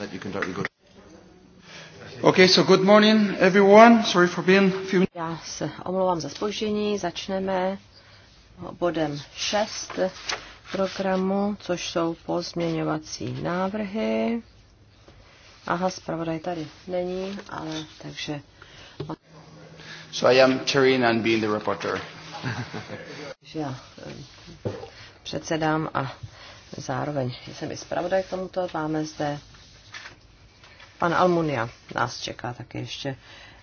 that you can directly go to. Okay, so good morning everyone. Sorry for being a few... Já se omlouvám za spoždění. Začneme bodem 6 programu, což jsou pozměňovací návrhy. Aha, zpravodaj tady není, ale takže... So I am chairing and being the reporter. já eh, předsedám a zároveň jsem i zpravodaj k tomuto. Máme zde Pan Almunia nás čeká taky ještě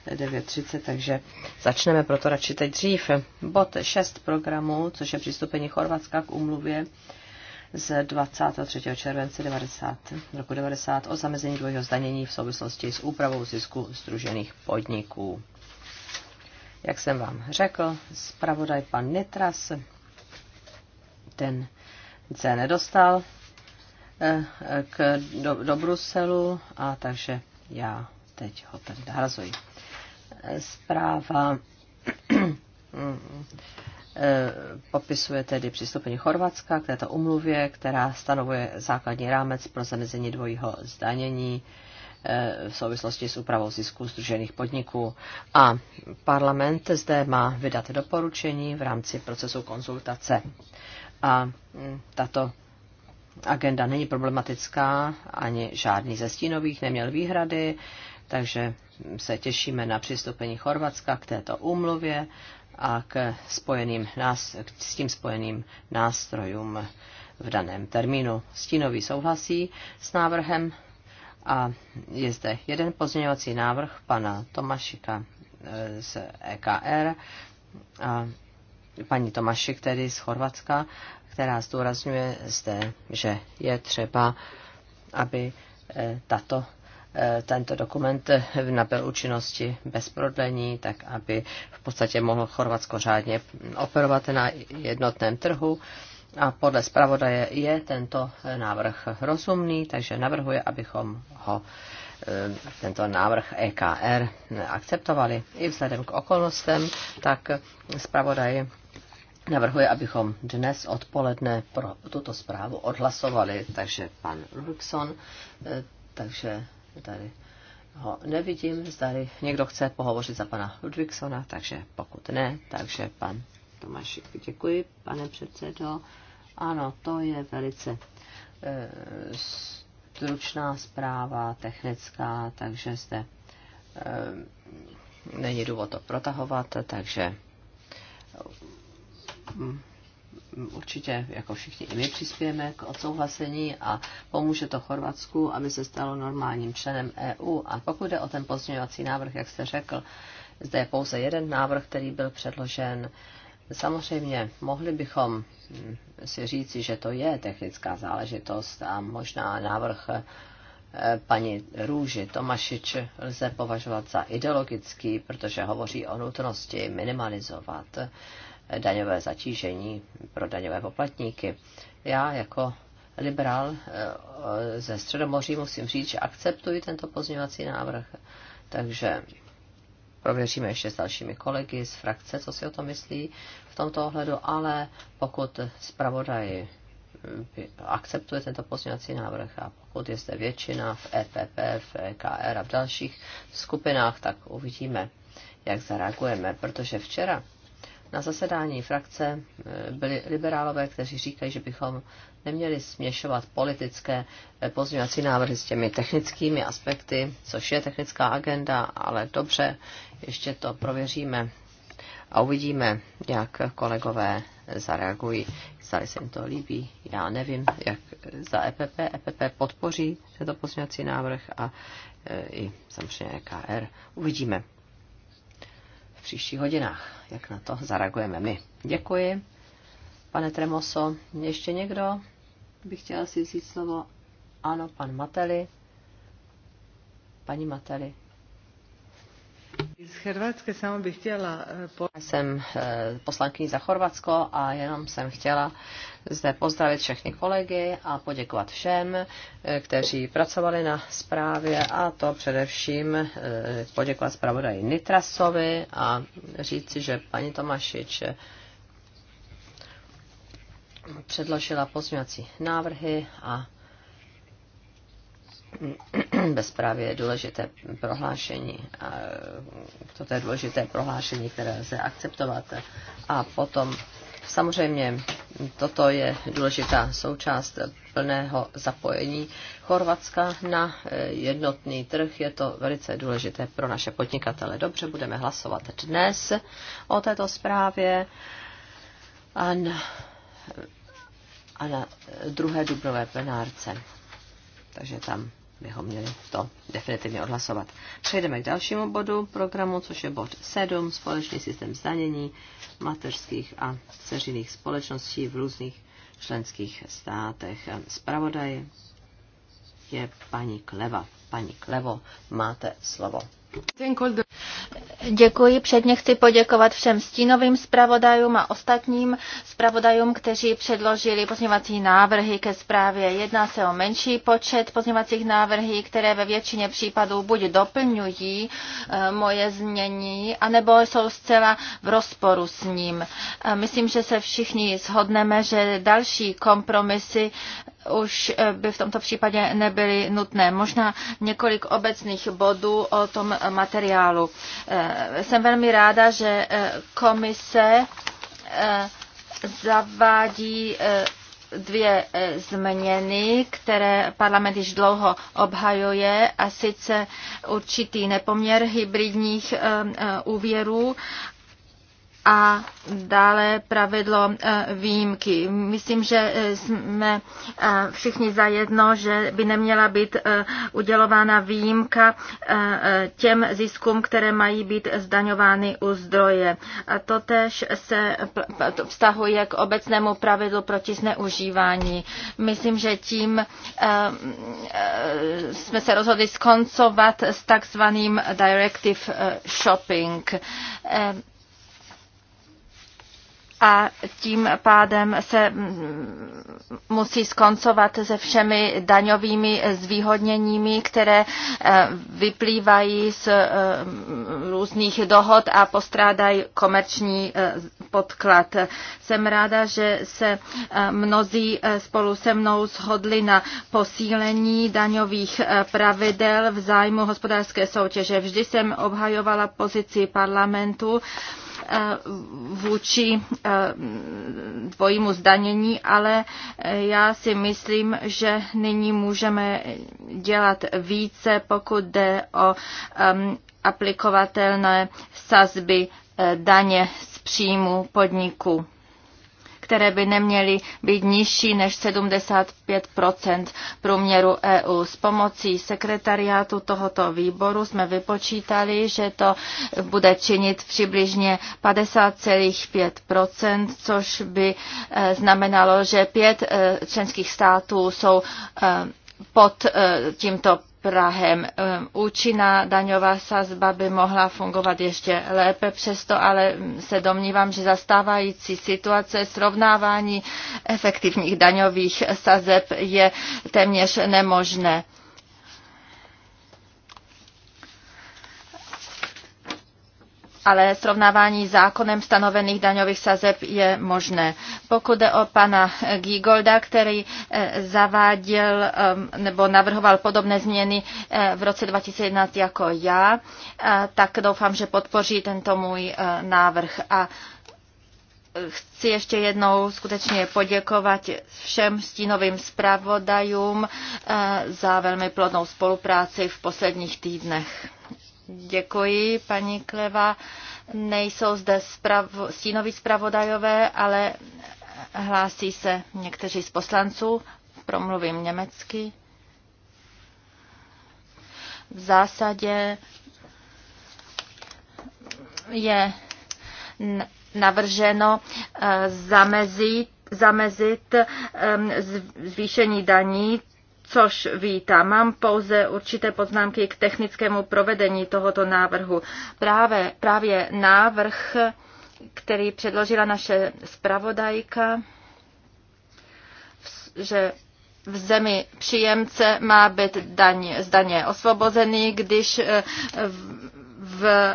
9.30, takže začneme proto radši teď dřív. Bod 6 programu, což je přistoupení Chorvatska k umluvě z 23. července 90, roku 90 o zamezení dvojího zdanění v souvislosti s úpravou zisku združených podniků. Jak jsem vám řekl, zpravodaj pan Nitras ten se nedostal, Eh, k, do, do Bruselu a takže já teď ho tady nahrazuji. Eh, zpráva eh, popisuje tedy přistoupení Chorvatska k této umluvě, která stanovuje základní rámec pro zamezení dvojího zdanění v souvislosti s úpravou zisků združených podniků. A parlament zde má vydat doporučení v rámci procesu konzultace. A mm, tato agenda není problematická, ani žádný ze stínových neměl výhrady, takže se těšíme na přistoupení Chorvatska k této úmluvě a k, spojeným, k s tím spojeným nástrojům v daném termínu. Stínový souhlasí s návrhem a je zde jeden pozměňovací návrh pana Tomašika eh, z EKR a paní Tomašik tedy z Chorvatska která zdůrazňuje zde, že je třeba, aby eh, tato eh, tento dokument eh, nabyl účinnosti bez prodlení, tak aby v podstatě mohlo Chorvatsko řádně operovat na jednotném trhu. A podle zpravodaje je tento návrh rozumný, takže navrhuje, abychom ho tento návrh EKR akceptovali. I vzhledem k okolnostem, tak zpravodaj navrhuje, abychom dnes odpoledne pro tuto zprávu odhlasovali, takže pan Rukson, eh, takže tady ho nevidím, zdali někdo chce pohovořit za pana Ludvíksona, takže pokud ne, takže pan Tomášik, děkuji, pane předsedo. Ano, to je velice e, stručná zpráva, technická, takže zde e, není důvod to protahovat, takže Mm, určitě, jako všichni i my, přispějeme k odsouhlasení a pomůže to Chorvatsku, aby se stalo normálním členem EU. A pokud jde o ten pozměňovací návrh, jak jste řekl, zde je pouze jeden návrh, který byl předložen. Samozřejmě mohli bychom mm, si říci, že to je technická záležitost a možná návrh eh, paní Růži Tomašič lze považovat za ideologický, protože hovoří o nutnosti minimalizovat daňové zatížení pro daňové poplatníky. Já jako liberál eh, ze Středomoří musím říct, že akceptuji tento pozměňovací návrh, takže prověříme ještě s dalšími kolegy z frakce, co si o tom myslí v tomto ohledu, ale pokud zpravodaj hm, akceptuje tento pozměňovací návrh a pokud je zde většina v EPP, v EKR a v dalších skupinách, tak uvidíme, jak zareagujeme, protože včera na zasedání frakce eh, byli liberálové, kteří říkají, že bychom neměli směšovat politické eh, pozměňovací návrhy s těmi technickými aspekty, což je technická agenda, ale dobře, ještě to prověříme a uvidíme, jak kolegové zareagují. Zdali se jim to líbí, já nevím, jak za EPP. EPP podpoří tento pozměňovací návrh a eh, i samozřejmě e KR. Uvidíme příštích hodinách, jak na to zareagujeme my. Děkuji. Pane Tremoso, ještě někdo by chtěl si vzít slovo? Ano, pan Mateli. Paní Mateli samo bych chtěla... Eh, jsem eh, poslankyní za Chorvatsko a jenom jsem chtěla zde pozdravit všechny kolegy a poděkovat všem, eh, kteří pracovali na zprávě a to především poděkovat zpravodaji Nitrasovi a říci, že paní Tomašič předložila pozměňovací návrhy a ve zprávě je důležité prohlášení. A toto je důležité prohlášení, které lze akceptovat. A potom samozřejmě toto je důležitá součást plného zapojení Chorvatska na eh, jednotný trh. Je to velice důležité pro naše podnikatele. Dobře, budeme hlasovat dnes o této zprávě. A na, a na druhé dubnové plenárce takže tam bychom měli to definitivně odhlasovat. Přejdeme k dalšímu bodu programu, což je bod 7, společný systém zdanění mateřských a ceřiných společností v různých členských státech. Zpravodaj je paní Kleva. Paní Klevo, máte slovo. Děkuji. Předně chci poděkovat všem stínovým zpravodajům a ostatním zpravodajům, kteří předložili pozměňovací návrhy ke zprávě. Jedná se o menší počet pozměňovacích návrhů, které ve většině případů buď doplňují eh, moje změní, anebo jsou zcela v rozporu s ním. Eh, myslím, že se všichni shodneme, že další kompromisy už eh, by v tomto případě nebyly nutné. Možná několik obecných bodů o tom materiálu. Eh, jsem velmi ráda, že eh, komise zavádí dvě změny, které parlament již dlouho obhajuje, a sice určitý nepoměr hybridních úvěrů a dále pravidlo eh, výjimky. Myslím, že eh, jsme eh, všichni zajedno, že by neměla být udělována výjimka těm ziskům, které mají být zdaňovány u zdroje. A to tež se vztahuje k obecnému pravidlu proti zneužívání. Myslím, že tím jsme se rozhodli skoncovat s takzvaným directive shopping a tím pádem se musí skoncovat se všemi daňovými zvýhodněními, které e, vyplývají z e, různých dohod a postrádají komerční e, podklad. Jsem ráda, že se mnozí spolu se mnou shodli na posílení daňových pravidel v zájmu hospodářské soutěže. Vždy jsem obhajovala pozici parlamentu vůči eh, dvojímu zdanění, ale eh, já si myslím, že nyní můžeme dělat více, pokud jde o ehm, aplikovatelné sazby eh, daně z příjmu podniku které by neměly být nižší než 75 průměru EU. S pomocí sekretariátu tohoto výboru jsme vypočítali, že to bude činit přibližně 50,5 což by e, znamenalo, že pět e, členských států jsou e, pod tímto Prahem. Ehm, účinná daňová sazba by mohla fungovat ještě lépe, přesto ale mm, se domnívám, že zastávající situace srovnávání efektivních daňových sazeb je téměř nemožné. ale srovnávání zákonem stanovených daňových sazeb je možné. Pokud jde o pana Gigolda, který eh, zaváděl ehm, nebo navrhoval podobné změny eh, v roce 2011 jako já, eh, tak doufám, že podpoří tento můj návrh. A chci ještě jednou skutečně poděkovat všem stínovým zpravodajům za velmi plodnou spolupráci v posledních týdnech. Děkuji, paní Kleva. Nejsou zde spravo, stínoví zpravodajové, ale hlásí se někteří z poslanců. Promluvím německy. V zásadě je navrženo eh, zamezit zamezit eh, zvýšení daní což vítám. Mám pouze určité poznámky k technickému provedení tohoto návrhu. Právě, právě návrh, který předložila naše zpravodajka, že v zemi příjemce má být daň, z daně osvobozený, když eh, v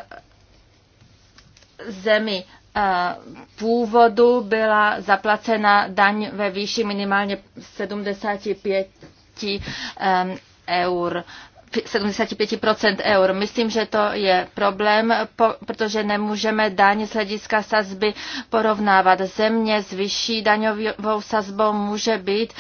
zemi eh, původu byla zaplacena daň ve výši minimálně 75 eur 75 eur. Myslím, že to je problém, protože nemůžeme daň z hlediska sazby porovnávat. Země s vyšší daňovou sazbou může být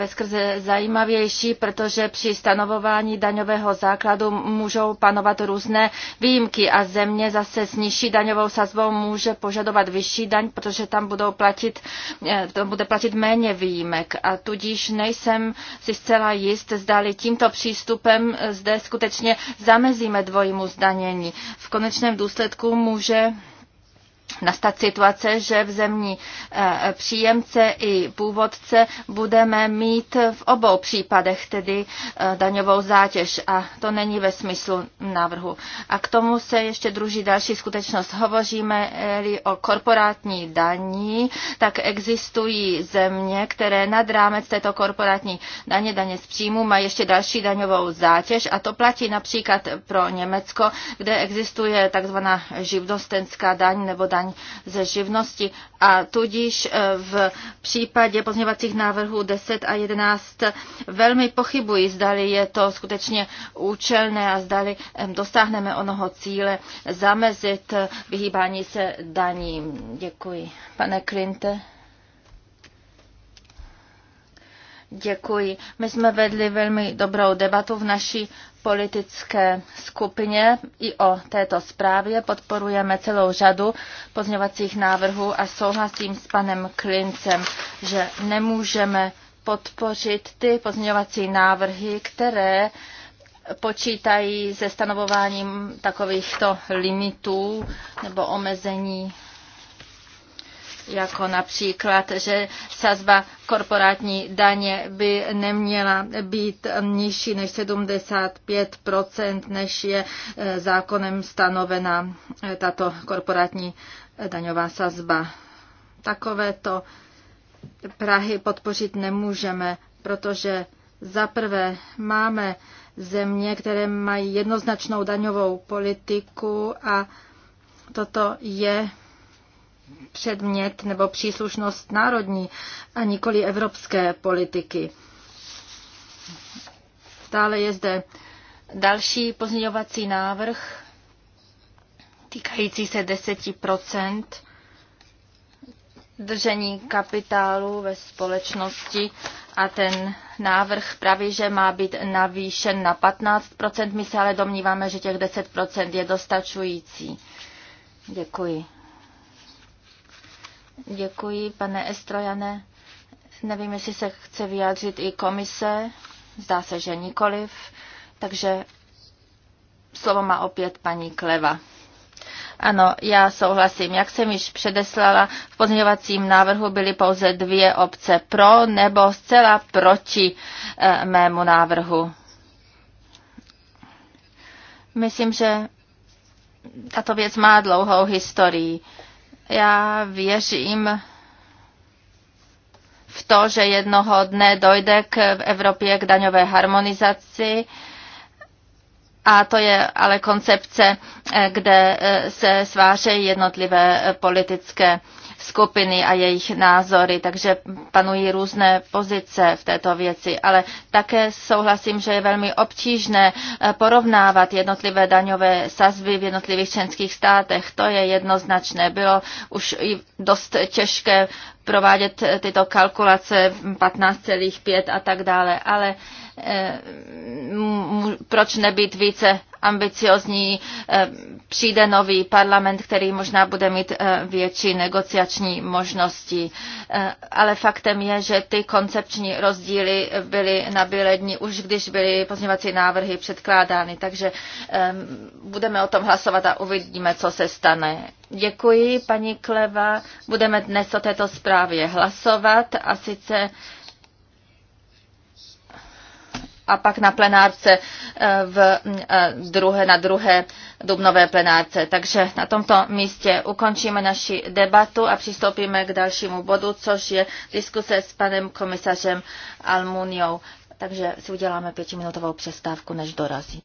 eh, skrze zajímavější, protože při stanovování daňového základu můžou panovat různé výjimky a země zase s nižší daňovou sazbou může požadovat vyšší daň, protože tam budou platit, eh, to bude platit méně výjimek. A tudíž nejsem si zcela jist, zdali tímto přístupem eh, zde skutečně zamezíme dvojímu zdanění. V konečném důsledku může nastat situace, že v zemní eh, příjemce i původce budeme mít v obou případech tedy eh, daňovou zátěž a to není ve smyslu návrhu. A k tomu se ještě druží další skutečnost. Hovoříme-li eh, o korporátní daní, tak existují země, které nad rámec této korporátní daně, daně z příjmu, mají ještě další daňovou zátěž a to platí například pro Německo, kde existuje takzvaná živnostenská daň nebo daň daň ze živnosti a tudíž eh, v případě pozměvacích návrhů 10 a 11 velmi pochybuji, zdali je to skutečně účelné a zdali dosáhneme onoho cíle zamezit eh, vyhýbání se daním. Děkuji. Pane Krinte. Děkuji. My jsme vedli velmi dobrou debatu v naší politické skupině i o této zprávě. Podporujeme celou řadu pozměňovacích návrhů a souhlasím s panem Klincem, že nemůžeme podpořit ty pozměňovací návrhy, které počítají se stanovováním takovýchto limitů nebo omezení jako například, že sazba korporátní daně by neměla být nižší než 75 než je e, zákonem stanovena e, tato korporátní daňová sazba. Takovéto Prahy podpořit nemůžeme, protože zaprvé máme země, které mají jednoznačnou daňovou politiku a toto je předmět nebo příslušnost národní a nikoli evropské politiky. Dále je zde další pozměňovací návrh týkající se 10 držení kapitálu ve společnosti a ten návrh praví, že má být navýšen na 15 My se ale domníváme, že těch 10 je dostačující. Děkuji. Děkuji, pane Estrojane. Nevím, jestli se chce vyjádřit i komise. Zdá se, že nikoliv. Takže slovo má opět paní Kleva. Ano, já souhlasím. Jak jsem již předeslala, v pozměňovacím návrhu byly pouze dvě obce pro nebo zcela proti e, mému návrhu. Myslím, že tato věc má dlouhou historii. E, já věřím v to, že jednoho dne dojde k, v Evropě k daňové harmonizaci. A to je ale koncepce, eh, kde eh, se svářejí jednotlivé eh, politické skupiny a jejich názory, takže panují různé pozice v této věci, ale také souhlasím, že je velmi obtížné eh, porovnávat jednotlivé daňové sazby v jednotlivých členských státech. To je jednoznačné. Bylo už i dost těžké provádět eh, tyto kalkulace 15,5 a tak dále, ale Eh, proč nebýt více ambiciozní, eh, přijde nový parlament, který možná bude mít eh, větší negociační možnosti. Ale faktem je, že ty koncepční rozdíly byly na dní, už když byly pozměvací návrhy předkládány. Takže budeme o tom hlasovat a uvidíme, co se stane. Děkuji, paní Kleva. Budeme dnes o této zprávě hlasovat a sice a pak na plenárce eh, v eh, druhé, na druhé dubnové plenárce. Takže na tomto místě ukončíme naši debatu a přistoupíme k dalšímu bodu, což je diskuse s panem komisařem Almuniou. Takže si uděláme pětiminutovou přestávku, než dorazí.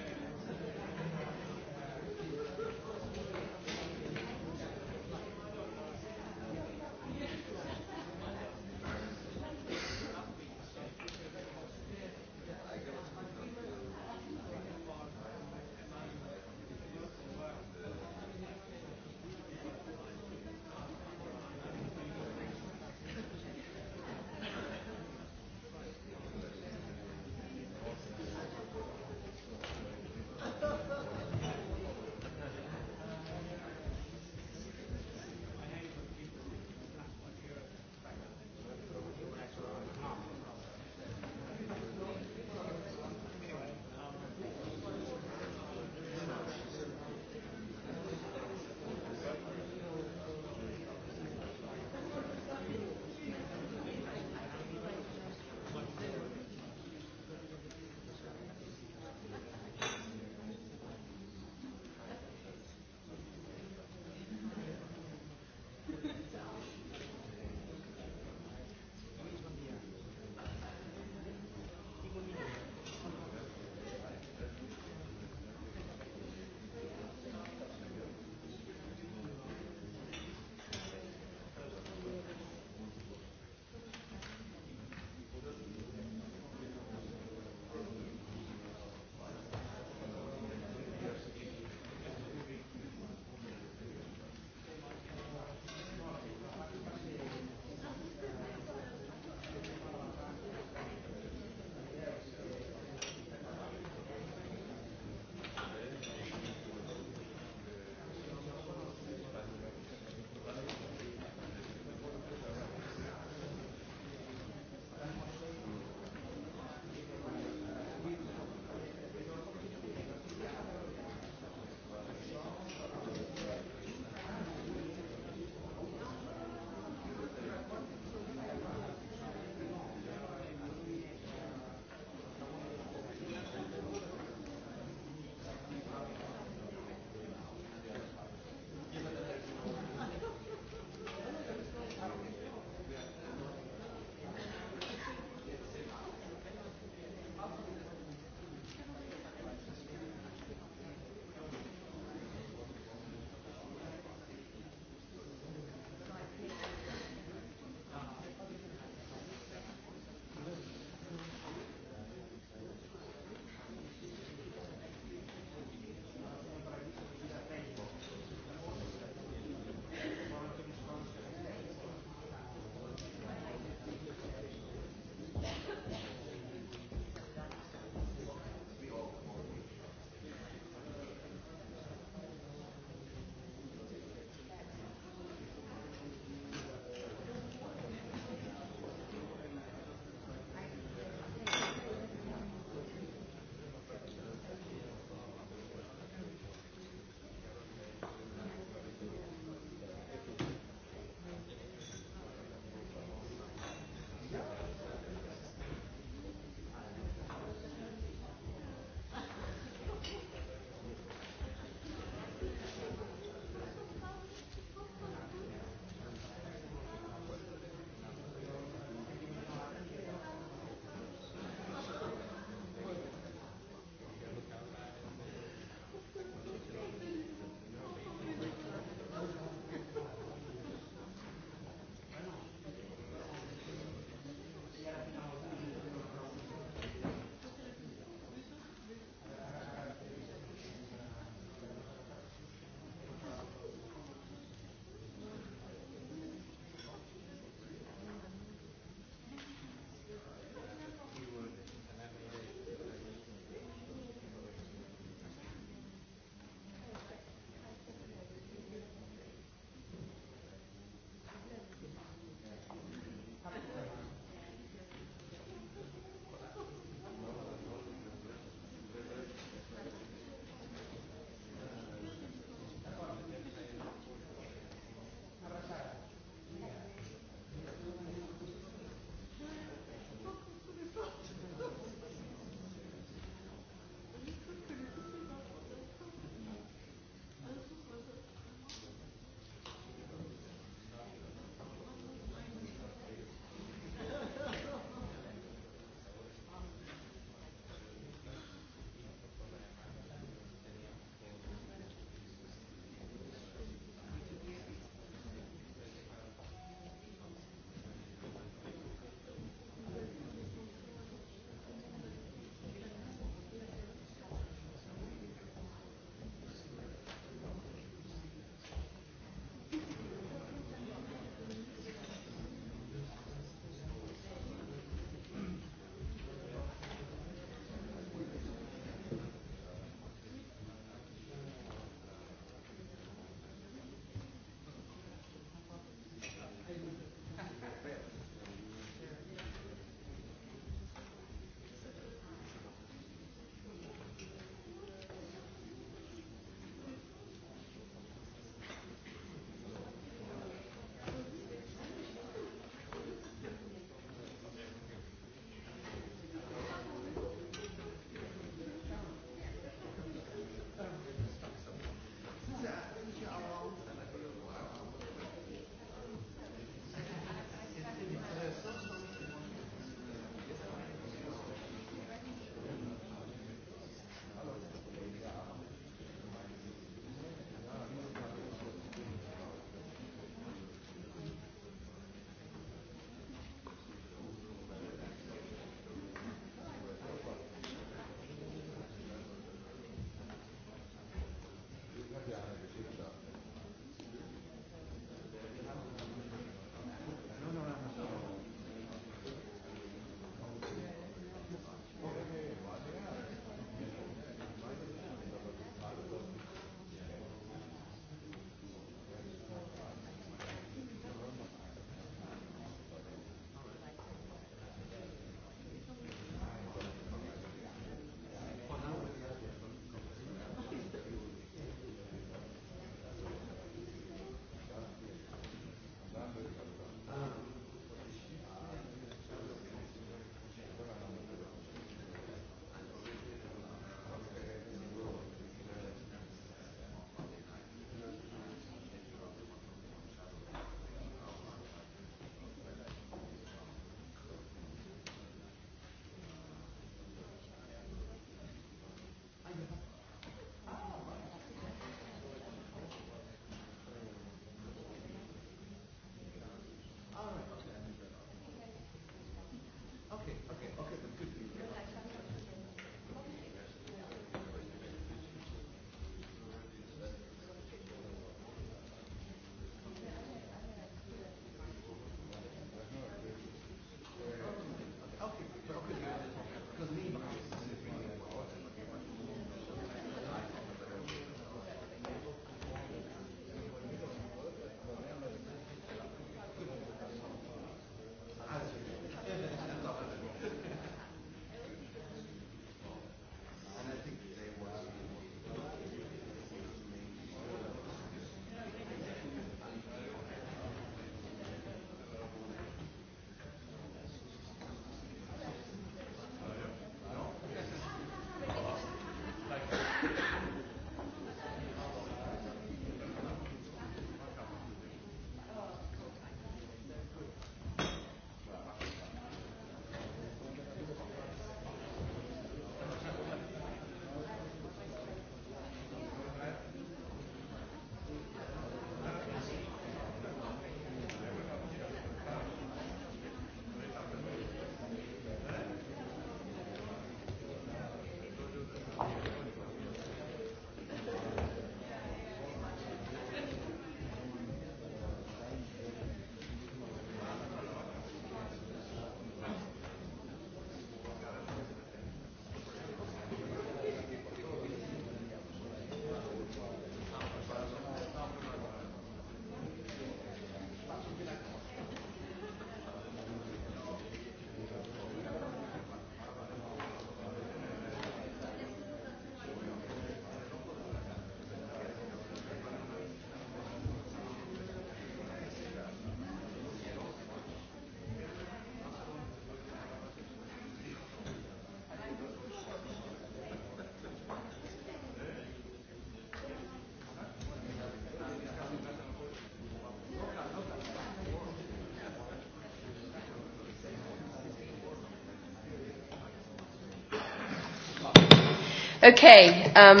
Okay, um,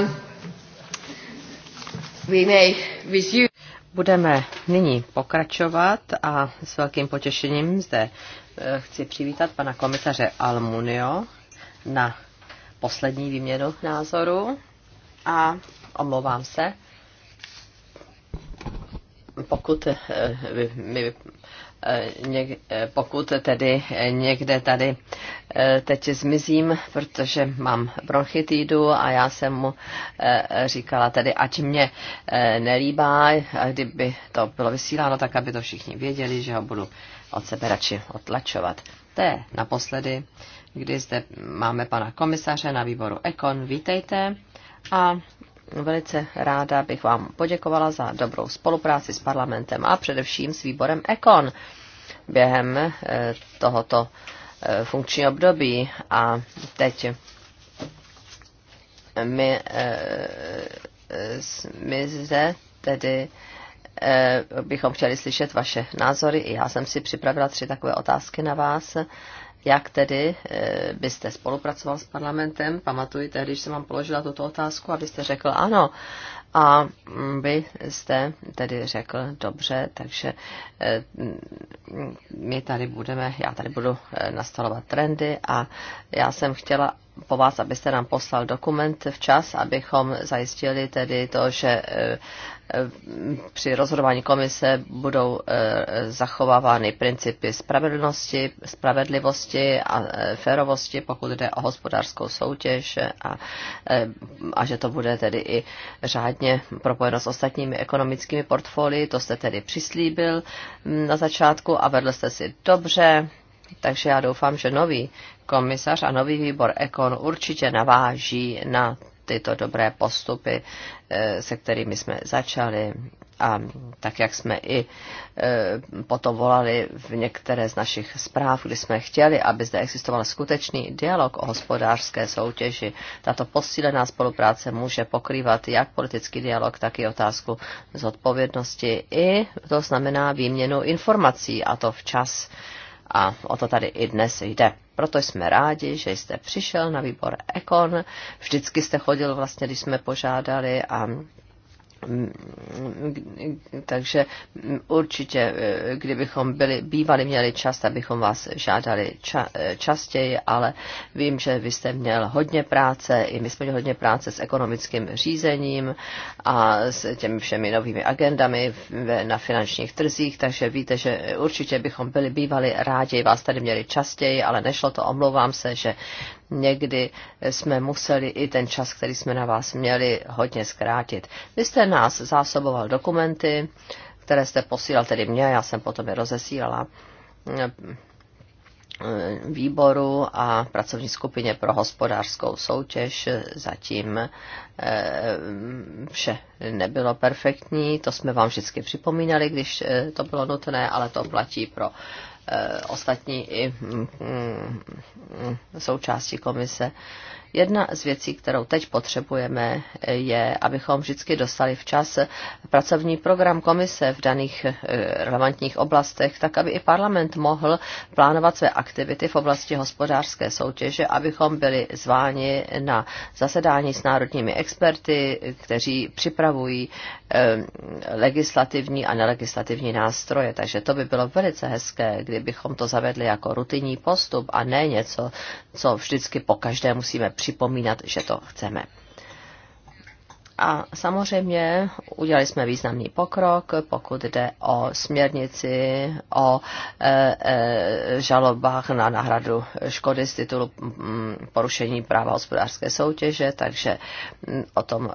we may resume. Budeme nyní pokračovat a s velkým potěšením zde eh, chci přivítat pana komisaře Almunio na poslední výměnu názoru a omlouvám se, pokud eh, my, eh, pokud tedy někde tady teď zmizím, protože mám bronchitídu a já jsem mu eh, říkala tedy, ať mě eh, nelíbá, a kdyby to bylo vysíláno, tak aby to všichni věděli, že ho budu od sebe radši otlačovat. To je naposledy, kdy zde máme pana komisaře na výboru Ekon. Vítejte a velice ráda bych vám poděkovala za dobrou spolupráci s parlamentem a především s výborem Ekon během eh, tohoto Eh, funkční období a teď my, eh, eh, my zde tedy bychom chtěli slyšet vaše názory. I já jsem si připravila tři takové otázky na vás jak tedy eh, byste spolupracoval s parlamentem? Pamatuji tehdy, když jsem vám položila tuto otázku, abyste řekl ano. A mm, vy jste tedy řekl, dobře, takže eh, my tady budeme, já tady budu eh, nastalovat trendy a já jsem chtěla po vás, abyste nám poslal dokument včas, abychom zajistili tedy to, že při rozhodování komise budou zachovávány principy spravedlnosti, spravedlivosti, spravedlnosti a e, férovosti, pokud jde o hospodářskou soutěž a, e, a že to bude tedy i řádně propojeno s ostatními ekonomickými portfolii. To jste tedy přislíbil mm, na začátku a vedl jste si dobře. Takže já doufám, že nový komisař a nový výbor Ekon určitě naváží na tyto dobré postupy, e, se kterými jsme začali a tak, jak jsme i e, potom volali v některé z našich zpráv, kdy jsme chtěli, aby zde existoval skutečný dialog o hospodářské soutěži. Tato posílená spolupráce může pokrývat jak politický dialog, tak i otázku zodpovědnosti. I to znamená výměnu informací, a to včas. A o to tady i dnes jde. Proto jsme rádi, že jste přišel na výbor Ekon. Vždycky jste chodil vlastně, když jsme požádali a takže určitě, kdybychom byli, bývali měli čas, abychom vás žádali ča, častěji, ale vím, že vy jste měl hodně práce, i my jsme měli hodně práce s ekonomickým řízením a s těmi všemi novými agendami na finančních trzích, takže víte, že určitě bychom byli bývali rádi, vás tady měli častěji, ale nešlo to, omlouvám se, že někdy jsme museli i ten čas, který jsme na vás měli, hodně zkrátit. Vy jste nás zásoboval dokumenty, které jste posílal tedy mě, já jsem potom je rozesílala eh, výboru a pracovní skupině pro hospodářskou soutěž. Zatím eh, vše nebylo perfektní, to jsme vám vždycky připomínali, když eh, to bylo nutné, ale to platí pro Eh, ostatní i mm, mm, součástí komise. Jedna z věcí, kterou teď potřebujeme, je, abychom vždycky dostali včas pracovní program komise v daných eh, relevantních oblastech, tak aby i parlament mohl plánovat své aktivity v oblasti hospodářské soutěže, abychom byli zváni na zasedání s národními experty, kteří připravují eh, legislativní a nelegislativní nástroje. Takže to by bylo velice hezké, kdybychom to zavedli jako rutinní postup a ne něco, co vždycky po každé musíme přijít připomínat, že to chceme. A samozřejmě udělali jsme významný pokrok, pokud jde o směrnici, o e, e, žalobách na náhradu škody z titulu mm, porušení práva hospodářské soutěže, takže mm, o tom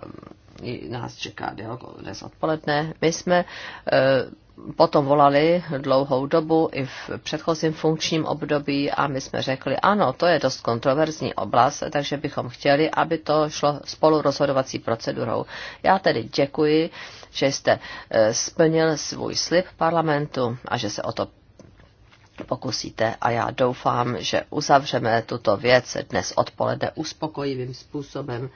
nás čeká dnes odpoledne. My jsme e, potom volali dlouhou dobu i v předchozím funkčním období a my jsme řekli, ano, to je dost kontroverzní oblast, takže bychom chtěli, aby to šlo spolu rozhodovací procedurou. Já tedy děkuji, že jste eh, splnil svůj slib parlamentu a že se o to pokusíte a já doufám, že uzavřeme tuto věc dnes odpoledne uspokojivým způsobem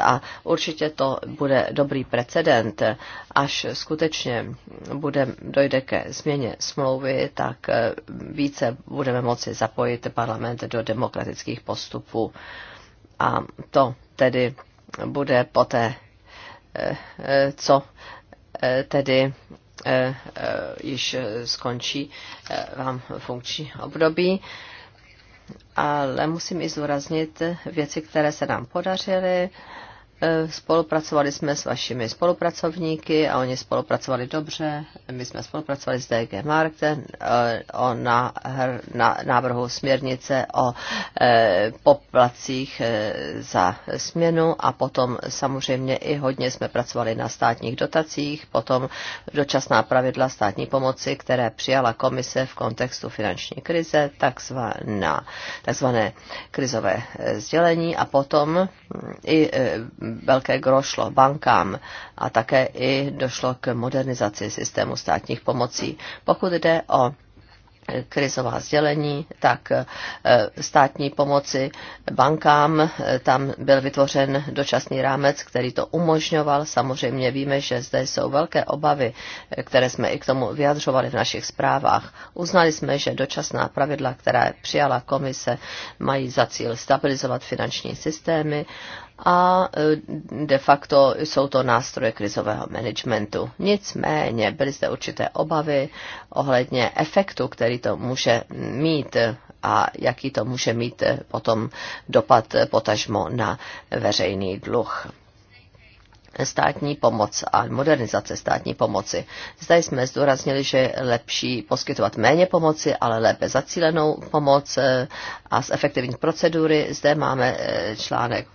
a určitě to bude dobrý precedent, až skutečně bude, dojde ke změně smlouvy, tak eh, více budeme moci zapojit parlament do demokratických postupů a to tedy bude poté, eh, eh, co tedy Eh, eh, již skončí eh, vám funkční období ale musím i zdůraznit věci, které se nám podařily Eh, spolupracovali jsme s vašimi spolupracovníky a oni spolupracovali dobře. My jsme spolupracovali s DG Marktem eh, o na, na, návrhu směrnice o eh, poplacích za směnu a potom samozřejmě i hodně jsme pracovali na státních dotacích, potom dočasná pravidla státní pomoci, které přijala komise v kontextu finanční krize, takzvané, takzvané krizové sdělení a potom i velké grošlo bankám a také i došlo k modernizaci systému státních pomocí. Pokud jde o eh, krizová sdělení, tak eh, státní pomoci bankám. Eh, tam byl vytvořen dočasný rámec, který to umožňoval. Samozřejmě víme, že zde jsou velké obavy, které jsme i k tomu vyjadřovali v našich zprávách. Uznali jsme, že dočasná pravidla, která přijala komise, mají za cíl stabilizovat finanční systémy a e, de facto jsou to nástroje krizového managementu. Nicméně byly zde určité obavy ohledně efektu, který to může mít a jaký to může mít potom dopad potažmo na veřejný dluh státní pomoc a modernizace státní pomoci. Zde jsme zdůraznili, že je lepší poskytovat méně pomoci, ale lépe zacílenou pomoc eh, a z efektivní procedury. Zde máme eh, článek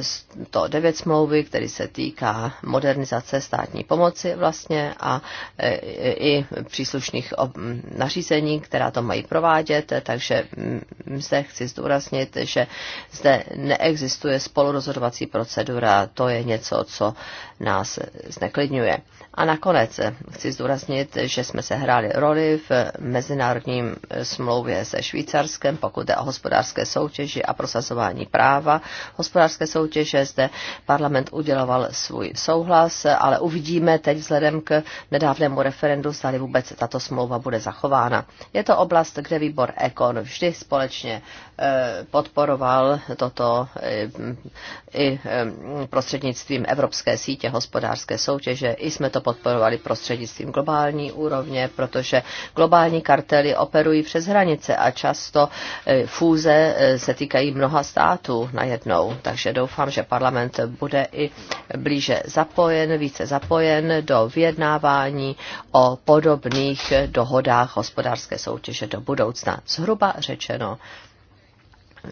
109 eh, smlouvy, který se týká modernizace státní pomoci vlastně a i příslušných nařízení, která to mají provádět, takže mm, zde chci zdůraznit, že zde neexistuje spolurozhodovací procedura, to je něco, co nás zneklidňuje. A nakonec chci zdůraznit, že jsme se hráli roli v mezinárodním smlouvě se Švýcarskem, pokud jde o hospodářské soutěži a prosazování práva. Hospodářské soutěže zde parlament uděloval svůj souhlas, ale uvidíme teď vzhledem k nedávnému referendu, zda vůbec tato smlouva bude zachována. Je to oblast, kde výbor Ekon vždy společně eh, podporoval toto eh, i eh, prostřednictvím Evropské Evropské sítě hospodářské soutěže. I jsme to podporovali prostřednictvím globální úrovně, protože globální kartely operují přes hranice a často e, fúze e, se týkají mnoha států najednou. Takže doufám, že parlament bude i blíže zapojen, více zapojen do vyjednávání o podobných dohodách hospodářské soutěže do budoucna. Zhruba řečeno,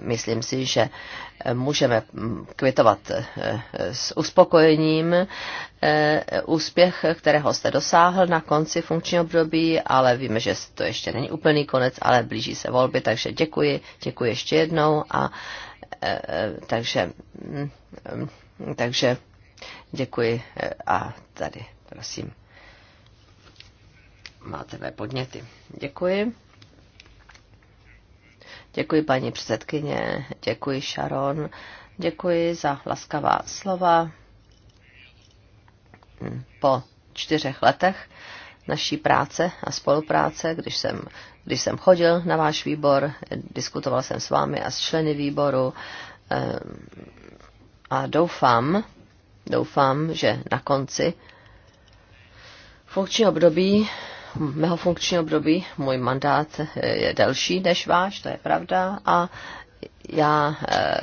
myslím si, že můžeme kvitovat eh, s uspokojením eh, úspěch, kterého jste dosáhl na konci funkčního období, ale víme, že to ještě není úplný konec, ale blíží se volby, takže děkuji, děkuji ještě jednou a eh, takže, mm, mm, takže děkuji a tady prosím máte mé podněty. Děkuji. Děkuji paní předsedkyně, děkuji Sharon, děkuji za laskavá slova. Po čtyřech letech naší práce a spolupráce, když jsem, když jsem chodil na váš výbor, diskutoval jsem s vámi a s členy výboru eh, a doufám, doufám, že na konci funkčního období mého funkčního období můj mandát eh, je delší než váš, to je pravda, a já eh,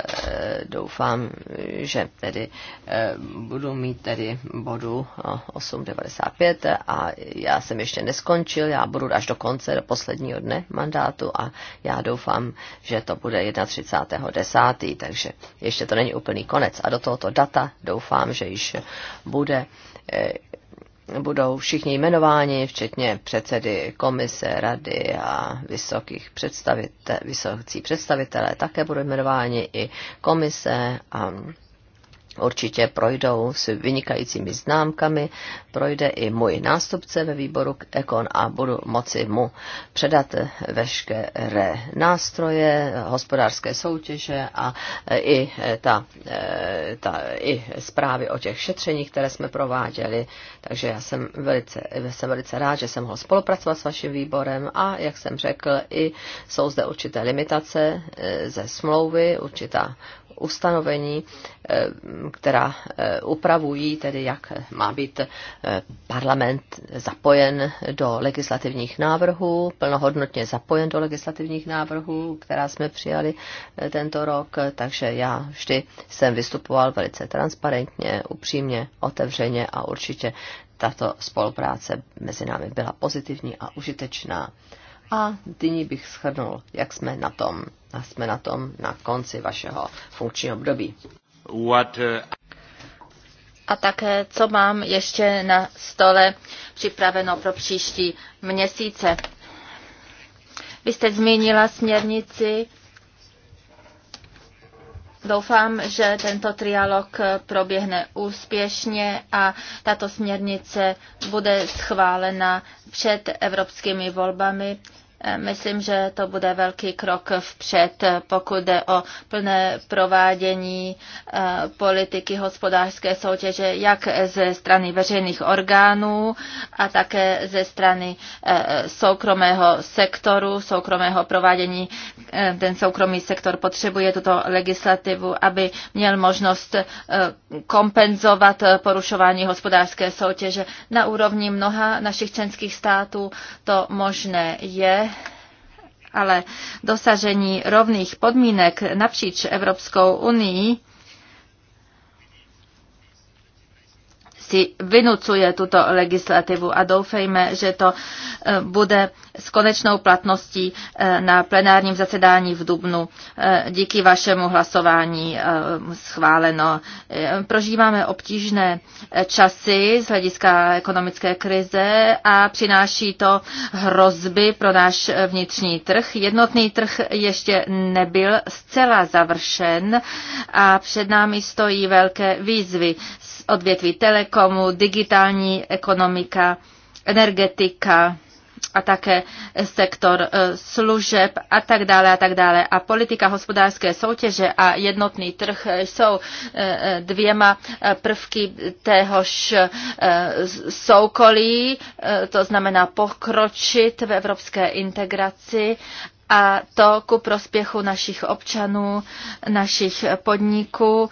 doufám, že tedy eh, budu mít tedy bodu 8.95 a já jsem ještě neskončil, já budu až do konce, do posledního dne mandátu a já doufám, že to bude 31.10., takže ještě to není úplný konec. A do tohoto data doufám, že již bude budou všichni jmenováni, včetně předsedy komise, rady a vysokých představite, vysokcí představitelé také budou jmenováni i komise a určitě projdou s vynikajícími známkami, projde i můj nástupce ve výboru Ekon a budu moci mu předat veškeré nástroje, hospodářské soutěže a e, i, e, ta, e, ta, i zprávy o těch šetřeních, které jsme prováděli. Takže já jsem velice, jsem velice rád, že jsem mohl spolupracovat s vaším výborem a, jak jsem řekl, i jsou zde určité limitace ze smlouvy, určitá ustanovení, eh, která eh, upravují tedy, jak má být eh, parlament zapojen do legislativních návrhů, plnohodnotně zapojen do legislativních návrhů, která jsme přijali tento rok, takže já vždy jsem vystupoval velice transparentně, upřímně, otevřeně a určitě tato spolupráce mezi námi byla pozitivní a užitečná. A nyní bych shrnul, jak jsme na tom a jsme na tom na konci vašeho funkčního období. What, uh... A také, co mám ještě na stole připraveno pro příští měsíce. Vy jste zmínila směrnici. Doufám, že tento trialog proběhne úspěšně a tato směrnice bude schválena před evropskými volbami Myslím, že to bude velký krok vpřed, pokud jde o plné provádění eh, politiky hospodářské soutěže, jak ze strany veřejných orgánů a také ze strany eh, soukromého sektoru, soukromého provádění. Eh, ten soukromý sektor potřebuje tuto legislativu, aby měl možnost kompenzovat porušování hospodářské soutěže. Na úrovni mnoha našich členských států to možné je ale dosažení rovných podmínek napříč Evropskou unii si vynucuje tuto legislativu a doufejme, že to eh, bude s konečnou platností eh, na plenárním zasedání v Dubnu eh, díky vašemu hlasování schváleno. Prožíváme obtížné časy z hlediska ekonomické krize a přináší to hrozby pro náš vnitřní trh. Jednotný trh ještě nebyl zcela završen a před námi stojí velké výzvy odvětví telekomu, digitální ekonomika, energetika a také sektor e, služeb a tak dále a tak dále. A politika hospodářské soutěže a jednotný trh jsou e, e, dvěma prvky téhož soukolí, to znamená pokročit v evropské integraci a to ku prospěchu našich občanů, našich podniků,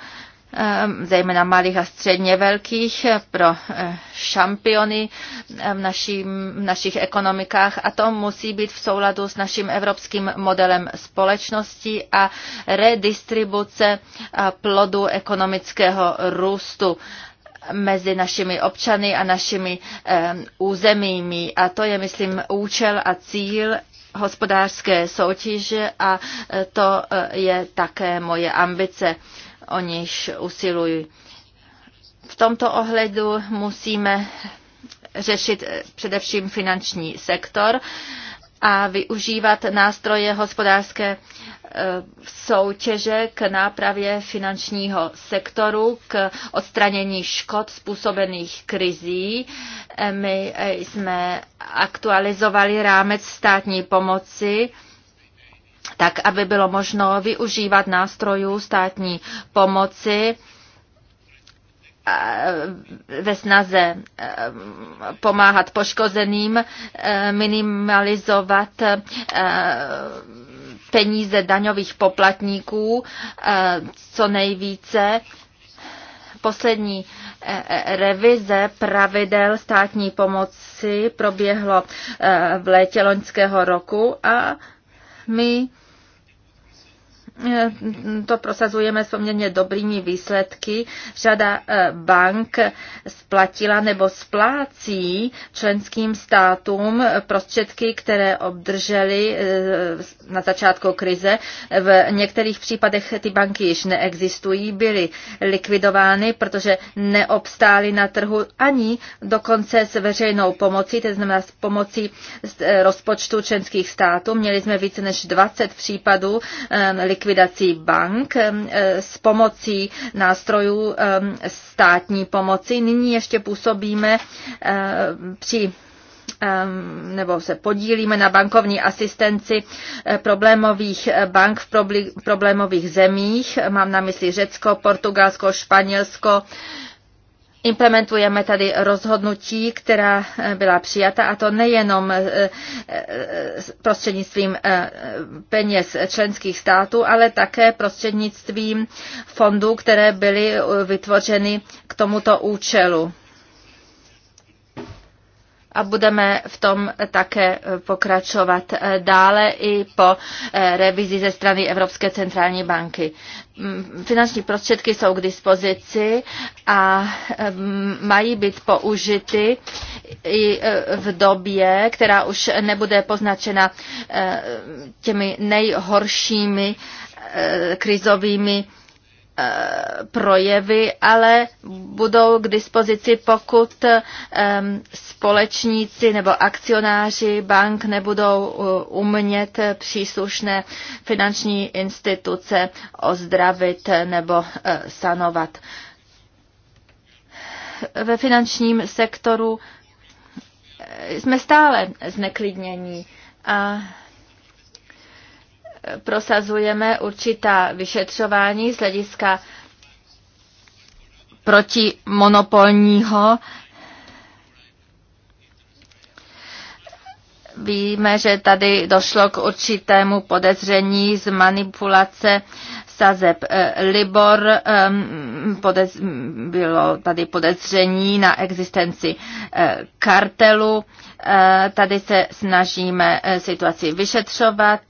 Ehm, zejména malých a středně velkých, eh, pro eh, šampiony v, ehm, naší, v našich ekonomikách a to musí být v souladu s naším evropským modelem společnosti a redistribuce eh, plodu ekonomického růstu mezi našimi občany a našimi ehm, územími. A to je, myslím, účel a cíl hospodářské soutěže a to je také moje ambice o níž usilují. V tomto ohledu musíme řešit eh, především finanční sektor a využívat nástroje hospodářské eh, soutěže k nápravě finančního sektoru, k odstranění škod způsobených krizí. Eh, my jsme aktualizovali rámec státní pomoci tak aby bylo možno využívat nástrojů státní pomoci eh, ve snaze eh, pomáhat poškozeným, eh, minimalizovat peníze daňových poplatníků co nejvíce. Poslední revize pravidel státní pomoci proběhlo v létě loňského roku a my to prosazujeme s poměrně dobrými výsledky. Řada e, bank splatila nebo splácí členským státům prostředky, které obdrželi e, na začátku krize. V některých případech ty banky již neexistují, byly likvidovány, protože neobstály na trhu ani dokonce s veřejnou pomocí, to znamená s pomocí e, rozpočtu členských států. Měli jsme více než 20 případů likvidování likvidací bank eh, s pomocí nástrojů eh, státní pomoci. Nyní ještě působíme eh, při nebo se podílíme na bankovní asistenci problémových bank v problémových zemích. Mám na mysli Řecko, Portugalsko, Španělsko, Implementujeme tady rozhodnutí, která eh, byla přijata, a to nejenom eh, eh, prostřednictvím peněz členských států, ale také prostřednictvím fondů, které byly vytvořeny k tomuto účelu a budeme v tom také eh, pokračovat eh, dále i po eh, revizi ze strany Evropské centrální banky. Mm, finanční prostředky jsou k dispozici a mají být použity i v době, která už nebude poznačena těmi nejhoršími krizovými Eh, projevy, ale budou k dispozici, pokud eh, společníci nebo akcionáři bank nebudou eh, umět příslušné finanční instituce ozdravit nebo sanovat. Ve finančním sektoru jsme stále zneklidnění a prosazujeme určitá vyšetřování z hlediska protimonopolního. Víme, že tady došlo k určitému podezření z manipulace sazeb eh, Libor. Ehm, bylo tady podezření na existenci eh, kartelu. Eh, tady se snažíme situaci vyšetřovat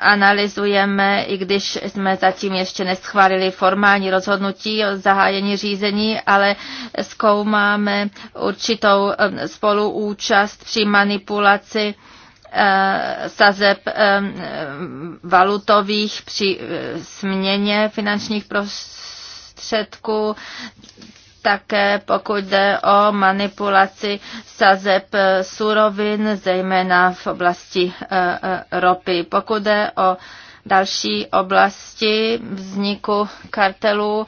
analyzujeme, i když jsme zatím ještě neschválili formální rozhodnutí o zahájení řízení, ale zkoumáme určitou spoluúčast při manipulaci eh, sazeb valutových při eh, směně finančních prostředků také pokud jde o manipulaci sazeb eh, surovin, zejména v oblasti eh, eh, ropy. Pokud jde o další oblasti vzniku kartelů,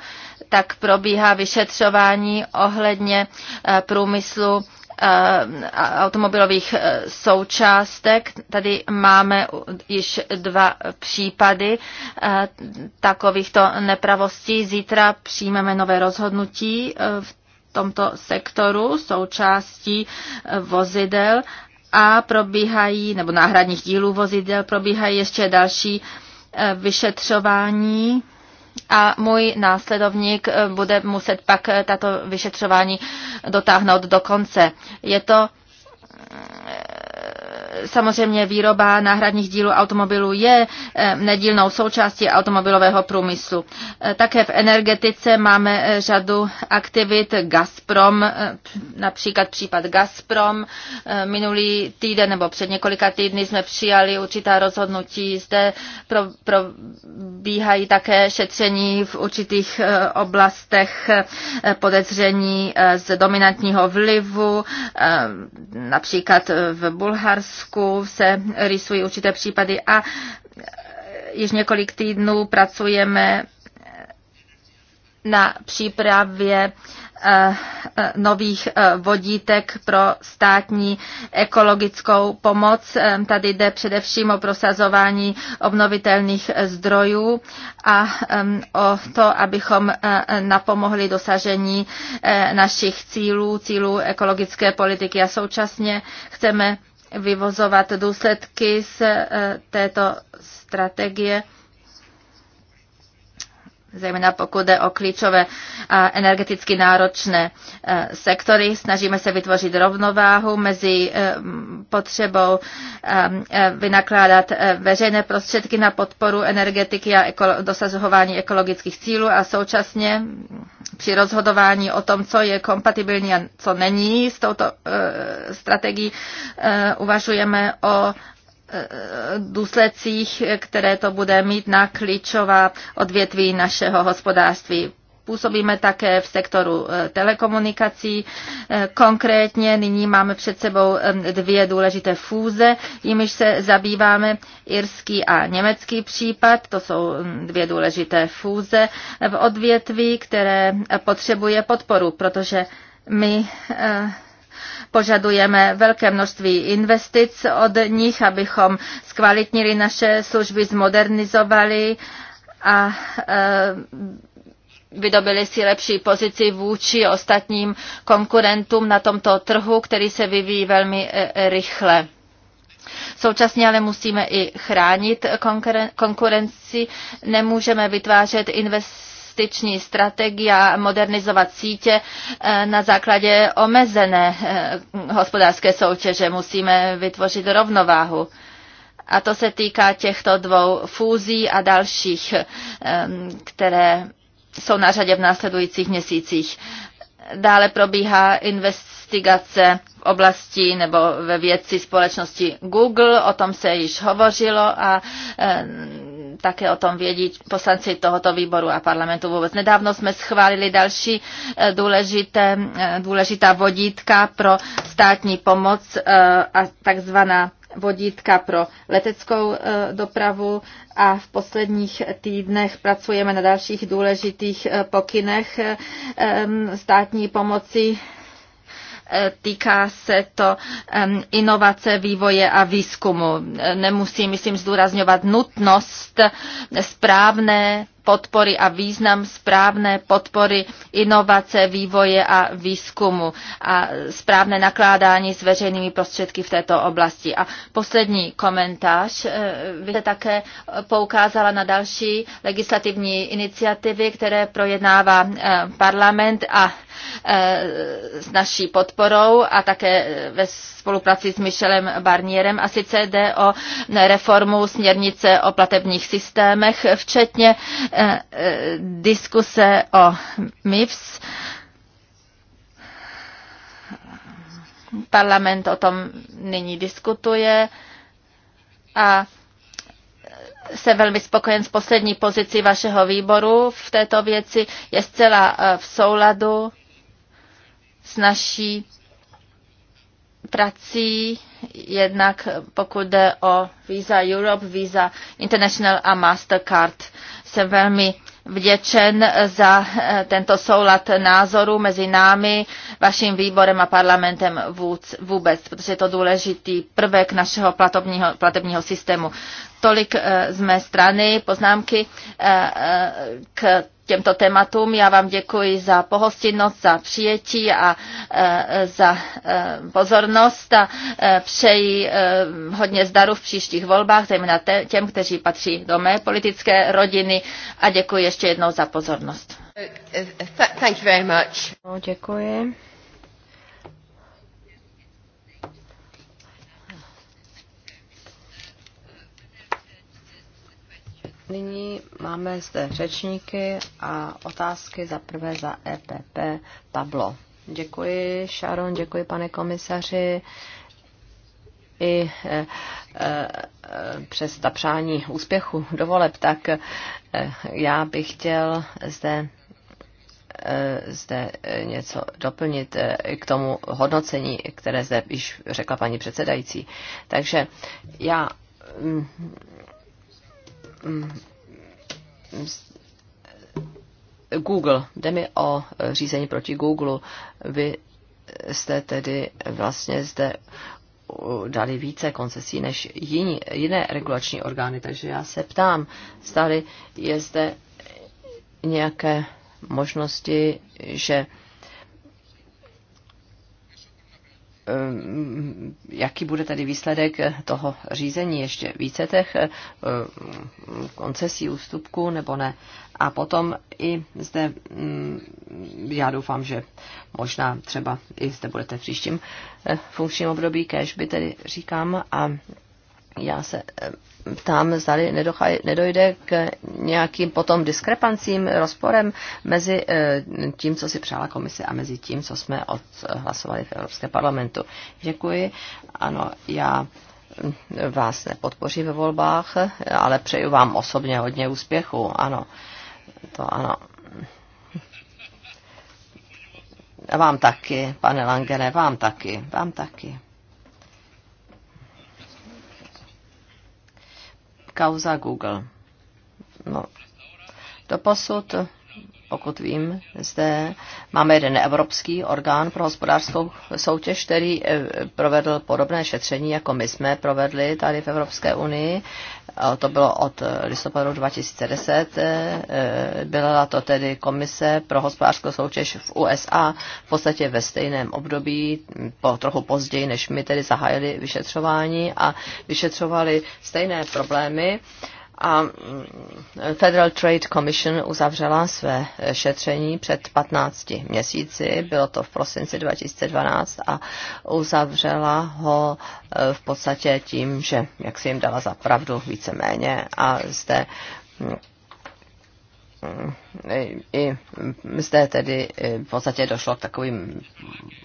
tak probíhá vyšetřování ohledně průmyslu Eh, automobilových eh, součástek. Tady máme již dva případy eh, takovýchto nepravostí. Zítra přijmeme nové rozhodnutí v tomto sektoru součástí vozidel a probíhají, nebo náhradních dílů vozidel, probíhají ještě další vyšetřování a můj následovník eh, bude muset pak eh, tato vyšetřování dotáhnout do konce. Je to eh, Samozřejmě výroba náhradních dílů automobilů je eh, nedílnou součástí automobilového průmyslu. Eh, také v energetice máme eh, řadu aktivit Gazprom, například případ Gazprom. Minulý týden nebo před několika týdny jsme přijali určitá rozhodnutí. Zde probíhají také šetření v určitých oblastech podezření z dominantního vlivu, například v Bulharsku Česku se rysují určité případy a již několik týdnů pracujeme na přípravě eh, eh, nových eh, vodítek pro státní ekologickou pomoc. Tady jde především o prosazování obnovitelných zdrojů a o to, abychom napomohli dosažení našich cílů, cílů ekologické politiky. A současně chceme vyvozovat důsledky z eh, této strategie zejména pokud jde o klíčové a eh, energeticky náročné eh, sektory. Snažíme se vytvořit rovnováhu mezi eh, potřebou vynakládat veřejné prostředky na podporu energetiky a dosahování ekologických cílů a současně při rozhodování o tom, co je kompatibilní a co není s touto strategií, uvažujeme o důsledcích, které to bude mít na klíčová odvětví našeho hospodářství. Působíme také v sektoru eh, telekomunikací. Eh, konkrétně nyní máme před sebou eh, dvě důležité fúze, jimiž se zabýváme irský a německý případ. To jsou hm, dvě důležité fúze v odvětví, které potřebuje podporu, protože my Požadujeme velké množství investic od nich, abychom zkvalitnili naše služby, zmodernizovali a eh, vydobili si lepší pozici vůči ostatním konkurentům na tomto trhu, který se vyvíjí velmi eh, rychle. Současně ale musíme i chránit konkurenci. Nemůžeme vytvářet investice investiční strategie a modernizovat sítě eh, na základě omezené eh, hospodářské soutěže. Musíme vytvořit rovnováhu. A to se týká těchto dvou fúzí a dalších, eh, které jsou na řadě v následujících měsících. Dále probíhá investigace v oblasti nebo ve věci společnosti Google, o tom se již hovořilo a také o tom vědí poslanci tohoto výboru a parlamentu vůbec. Nedávno jsme schválili další eh, důležité, eh, důležitá vodítka pro státní pomoc eh, a takzvaná vodítka pro leteckou dopravu a v posledních týdnech pracujeme na dalších důležitých pokynech státní pomoci týká se to inovace, vývoje a výzkumu. Nemusím, myslím, zdůrazňovat nutnost správné podpory a význam správné podpory inovace, vývoje a výzkumu a správné nakládání s veřejnými prostředky v této oblasti. A poslední komentář. Eh, vy jste také poukázala na další legislativní iniciativy, které projednává eh, parlament a eh, s naší podporou a také ve spolupráci s Michelem Barnierem. A sice jde o reformu směrnice o platebních systémech, včetně Eh, eh, diskuse o MIFS. Parlament o tom nyní diskutuje a jsem velmi spokojen s poslední pozicí vašeho výboru v této věci. Je zcela eh, v souladu s naší prací jednak pokud jde o Visa Europe, Visa International a Mastercard. Jsem velmi vděčen za eh, tento soulad názorů mezi námi, vaším výborem a parlamentem vůbec, protože je to důležitý prvek našeho platobního, platebního systému. Tolik eh, z mé strany poznámky eh, k těmto tématům. Já vám děkuji za pohostinnost, za přijetí a e, za e, pozornost a e, přeji hodně zdaru v příštích volbách, zejména těm, kteří patří do mé politické rodiny a děkuji ještě jednou za pozornost. Thank you very much. No, děkuji. Nyní máme zde řečníky a otázky za prvé za EPP Pablo. Děkuji, Sharon, děkuji, pane komisaři. I e, e, přes ta přání úspěchu dovoleb, tak e, já bych chtěl zde zde něco doplnit k tomu hodnocení, které zde již řekla paní předsedající. Takže já mm, Mm. Google, jde mi o eh, řízení proti Google. Vy jste tedy vlastně zde eh, dali více koncesí než jiní, jiné regulační orgány, takže já se ptám, stále je zde nějaké možnosti, že Eh, jaký bude tedy výsledek toho řízení ještě více těch eh, koncesí, ústupků nebo ne. A potom i zde, mm, já doufám, že možná třeba i zde budete v příštím eh, funkčním období, kež by tedy říkám a já se tam zdali nedojde k nějakým potom diskrepancím, rozporem mezi eh, tím, co si přála komise a mezi tím, co jsme odhlasovali v Evropské parlamentu. Děkuji. Ano, já hm, vás nepodpořím ve volbách, ale přeju vám osobně hodně úspěchu. Ano, to ano. A vám taky, pane Langene, vám taky, vám taky. kauza Google. No, doposud, pokud vím, zde máme jeden evropský orgán pro hospodářskou soutěž, který eh, provedl podobné šetření, jako my jsme provedli tady v Evropské unii to bylo od eh, listopadu 2010, eh, eh, byla to tedy komise pro hospodářskou soutěž v USA v podstatě ve stejném období, hm, po, trochu později, než my tedy zahájili vyšetřování a vyšetřovali stejné problémy, a mm, Federal Trade Commission uzavřela své e, šetření před 15 měsíci, bylo to v prosinci 2012 a uzavřela ho e, v podstatě tím, že jak si jim dala za pravdu víceméně a zde mm, i zde tedy e, v podstatě došlo k takovým,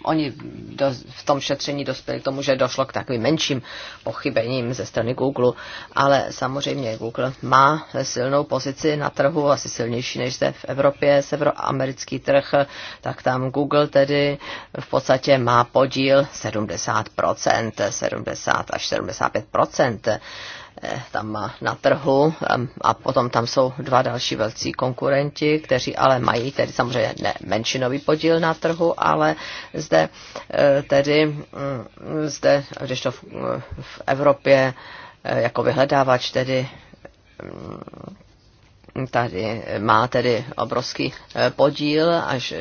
oni do, v tom šetření dospěli k tomu, že došlo k takovým menším pochybením ze strany Google, ale samozřejmě Google má silnou pozici na trhu, asi silnější než zde v Evropě, severoamerický trh, tak tam Google tedy v podstatě má podíl 70%, 70 až 75% Eh, tam má na trhu a potom tam jsou dva další velcí konkurenti, kteří ale mají tedy samozřejmě ne menšinový podíl na trhu, ale zde eh, tedy mm, zde, když to v, eh, v Evropě jako vyhledávač tedy mm, tady má tedy obrovský podíl, až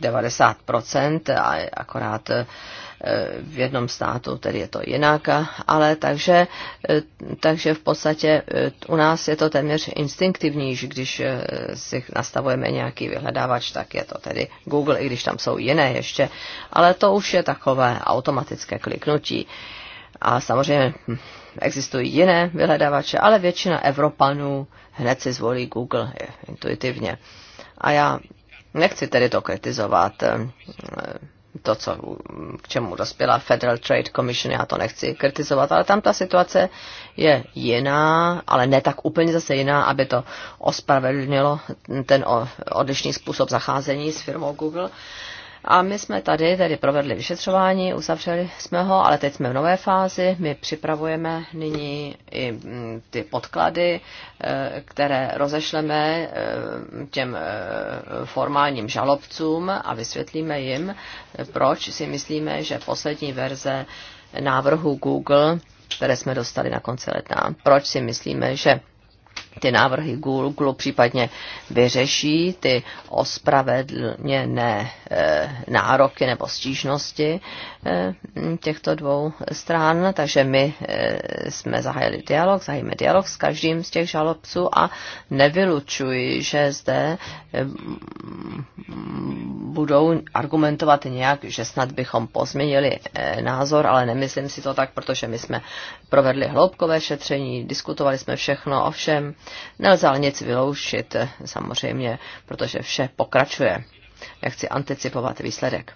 90% a akorát e, v jednom státu tedy je to jinak, ale takže, e, takže v podstatě e, u nás je to téměř instinktivní, že když si nastavujeme nějaký vyhledávač, tak je to tedy Google, i když tam jsou jiné ještě, ale to už je takové automatické kliknutí. A samozřejmě existují jiné vyhledávače, ale většina Evropanů hned si zvolí Google intuitivně. A já Nechci tedy to kritizovat, eh, to, co, k čemu dospěla Federal Trade Commission, já to nechci kritizovat, ale tam ta situace je jiná, ale ne tak úplně zase jiná, aby to ospravedlnilo ten odlišný způsob zacházení s firmou Google. A my jsme tady tedy provedli vyšetřování, uzavřeli jsme ho, ale teď jsme v nové fázi. My připravujeme nyní i mm, ty podklady, eh, které rozešleme eh, těm eh, formálním žalobcům a vysvětlíme jim, proč si myslíme, že poslední verze návrhu Google, které jsme dostali na konci ledna, proč si myslíme, že ty návrhy Google případně vyřeší ty ospravedlněné eh, nároky nebo stížnosti eh, těchto dvou stran. Takže my eh, jsme zahájili dialog, zahájíme dialog s každým z těch žalobců a nevylučuji, že zde budou argumentovat nějak, že snad bychom pozměnili názor, ale nemyslím si to tak, protože my jsme provedli hloubkové šetření, diskutovali jsme všechno, ovšem nelze ale nic vyloušit, samozřejmě, protože vše pokračuje. Já chci anticipovat výsledek.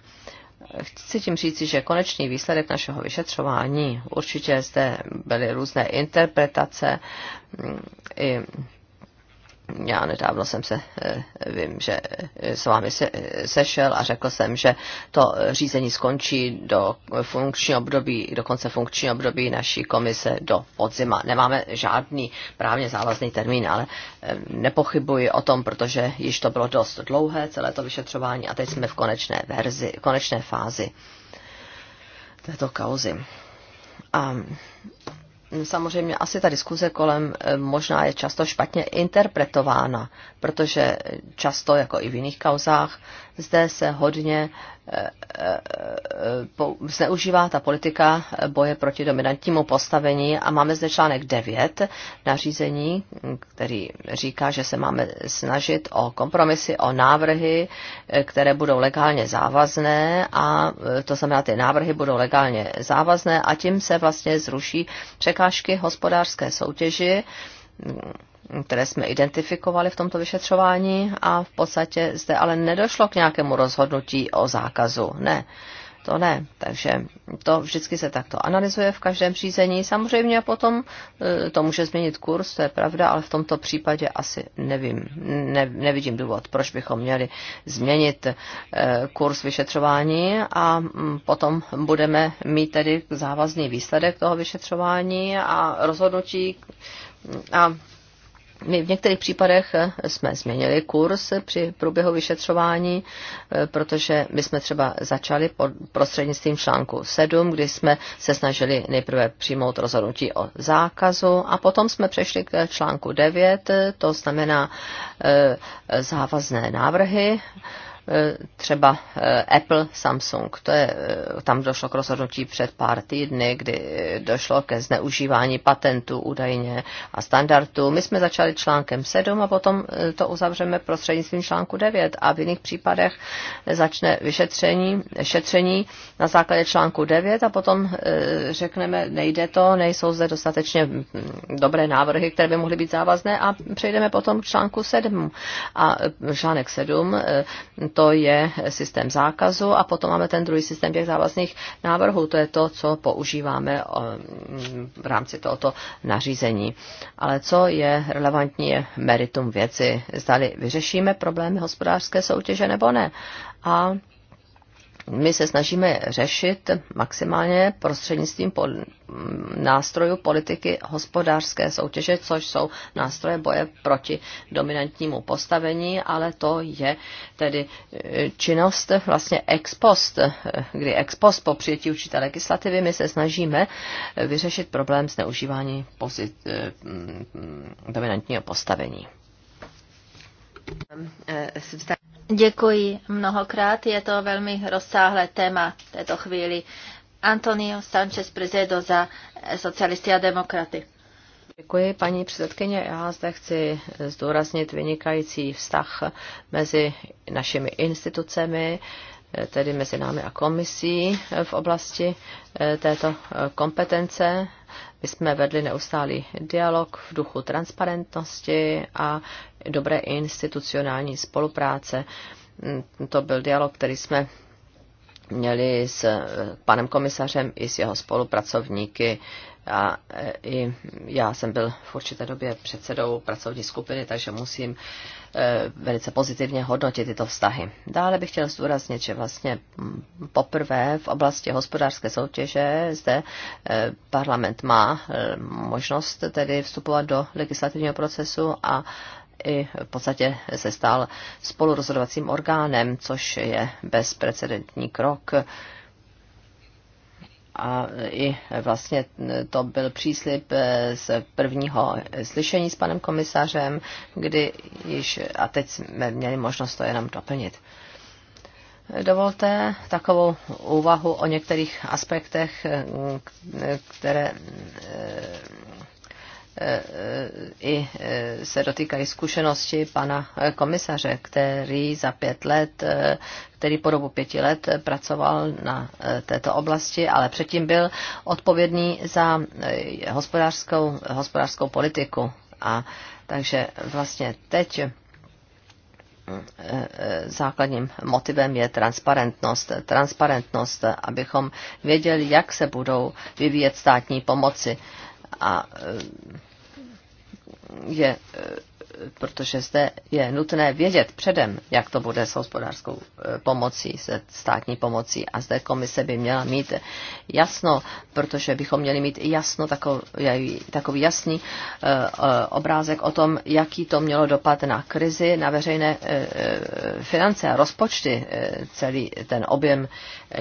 Chci tím říci, že konečný výsledek našeho vyšetřování, určitě zde byly různé interpretace mm, i já nedávno jsem se, eh, vím, že eh, s vámi se, eh, sešel a řekl jsem, že to řízení skončí do funkční období, do konce funkční období naší komise do podzima. Nemáme žádný právně závazný termín, ale nepochybuji o tom, protože již to bylo dost dlouhé, celé to vyšetřování a teď jsme v konečné verzi, konečné fázi této kauzy. A samozřejmě asi ta diskuze kolem eh, možná je často špatně interpretována, protože často, jako i v jiných kauzách, zde se hodně eh, eh, eh, zneužívá ta politika boje proti dominantnímu postavení a máme zde článek 9 nařízení, který říká, že se máme snažit o kompromisy, o návrhy, které budou legálně závazné a to znamená, ty návrhy budou legálně závazné a tím se vlastně zruší překážky hospodářské soutěži které jsme identifikovali v tomto vyšetřování a v podstatě zde ale nedošlo k nějakému rozhodnutí o zákazu. Ne, to ne. Takže to vždycky se takto analyzuje v každém řízení. Samozřejmě potom e, to může změnit kurz, to je pravda, ale v tomto případě asi nevím, ne, nevidím důvod, proč bychom měli změnit e, kurz vyšetřování a mm, potom budeme mít tedy závazný výsledek toho vyšetřování a rozhodnutí a my v některých případech eh, jsme změnili kurz při průběhu vyšetřování, eh, protože my jsme třeba začali prostřednictvím článku 7, kdy jsme se snažili nejprve přijmout rozhodnutí o zákazu a potom jsme přešli k článku 9, to znamená eh, závazné návrhy E, třeba e, Apple, Samsung, to je, e, tam došlo k rozhodnutí před pár týdny, kdy došlo ke zneužívání patentů údajně a standardů. My jsme začali článkem 7 a potom to uzavřeme prostřednictvím článku 9 a v jiných případech začne vyšetření, šetření na základě článku 9 a potom řekneme, nejde to, nejsou zde dostatečně dobré návrhy, které by mohly být závazné a přejdeme potom k článku 7. A článek 7 to to je systém zákazu a potom máme ten druhý systém těch závazných návrhů. To je to, co používáme um, v rámci tohoto nařízení. Ale co je relevantní je meritum věci. Zdali vyřešíme problémy hospodářské soutěže nebo ne. A my se snažíme řešit maximálně prostřednictvím po, nástrojů politiky hospodářské soutěže, což jsou nástroje boje proti dominantnímu postavení, ale to je tedy e, činnost vlastně ex post, e, kdy ex post po přijetí určité legislativy my se snažíme e, vyřešit problém zneužívání pozit, dominantního postavení. Um, Děkuji mnohokrát, je to velmi rozsáhlé téma v této chvíli. Antonio Sanchez Prezedo za socialisty a demokraty. Děkuji, paní předsedkyně. Já zde chci zdůraznit vynikající vztah mezi našimi institucemi, tedy mezi námi a komisí v oblasti eh, této eh, kompetence. My jsme vedli neustálý dialog v duchu transparentnosti a dobré institucionální spolupráce. Mm, to byl dialog, který jsme měli s eh, panem komisařem i s jeho spolupracovníky a eh, i já jsem byl v určité době předsedou pracovní skupiny, takže musím eh, velice pozitivně hodnotit tyto vztahy. Dále bych chtěl zdůraznit, že vlastně mm, poprvé v oblasti hospodářské soutěže zde parlament má možnost tedy vstupovat do legislativního procesu a i v podstatě se stal spolurozhodovacím orgánem, což je bezprecedentní krok. A i vlastně to byl příslip z prvního slyšení s panem komisařem, kdy již, a teď jsme měli možnost to jenom doplnit. Dovolte takovou úvahu o některých aspektech, které Eh, i eh, se dotýkají zkušenosti pana eh, komisaře, který za pět let, který po dobu pěti let pracoval na této oblasti, ale předtím byl odpovědný za hospodářskou, hospodářskou politiku. A takže vlastně teď základním motivem je transparentnost. Transparentnost, abychom věděli, jak se budou vyvíjet státní pomoci a e, je e, protože zde je nutné vědět předem, jak to bude s hospodářskou e, pomocí, se státní pomocí a zde komise by měla mít jasno, protože bychom měli mít jasno, takový, takový jasný e, e, obrázek o tom, jaký to mělo dopad na krizi, na veřejné finance a rozpočty, celý ten objem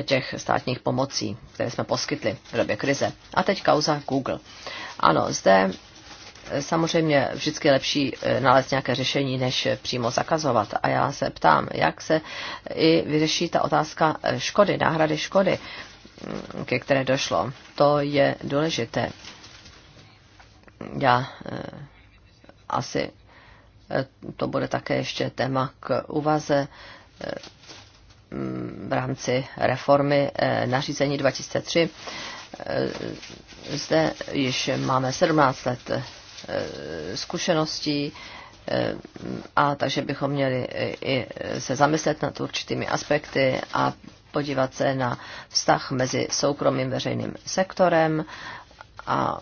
těch státních pomocí, které jsme poskytli v době krize. A teď kauza Google. Ano, zde samozřejmě vždycky je lepší eh, nalézt nějaké řešení, než eh, přímo zakazovat. A já se ptám, jak se eh, i vyřeší ta otázka škody, náhrady škody, mm, ke které došlo. To je důležité. Já asi to bude také ještě téma k uvaze mm, v rámci reformy nařízení 2003. Zde již máme 17 let Eh, zkušeností eh, a takže bychom měli i se zamyslet nad určitými aspekty a podívat se na vztah mezi soukromým veřejným sektorem a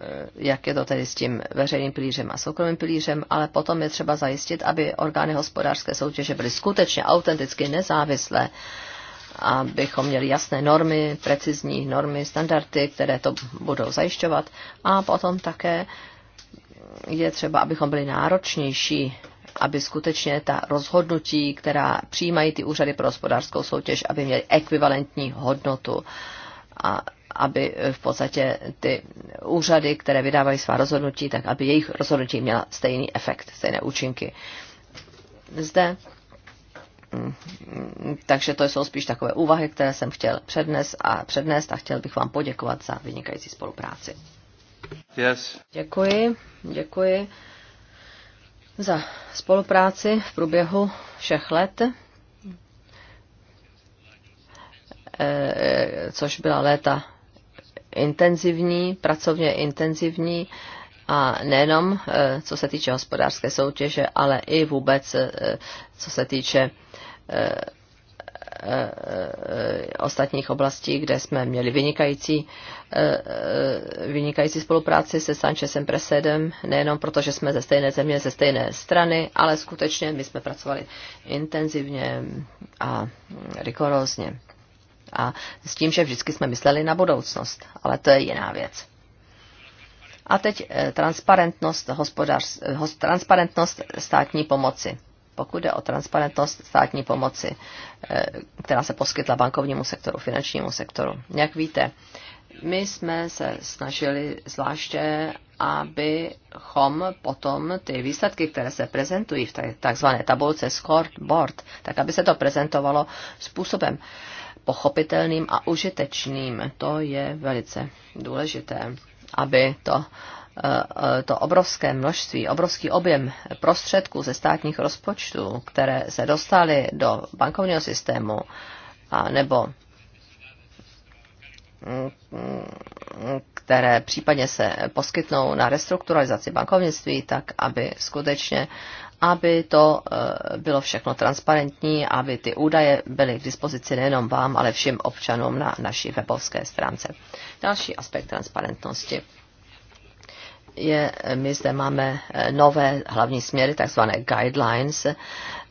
eh, jak je to tedy s tím veřejným pilířem a soukromým pilířem, ale potom je třeba zajistit, aby orgány hospodářské soutěže byly skutečně autenticky nezávislé abychom měli jasné normy, precizní normy, standardy, které to budou zajišťovat. A potom také je třeba, abychom byli náročnější, aby skutečně ta rozhodnutí, která přijímají ty úřady pro hospodářskou soutěž, aby měly ekvivalentní hodnotu. A aby v podstatě ty úřady, které vydávají svá rozhodnutí, tak aby jejich rozhodnutí měla stejný efekt, stejné účinky. Zde Mm, takže to jsou spíš takové úvahy, které jsem chtěl přednes a přednést a chtěl bych vám poděkovat za vynikající spolupráci. Yes. Děkuji, děkuji za spolupráci v průběhu všech let, eh, což byla léta intenzivní, pracovně intenzivní a nejenom eh, co se týče hospodářské soutěže, ale i vůbec eh, co se týče eh, ostatních oblastí, kde jsme měli vynikající, vynikající spolupráci se Sanchezem Presedem, nejenom proto, že jsme ze stejné země, ze stejné strany, ale skutečně my jsme pracovali intenzivně a rigorózně. A s tím, že vždycky jsme mysleli na budoucnost, ale to je jiná věc. A teď eh, transparentnost, hospodář, eh, transparentnost státní pomoci. Pokud jde o transparentnost státní pomoci, eh, která se poskytla bankovnímu sektoru, finančnímu sektoru. Jak víte, my jsme se snažili zvláště, abychom potom ty výsledky, které se prezentují v takzvané tabulce scoreboard, tak aby se to prezentovalo způsobem pochopitelným a užitečným. To je velice důležité aby to, eh, eh, to obrovské množství, obrovský objem prostředků ze státních rozpočtů, které se dostaly do bankovního systému, a nebo které případně se poskytnou na restrukturalizaci bankovnictví, tak aby skutečně aby to eh, bylo všechno transparentní, aby ty údaje byly k dispozici nejenom vám, ale všem občanům na naší webovské stránce. Další aspekt transparentnosti je, eh, my zde máme eh, nové hlavní směry, takzvané guidelines,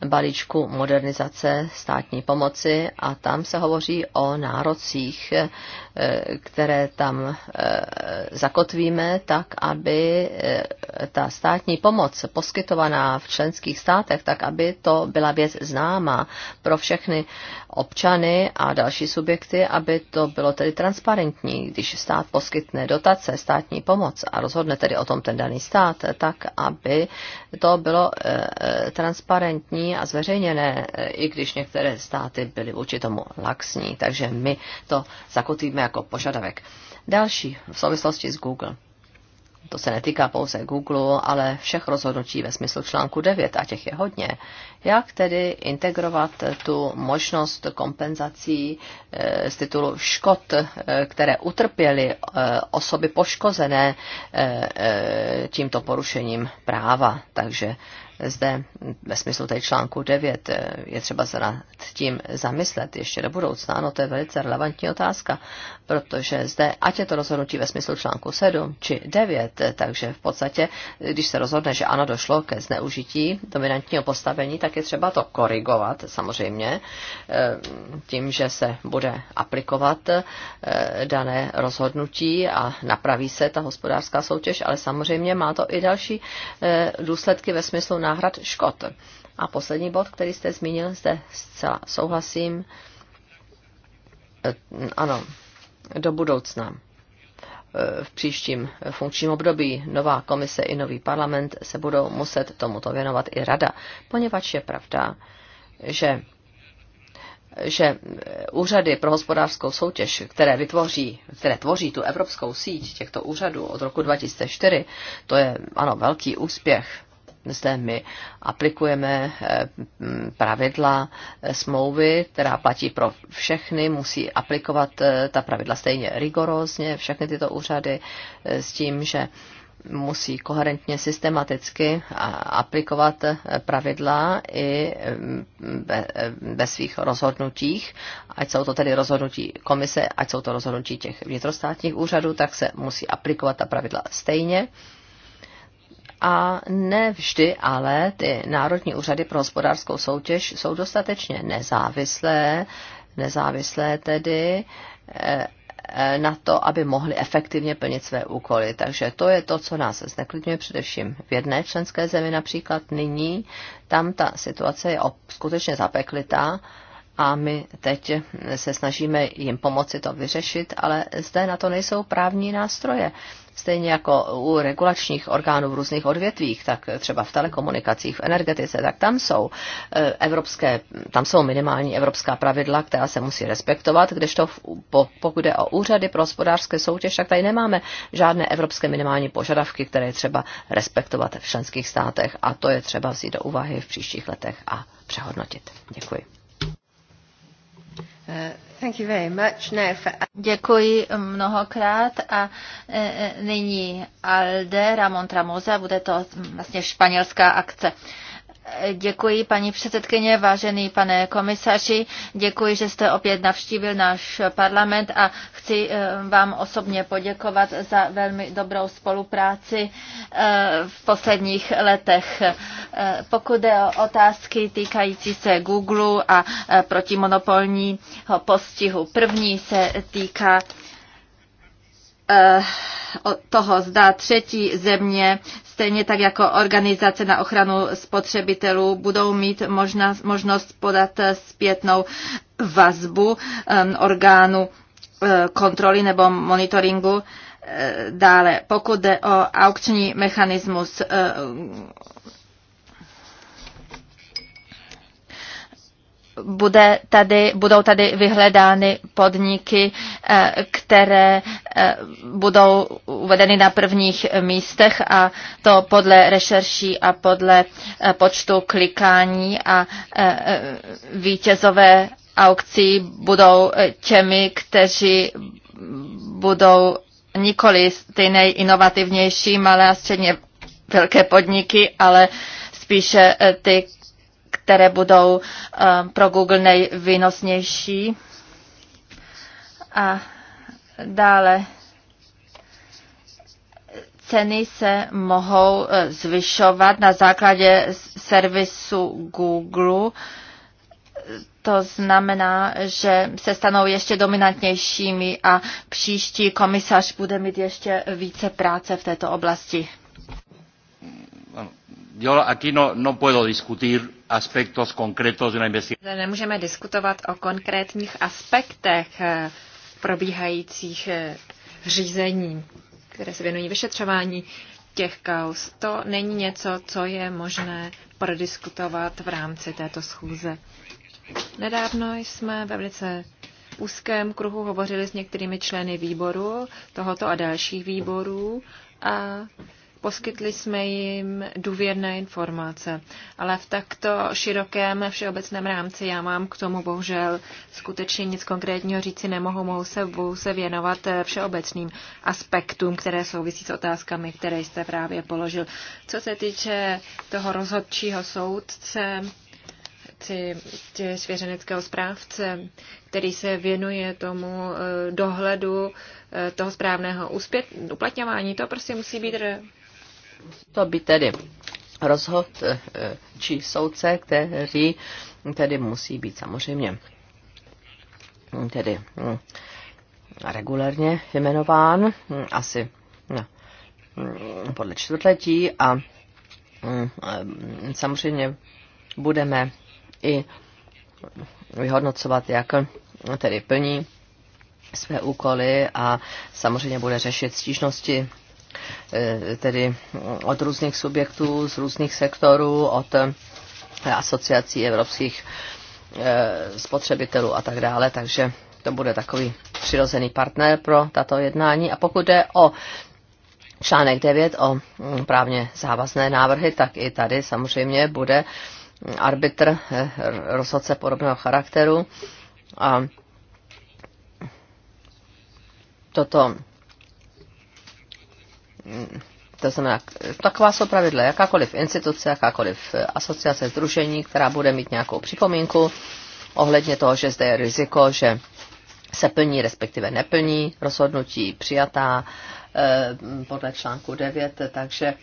balíčku modernizace státní pomoci a tam se hovoří o nárocích, eh, které tam eh, zakotvíme, tak aby eh, ta státní pomoc poskytovaná v členských státech, tak aby to byla věc známá pro všechny občany a další subjekty, aby to bylo tedy transparentní, když stát poskytne dotace, státní pomoc a rozhodne tedy o tom ten daný stát, tak aby to bylo transparentní a zveřejněné, eh, i když některé státy byly vůči tomu laxní, takže my to zakotvíme jako požadavek. Další v souvislosti s Google. To se netýká pouze Google, ale všech rozhodnutí ve smyslu článku 9, a těch je hodně. Jak tedy integrovat tu možnost kompenzací eh, z titulu škod, eh, které utrpěly osoby poškozené tímto porušením práva? Takže zde ve smyslu té článku 9 eh, je třeba se nad tím zamyslet ještě do budoucna. Ano, to je velice relevantní otázka, protože zde, ať je to rozhodnutí ve smyslu článku 7 či 9, eh, takže v podstatě, eh, když se rozhodne, že ano, došlo ke zneužití dominantního postavení, tak je třeba to korigovat samozřejmě tím, že se bude aplikovat dané rozhodnutí a napraví se ta hospodářská soutěž, ale samozřejmě má to i další důsledky ve smyslu náhrad škod. A poslední bod, který jste zmínil, zde zcela souhlasím. E, ano, do budoucna. E, v příštím funkčním období nová komise i nový parlament se budou muset tomuto věnovat i rada, poněvadž je pravda, že že úřady pro hospodářskou soutěž, které vytvoří, které tvoří tu evropskou síť těchto úřadů od roku 2004, to je ano velký úspěch zde my aplikujeme eh, pravidla eh, smlouvy, která platí pro všechny, musí aplikovat eh, ta pravidla stejně rigorózně, všechny tyto úřady s tím, že musí koherentně, systematicky aplikovat pravidla i mm, ve svých rozhodnutích, ať jsou to tedy rozhodnutí komise, ať jsou to rozhodnutí těch vnitrostátních úřadů, tak se musí aplikovat ta pravidla stejně a ne vždy, ale ty národní úřady pro hospodářskou soutěž jsou dostatečně nezávislé, nezávislé tedy eh, eh, na to, aby mohli efektivně plnit své úkoly. Takže to je to, co nás zneklidňuje především v jedné členské zemi například nyní. Tam ta situace je skutečně zapeklitá a my teď se snažíme jim pomoci to vyřešit, ale zde na to nejsou právní nástroje. Stejně jako u regulačních orgánů v různých odvětvích, tak třeba v telekomunikacích, v energetice, tak tam jsou eh, evropské, tam jsou minimální evropská pravidla, která se musí respektovat, kdežto pokud jde o úřady pro hospodářské soutěž, tak tady nemáme žádné evropské minimální požadavky, které je třeba respektovat v členských státech a to je třeba vzít do úvahy v příštích letech a přehodnotit. Děkuji. No, Děkuji mnohokrát a e, e, nyní Alde Ramon Tramosa, bude to vlastně španělská akce. Děkuji, paní předsedkyně, vážený pane komisaři. Děkuji, že jste opět navštívil náš parlament a chci eh, vám osobně poděkovat za velmi dobrou spolupráci eh, v posledních letech. Eh, pokud je o otázky týkající se Google a protimonopolního postihu, první se týká Eh, toho, zda třetí země, stejně tak jako organizace na ochranu spotřebitelů, budou mít možná, možnost podat zpětnou vazbu orgánu eh, kontroly nebo monitoringu. Eh, dále, pokud jde o aukční mechanismus, bude tady, budou tady vyhledány podniky, eh, které eh, budou uvedeny na prvních místech a to podle rešerší a podle eh, počtu klikání a vítězové aukcí budou těmi, kteří budou nikoli ty nejinovativnější malé a středně velké podniky, ale spíše ty, které budou um, pro Google nejvýnosnější. A dále ceny se mohou uh, zvyšovat na základě servisu Google. To znamená, že se stanou ještě dominantnějšími a příští komisař bude mít ještě více práce v této oblasti. Mm, Yo aquí no, no puedo discutir aspectos concretos de una investigación. Nemůžeme diskutovat o konkrétních aspektech eh, probíhajících eh, řízení, které se věnují vyšetřování těch kaus. To není něco, co je možné prodiskutovat v rámci této schůze. Nedávno jsme ve velice úzkém kruhu hovořili s některými členy výboru, tohoto a dalších výborů a Poskytli jsme jim důvěrné informace, ale v takto širokém všeobecném rámci já mám k tomu bohužel skutečně nic konkrétního říci nemohu, mohu se, mohu se věnovat eh, všeobecným aspektům, které souvisí s otázkami, které jste právě položil. Co se týče toho rozhodčího soudce, svěřeneckého správce, který se věnuje tomu eh, dohledu eh, toho správného uplatňování. To prostě musí být to by tedy rozhod eh, či soudce, který tedy musí být samozřejmě hm, tedy hm, regulérně jmenován, hm, asi no, podle čtvrtletí a eh, samozřejmě budeme i vyhodnocovat, jak tedy plní své úkoly a samozřejmě bude řešit stížnosti E, tedy od různých subjektů z různých sektorů, od e, asociací evropských e, spotřebitelů a tak dále, takže to bude takový přirozený partner pro tato jednání. A pokud jde o článek 9 o mm, právně závazné návrhy, tak i tady samozřejmě bude mm, arbitr rozhodce podobného charakteru. A toto to znamená, taková jsou pravidla, jakákoliv instituce, jakákoliv eh, asociace, združení, která bude mít nějakou připomínku ohledně toho, že zde je riziko, že se plní, respektive neplní rozhodnutí přijatá eh, podle článku 9, takže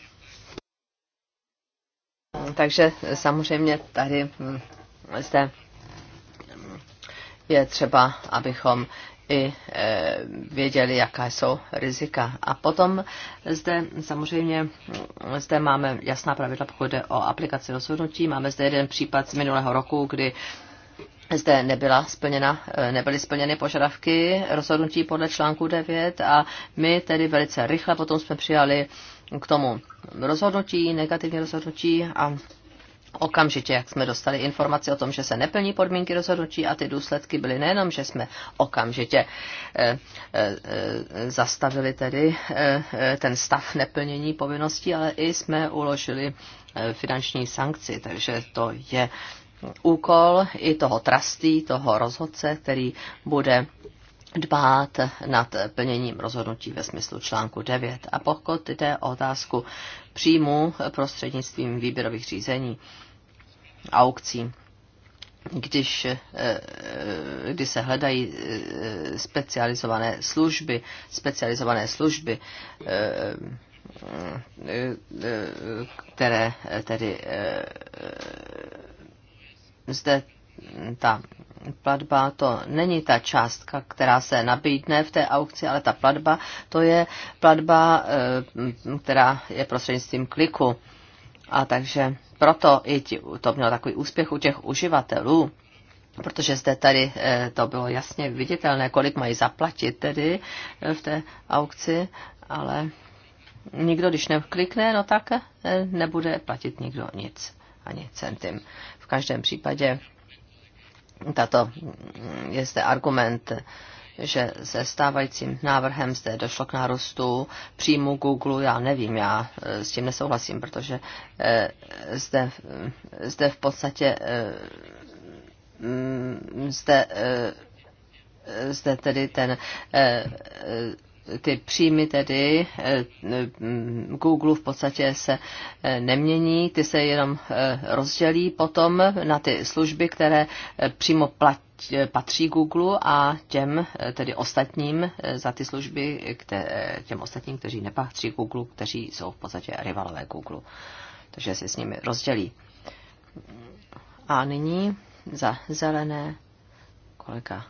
takže samozřejmě tady hm, zde je třeba, abychom i e, věděli, jaká jsou rizika. A potom zde samozřejmě zde máme jasná pravidla, pokud jde o aplikaci rozhodnutí. Máme zde jeden případ z minulého roku, kdy zde nebyla splněna, e, nebyly splněny požadavky rozhodnutí podle článku 9 a my tedy velice rychle potom jsme přijali k tomu rozhodnutí, negativní rozhodnutí a Okamžitě, jak jsme dostali informaci o tom, že se neplní podmínky rozhodnutí a ty důsledky byly nejenom, že jsme okamžitě e, e, zastavili tedy e, ten stav neplnění povinností, ale i jsme uložili finanční sankci, takže to je úkol i toho trustí, toho rozhodce, který bude dbát nad plněním rozhodnutí ve smyslu článku 9. A pokud jde o otázku příjmu prostřednictvím výběrových řízení, aukcí když, eh, eh, kdy se hledají eh, specializované služby, specializované služby, které tedy zde ta platba to není ta částka, která se nabídne v té aukci, ale ta platba to je platba, která je prostřednictvím kliku a takže proto i to mělo takový úspěch u těch uživatelů, protože zde tady eh, to bylo jasně viditelné, kolik mají zaplatit tedy eh, v té aukci, ale nikdo, když neklikne, no tak eh, nebude platit nikdo nic, ani centim. V každém případě tato mm, je zde argument, že se stávajícím návrhem zde došlo k nárůstu příjmu Google, já nevím, já eh, s tím nesouhlasím, protože eh, zde, eh, zde v podstatě mm, zde, zde tedy ten ty příjmy tedy mm, Google v podstatě se nemění, ty se jenom rozdělí potom na ty služby, které přímo platí patří Google a těm eh, tedy ostatním eh, za ty služby, které, eh, těm ostatním, kteří nepatří Google, kteří jsou v podstatě rivalové Google. Takže se s nimi rozdělí. A nyní za zelené kolega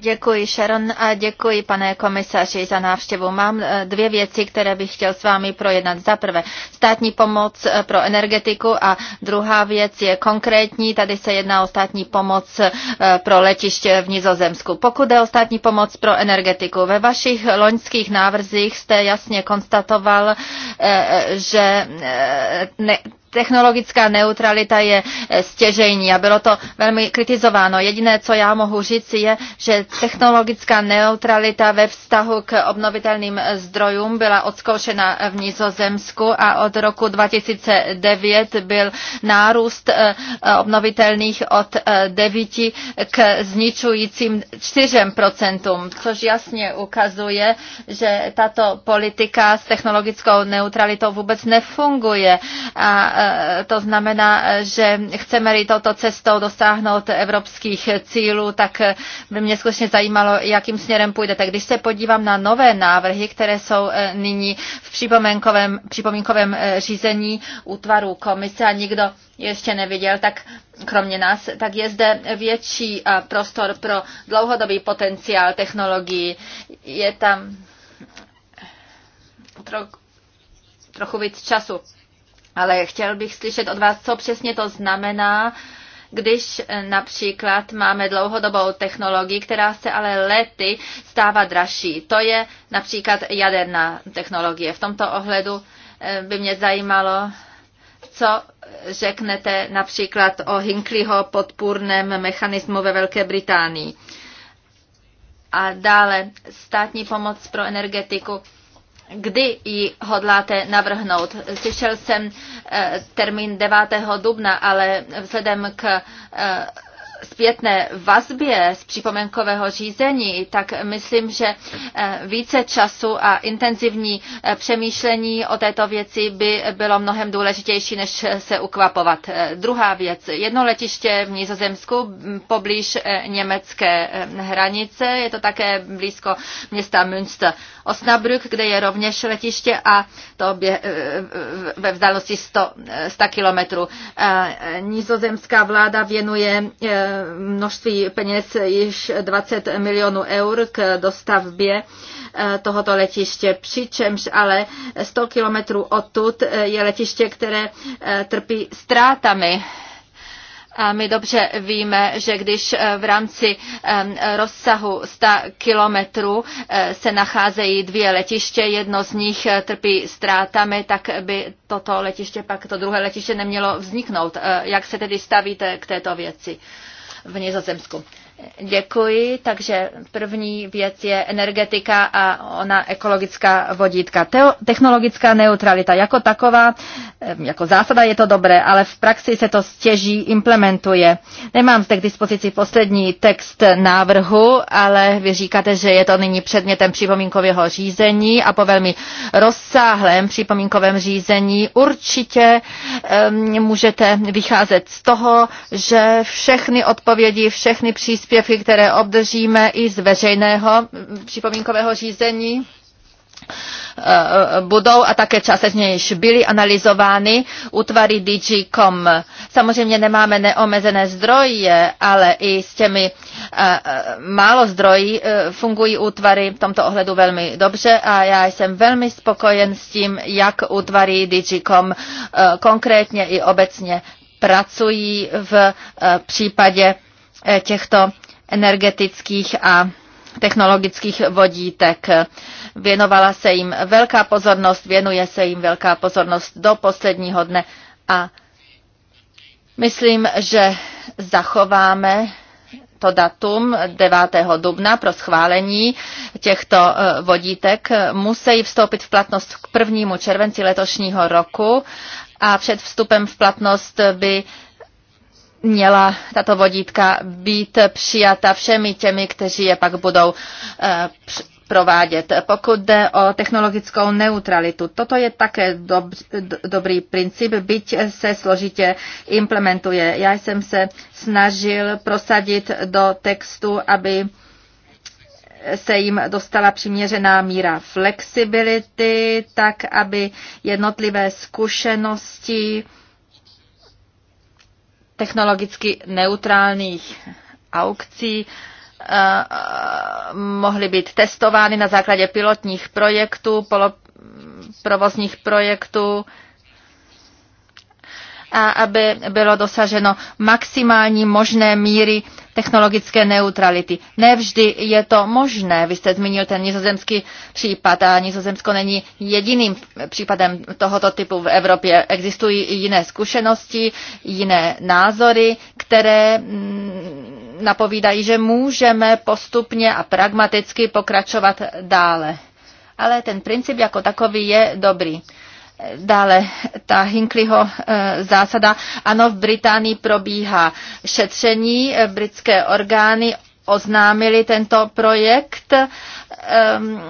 Děkuji Sharon a děkuji pane komisaři za návštěvu. Mám e, dvě věci, které bych chtěl s vámi projednat. Za prvé státní pomoc e, pro energetiku a druhá věc je konkrétní. Tady se jedná o státní pomoc e, pro letiště v Nizozemsku. Pokud je o státní pomoc pro energetiku, ve vašich loňských návrzích jste jasně konstatoval, že ne, technologická neutralita je eh, stěžejní a bylo to velmi kritizováno. Jediné, co já mohu říct, je, že technologická neutralita ve vztahu k obnovitelným eh, zdrojům byla odzkoušena eh, v Nizozemsku a od roku 2009 byl nárůst obnovitelných od 9 k zničujícím 4%, což jasně ukazuje, že tato politika s technologickou neutralitou vůbec nefunguje. A Eh, to znamená, eh, že chceme-li touto cestou dosáhnout evropských cílů, tak eh, by mě skutečně zajímalo, jakým směrem půjdete. Když se podívám na nové návrhy, které jsou nyní v připomínkovém, připomínkovém řízení útvaru komise a nikdo ještě neviděl, tak kromě nás, tak je zde větší prostor pro dlouhodobý potenciál technologií. Je tam trochu víc času. Ale chtěl bych slyšet od vás, co přesně to znamená, když například máme dlouhodobou technologii, která se ale lety stává dražší. To je například jaderná technologie. V tomto ohledu eh, by mě zajímalo, co řeknete například o Hinkleyho podpůrném mechanismu ve Velké Británii. A dále státní pomoc pro energetiku kdy ji hodláte navrhnout. Slyšel jsem eh, termín 9. dubna, ale vzhledem k eh, zpětné vazbě z připomenkového řízení, tak myslím, že eh, více času a intenzivní přemýšlení o této věci by bylo mnohem důležitější, než se ukvapovat. Druhá věc. Jedno letiště v Nizozemsku poblíž německé hranice, je to také blízko města Münster. Osnabrück, kde je rovněž letiště a to bě, e, e, ve vzdálenosti 100, 100 e, kilometrů. Nizozemská vláda věnuje množství peněz již 20 milionů eur k dostavbě tohoto letiště, přičemž ale 100 kilometrů odtud je letiště, které trpí ztrátami a my dobře víme, že když eh, v rámci rozsahu 100 kilometrů eh, se nacházejí dvě letiště, jedno z nich eh, trpí ztrátami, tak by toto letiště, pak to druhé letiště nemělo vzniknout. Jak se tedy stavíte k této věci v Nizozemsku? Děkuji. Takže první věc je energetika a ona ekologická vodítka. Teo, technologická neutralita jako taková, eh, jako zásada je to dobré, ale v praxi se to stěží implementuje. Nemám zde k dispozici poslední text návrhu, ale vy říkáte, že je to nyní předmětem připomínkového řízení a po velmi rozsáhlém připomínkovém řízení určitě um, můžete vycházet z toho, že všechny odpovědi, všechny příspěvky příspěvky, které obdržíme i z veřejného připomínkového řízení e, e, budou a také částečně již byly analyzovány útvary DG.com. Samozřejmě nemáme neomezené zdroje, ale i s těmi e, málo zdrojí fungují útvary v tomto ohledu velmi dobře a já jsem velmi spokojen s tím, jak útvary DG.com konkrétně i obecně pracují v případě Eh, těchto energetických a technologických vodítek. Věnovala se jim velká pozornost, věnuje se jim velká pozornost do posledního dne a myslím, že zachováme to datum 9. dubna pro schválení těchto eh, vodítek musí vstoupit v platnost k 1. červenci letošního roku a před vstupem v platnost by měla tato vodítka být přijata všemi těmi, kteří je pak budou eh, provádět. Pokud jde o technologickou neutralitu, toto je také dob, dobrý princip, byť se složitě implementuje. Já jsem se snažil prosadit do textu, aby se jim dostala přiměřená míra flexibility, tak aby jednotlivé zkušenosti technologicky neutrálních aukcí eh, eh, mohly být testovány na základě pilotních projektů, provozních projektů, a aby bylo dosaženo maximální možné míry technologické neutrality. Nevždy je to možné. Vy jste zmínil ten nizozemský případ a nizozemsko není jediným případem tohoto typu v Evropě. Existují i jiné zkušenosti, jiné názory, které mm, napovídají, že můžeme postupně a pragmaticky pokračovat dále. Ale ten princip jako takový je dobrý. Dále ta Hinckleyho eh, zásada. Ano, v Británii probíhá šetření. Britské orgány oznámili tento projekt ehm,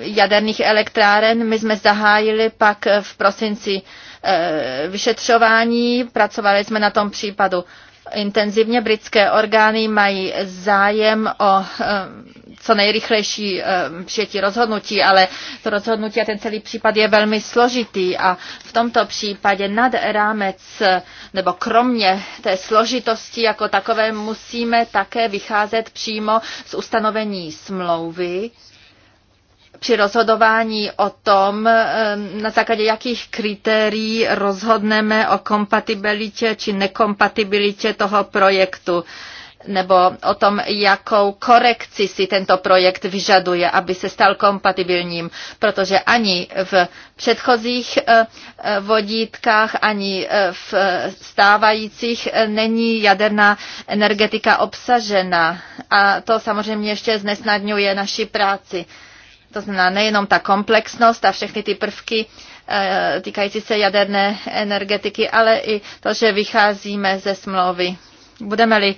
jaderných elektráren. My jsme zahájili pak v prosinci eh, vyšetřování, pracovali jsme na tom případu intenzivně. Britské orgány mají zájem o ehm, co nejrychlejší eh, přijetí rozhodnutí, ale to rozhodnutí a ten celý případ je velmi složitý a v tomto případě nad rámec nebo kromě té složitosti jako takové musíme také vycházet přímo z ustanovení smlouvy, při rozhodování o tom, eh, na základě jakých kritérií rozhodneme o kompatibilitě či nekompatibilitě toho projektu nebo o tom, jakou korekci si tento projekt vyžaduje, aby se stal kompatibilním, protože ani v předchozích eh, eh, vodítkách, ani eh, v stávajících není jaderná energetika obsažena. A to samozřejmě ještě znesnadňuje naši práci. To znamená nejenom ta komplexnost a všechny ty prvky týkající se jaderné energetiky, ale i to, že vycházíme ze smlouvy. Budeme-li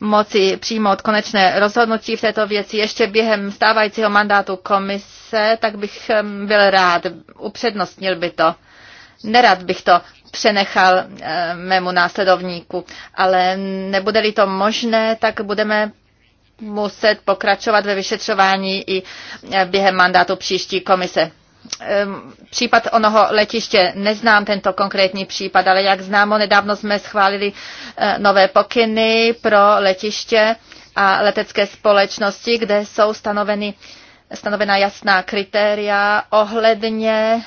moci přijmout konečné rozhodnutí v této věci ještě během stávajícího mandátu komise, tak bych byl rád, upřednostnil by to. Nerad bych to přenechal mému následovníku, ale nebude-li to možné, tak budeme muset pokračovat ve vyšetřování i během mandátu příští komise případ onoho letiště. Neznám tento konkrétní případ, ale jak známo, nedávno jsme schválili eh, nové pokyny pro letiště a letecké společnosti, kde jsou stanoveny, stanovena jasná kritéria ohledně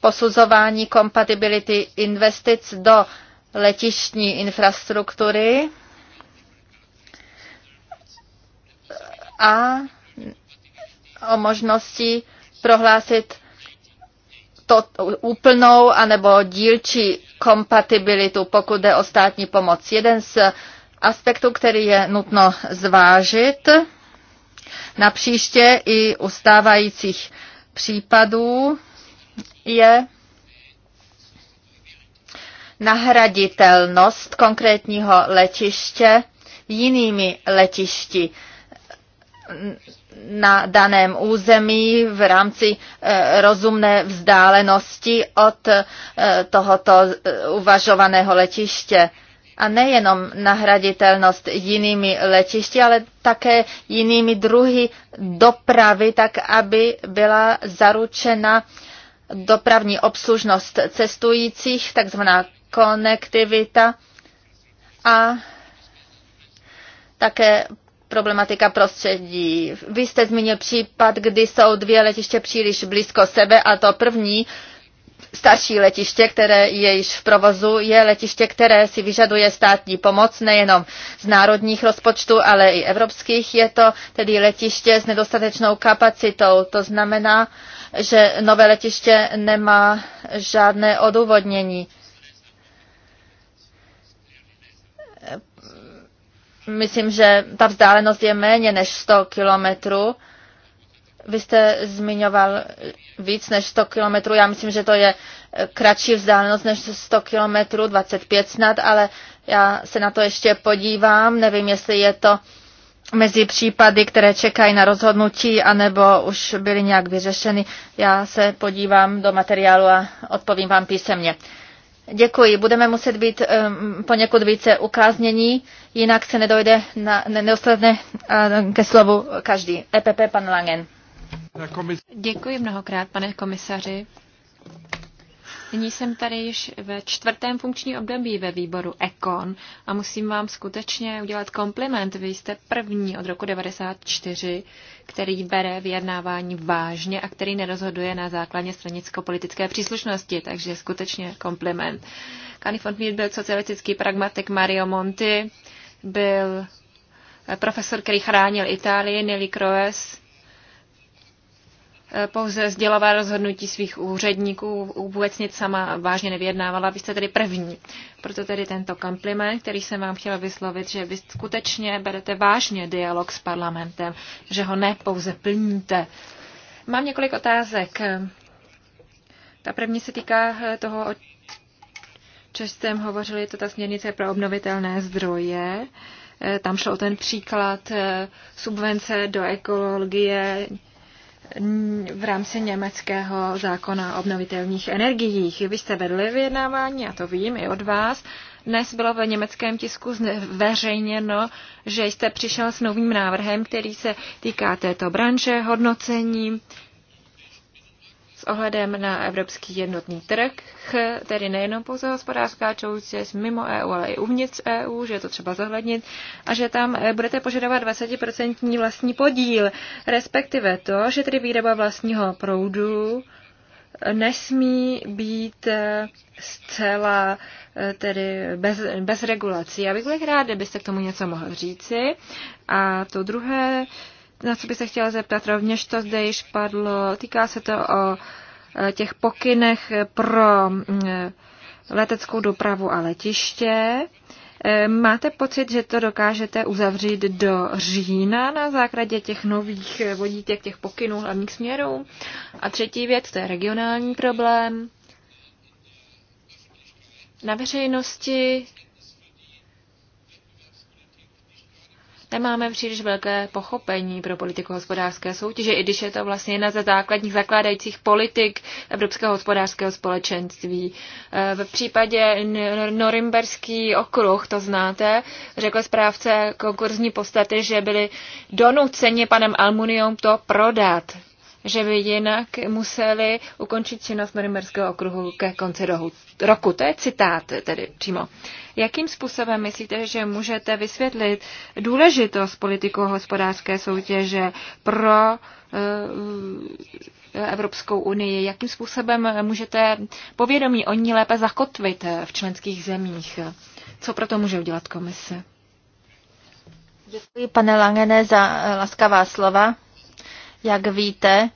posuzování kompatibility investic do letištní infrastruktury a o možnosti prohlásit to úplnou anebo dílčí kompatibilitu, pokud jde o státní pomoc. Jeden z aspektů, který je nutno zvážit na příště i u stávajících případů, je nahraditelnost konkrétního letiště jinými letišti na daném území v rámci eh, rozumné vzdálenosti od eh, tohoto eh, uvažovaného letiště. A nejenom nahraditelnost jinými letišti, ale také jinými druhy dopravy, tak aby byla zaručena dopravní obslužnost cestujících, takzvaná konektivita a také problematika prostředí. Vy jste zmínil případ, kdy jsou dvě letiště příliš blízko sebe a to první starší letiště, které je již v provozu, je letiště, které si vyžaduje státní pomoc nejenom z národních rozpočtů, ale i evropských. Je to tedy letiště s nedostatečnou kapacitou. To znamená, že nové letiště nemá žádné odůvodnění. myslím, že ta vzdálenost je méně než 100 kilometrů. Vy jste zmiňoval víc než 100 kilometrů. Já myslím, že to je eh, kratší vzdálenost než 100 kilometrů, 25 snad, ale já se na to ještě podívám. Nevím, jestli je to mezi případy, které čekají na rozhodnutí, anebo už byly nějak vyřešeny. Já se podívám do materiálu a odpovím vám písemně. Děkuji. Budeme muset být um, poněkud více ukáznění, jinak se nedojde na, ne, nedostane uh, ke slovu každý. EPP, pan Langen. Děkuji mnohokrát, pane komisaři. Nyní jsem tady již ve čtvrtém funkční období ve výboru Ekon a musím vám skutečně udělat kompliment. Vy jste první od roku 94, který bere vyjednávání vážně a který nerozhoduje na základě stranicko-politické příslušnosti, takže skutečně kompliment. Kani von Miet byl socialistický pragmatik Mario Monti, byl profesor, který chránil Itálii, Nelly Croes, Eh, pouze sdělala rozhodnutí svých úředníků, vůbec nic sama vážně nevyjednávala. Vy jste tedy první. Proto tedy tento kompliment, který jsem vám chtěla vyslovit, že vy skutečně berete vážně dialog s parlamentem, že ho ne pouze plníte. Mám několik otázek. Ta první se týká eh, toho, o čem jste hovořili, je to ta směrnice pro obnovitelné zdroje. Eh, tam šlo o ten příklad subvence do ekologie, v rámci německého zákona o obnovitelných energiích. Vy jste vedli vyjednávání, a to vím i od vás. Dnes bylo ve německém tisku zveřejněno, že jste přišel s novým návrhem, který se týká této branže, hodnocení ohledem na evropský jednotný trh, tedy nejenom pouze hospodářská soutěž mimo EU, ale i uvnitř EU, že je to třeba zohlednit a že tam eh, budete požadovat 20% vlastní podíl, respektive to, že tedy výroba vlastního proudu eh, nesmí být eh, zcela tedy bez, bez regulací. Já bych byl rád, kdybyste k tomu něco mohl říci. A to druhé, na co by se chtěla zeptat rovněž, to zde již padlo, týká se to o e, těch pokynech pro e, leteckou dopravu a letiště. E, máte pocit, že to dokážete uzavřít do října na základě těch nových vodítek, těch pokynů hlavních směrů? A třetí věc, to je regionální problém. Na veřejnosti nemáme příliš velké pochopení pro politiku hospodářské soutěže, i když je to vlastně jedna ze základních zakládajících politik Evropského hospodářského společenství. E, v případě Norimberský okruh, to znáte, řekl zprávce konkurzní podstaty, že byli donuceni panem Almunium to prodat že by jinak museli ukončit činnost Norimberského okruhu ke konci roku. To je citát tedy přímo. Jakým způsobem myslíte, že můžete vysvětlit důležitost politiku hospodářské soutěže pro uh, Evropskou unii? Jakým způsobem můžete povědomí o ní lépe zakotvit v členských zemích? Co proto může udělat komise? Děkuji, pane Langene, za eh, laskavá slova. Jak víte,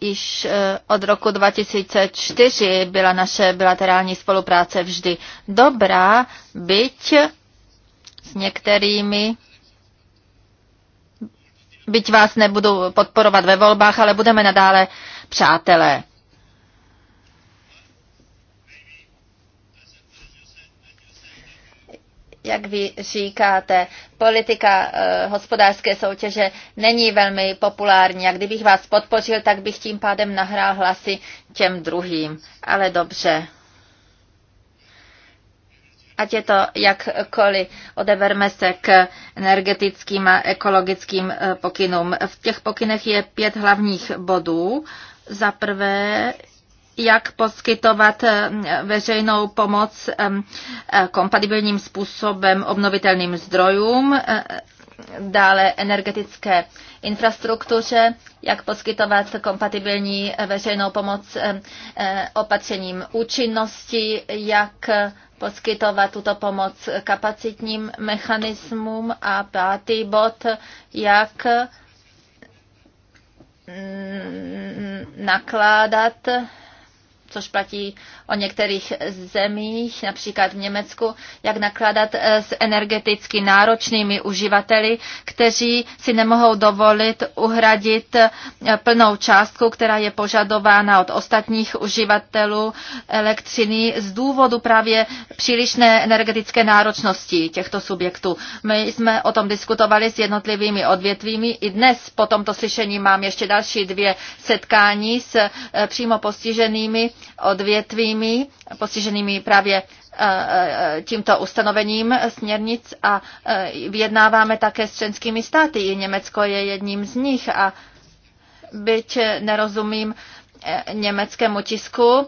již eh, od roku 2004 byla naše bilaterální spolupráce vždy dobrá, byť s některými byť vás nebudu podporovat ve volbách, ale budeme nadále přátelé. jak vy říkáte, politika uh, hospodářské soutěže není velmi populární a kdybych vás podpořil, tak bych tím pádem nahrál hlasy těm druhým. Ale dobře. Ať je to jakkoliv, odeberme se k energetickým a ekologickým eh, pokynům. V těch pokynech je pět hlavních bodů. Za prvé jak poskytovat eh, veřejnou pomoc eh, kompatibilním způsobem obnovitelným zdrojům, eh, dále energetické infrastruktuře, jak poskytovat kompatibilní veřejnou pomoc opatřením účinnosti, jak poskytovat tuto pomoc kapacitním mechanismům a pátý bod, jak mm, nakládat což platí o některých zemích, například v Německu, jak nakládat eh, s energeticky náročnými uživateli, kteří si nemohou dovolit uhradit eh, plnou částku, která je požadována od ostatních uživatelů elektřiny z důvodu právě přílišné energetické náročnosti těchto subjektů. My jsme o tom diskutovali s jednotlivými odvětvími. I dnes po tomto slyšení mám ještě další dvě setkání s eh, přímo postiženými odvětvími postiženými právě e, e, tímto ustanovením směrnic a e, vyjednáváme také s členskými státy. Německo je jedním z nich a byť nerozumím německému tisku,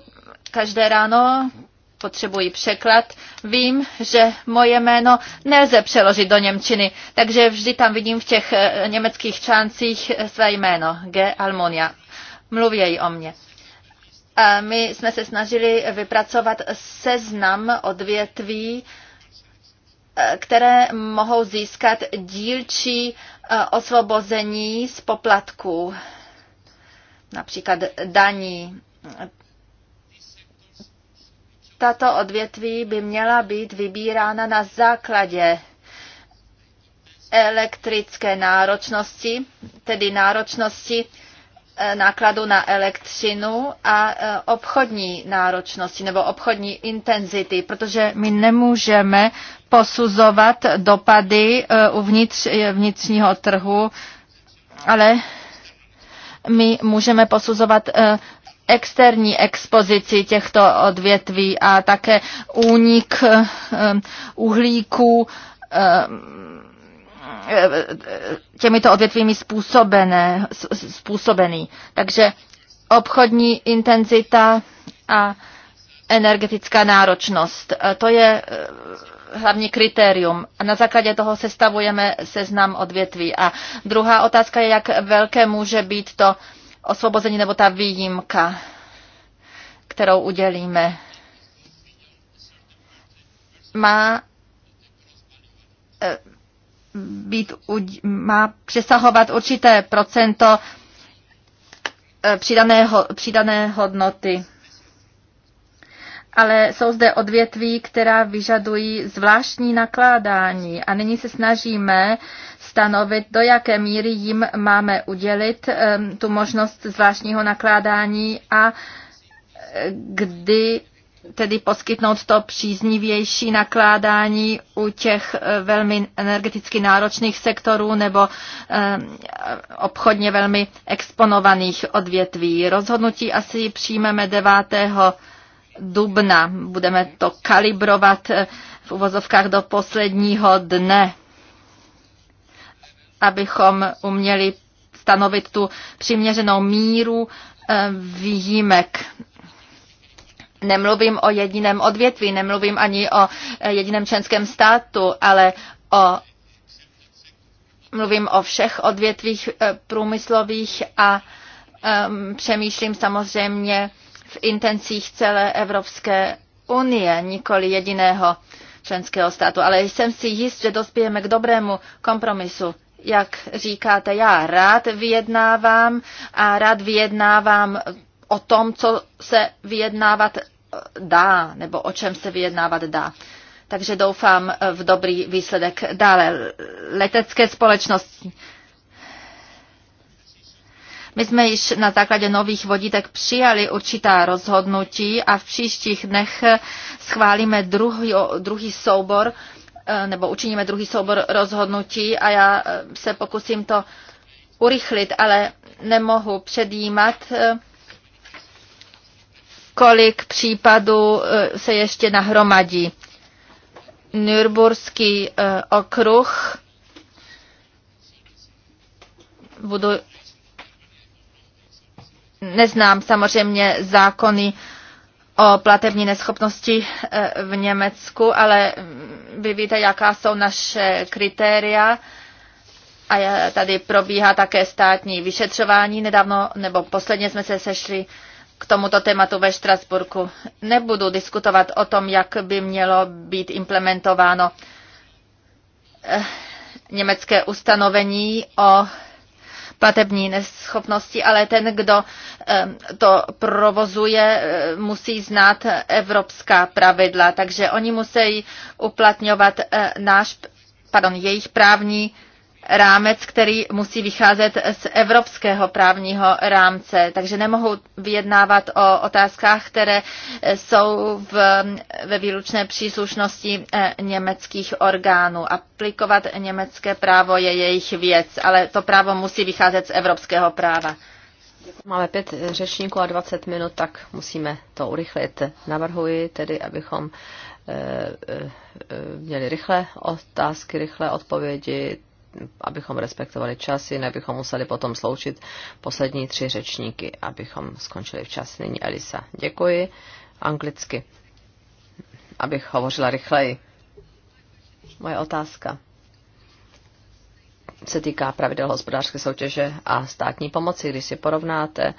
každé ráno potřebuji překlad, vím, že moje jméno nelze přeložit do Němčiny, takže vždy tam vidím v těch německých článcích své jméno, G. Almonia. Mluvějí o mně. My jsme se snažili vypracovat seznam odvětví, eh, které mohou získat dílčí eh, osvobození z poplatků, například daní. Tato odvětví by měla být vybírána na základě elektrické náročnosti, tedy náročnosti Eh, nákladu na elektřinu a eh, obchodní náročnosti nebo obchodní intenzity, protože my nemůžeme posuzovat dopady eh, uvnitř vnitřního trhu, ale my můžeme posuzovat externí expozici těchto odvětví a také únik uhlíku Eh, těmito odvětvími způsobené, způsobený. Takže obchodní intenzita a energetická náročnost. Eh, to je eh, hlavní kritérium. Na základě toho sestavujeme seznam odvětví. A druhá otázka je, jak velké může být to osvobození nebo ta výjimka, kterou udělíme. Má být, má přesahovat určité procento eh, přidané, přidané hodnoty. Ale jsou zde odvětví, která vyžadují zvláštní nakládání a nyní se snažíme stanovit, do jaké míry jim máme udělit eh, tu možnost zvláštního nakládání a eh, kdy tedy poskytnout to příznivější nakládání u těch eh, velmi energeticky náročných sektorů nebo eh, obchodně velmi exponovaných odvětví. Rozhodnutí asi přijmeme 9. dubna. Budeme to kalibrovat eh, v uvozovkách do posledního dne, abychom uměli stanovit tu přiměřenou míru výjimek Nemluvím o jediném odvětví, nemluvím ani o eh, jediném členském státu, ale o mluvím o všech odvětvích eh, průmyslových a um, přemýšlím samozřejmě v intencích celé Evropské unie, nikoli jediného členského státu. Ale jsem si jist, že dospějeme k dobrému kompromisu. Jak říkáte, já rád vyjednávám a rád vyjednávám o tom, co se vyjednávat eh, dá, nebo o čem se vyjednávat dá. Takže doufám eh, v dobrý výsledek. Dále, letecké společnosti. My jsme již na základě nových vodítek přijali určitá rozhodnutí a v příštích dnech eh, schválíme druhý, druhý soubor, nebo učiníme druhý soubor rozhodnutí a já se pokusím to urychlit, ale nemohu předjímat, kolik případů e, se ještě nahromadí. Nürburský e, okruh budu neznám samozřejmě zákony o platební neschopnosti e, v Německu, ale mm, vy víte, jaká jsou naše kritéria. A tady probíhá také státní vyšetřování. Nedávno nebo posledně jsme se sešli k tomuto tématu ve Štrasburku. Nebudu diskutovat o tom, jak by mělo být implementováno eh, německé ustanovení o platební neschopnosti, ale ten, kdo eh, to provozuje, eh, musí znát evropská pravidla, takže oni musí uplatňovat náš, pardon, jejich právní rámec, který musí vycházet z evropského právního rámce, takže nemohou vyjednávat o otázkách, které jsou v, ve výlučné příslušnosti eh, německých orgánů. Aplikovat německé právo je jejich věc, ale to právo musí vycházet z evropského práva. Máme pět eh, řečníků a 20 minut, tak musíme to urychlit. Navrhuji tedy, abychom eh, měli rychle otázky, rychle odpovědi, abychom respektovali časy, nebychom museli potom sloučit poslední tři řečníky, abychom skončili včas. Nyní Elisa. Děkuji. Anglicky. Abych hovořila rychleji. Moje otázka se týká pravidel hospodářské soutěže a státní pomoci. Když si porovnáte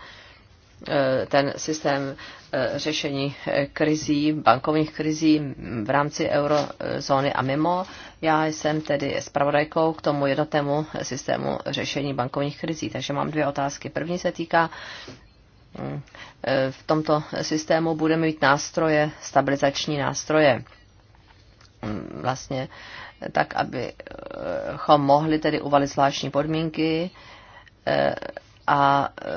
Eh, ten systém eh, řešení eh, krizí, bankovních krizí v rámci eurozóny a mimo. Já jsem tedy zpravodajkou k tomu jednotnému systému řešení bankovních krizí, takže mám dvě otázky. První se týká mm, v tomto systému budeme mít nástroje, stabilizační nástroje, mm, vlastně tak, abychom mohli tedy uvalit zvláštní podmínky a e,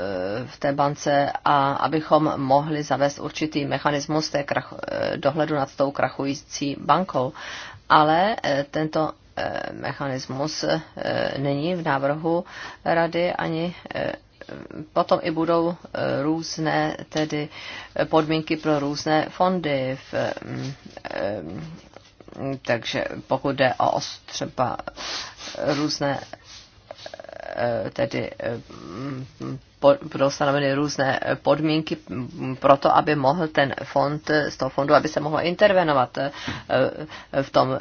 v té bance a abychom mohli zavést určitý mechanismus té krach, e, dohledu nad tou krachující bankou. Ale e, tento mechanismus není v návrhu rady ani potom i budou různé tedy podmínky pro různé fondy. V, takže pokud jde o třeba různé Eh, tedy eh, budou stanoveny různé podmínky pro to, aby mohl ten fond, z toho fondu, aby se mohlo intervenovat. E, e, v tom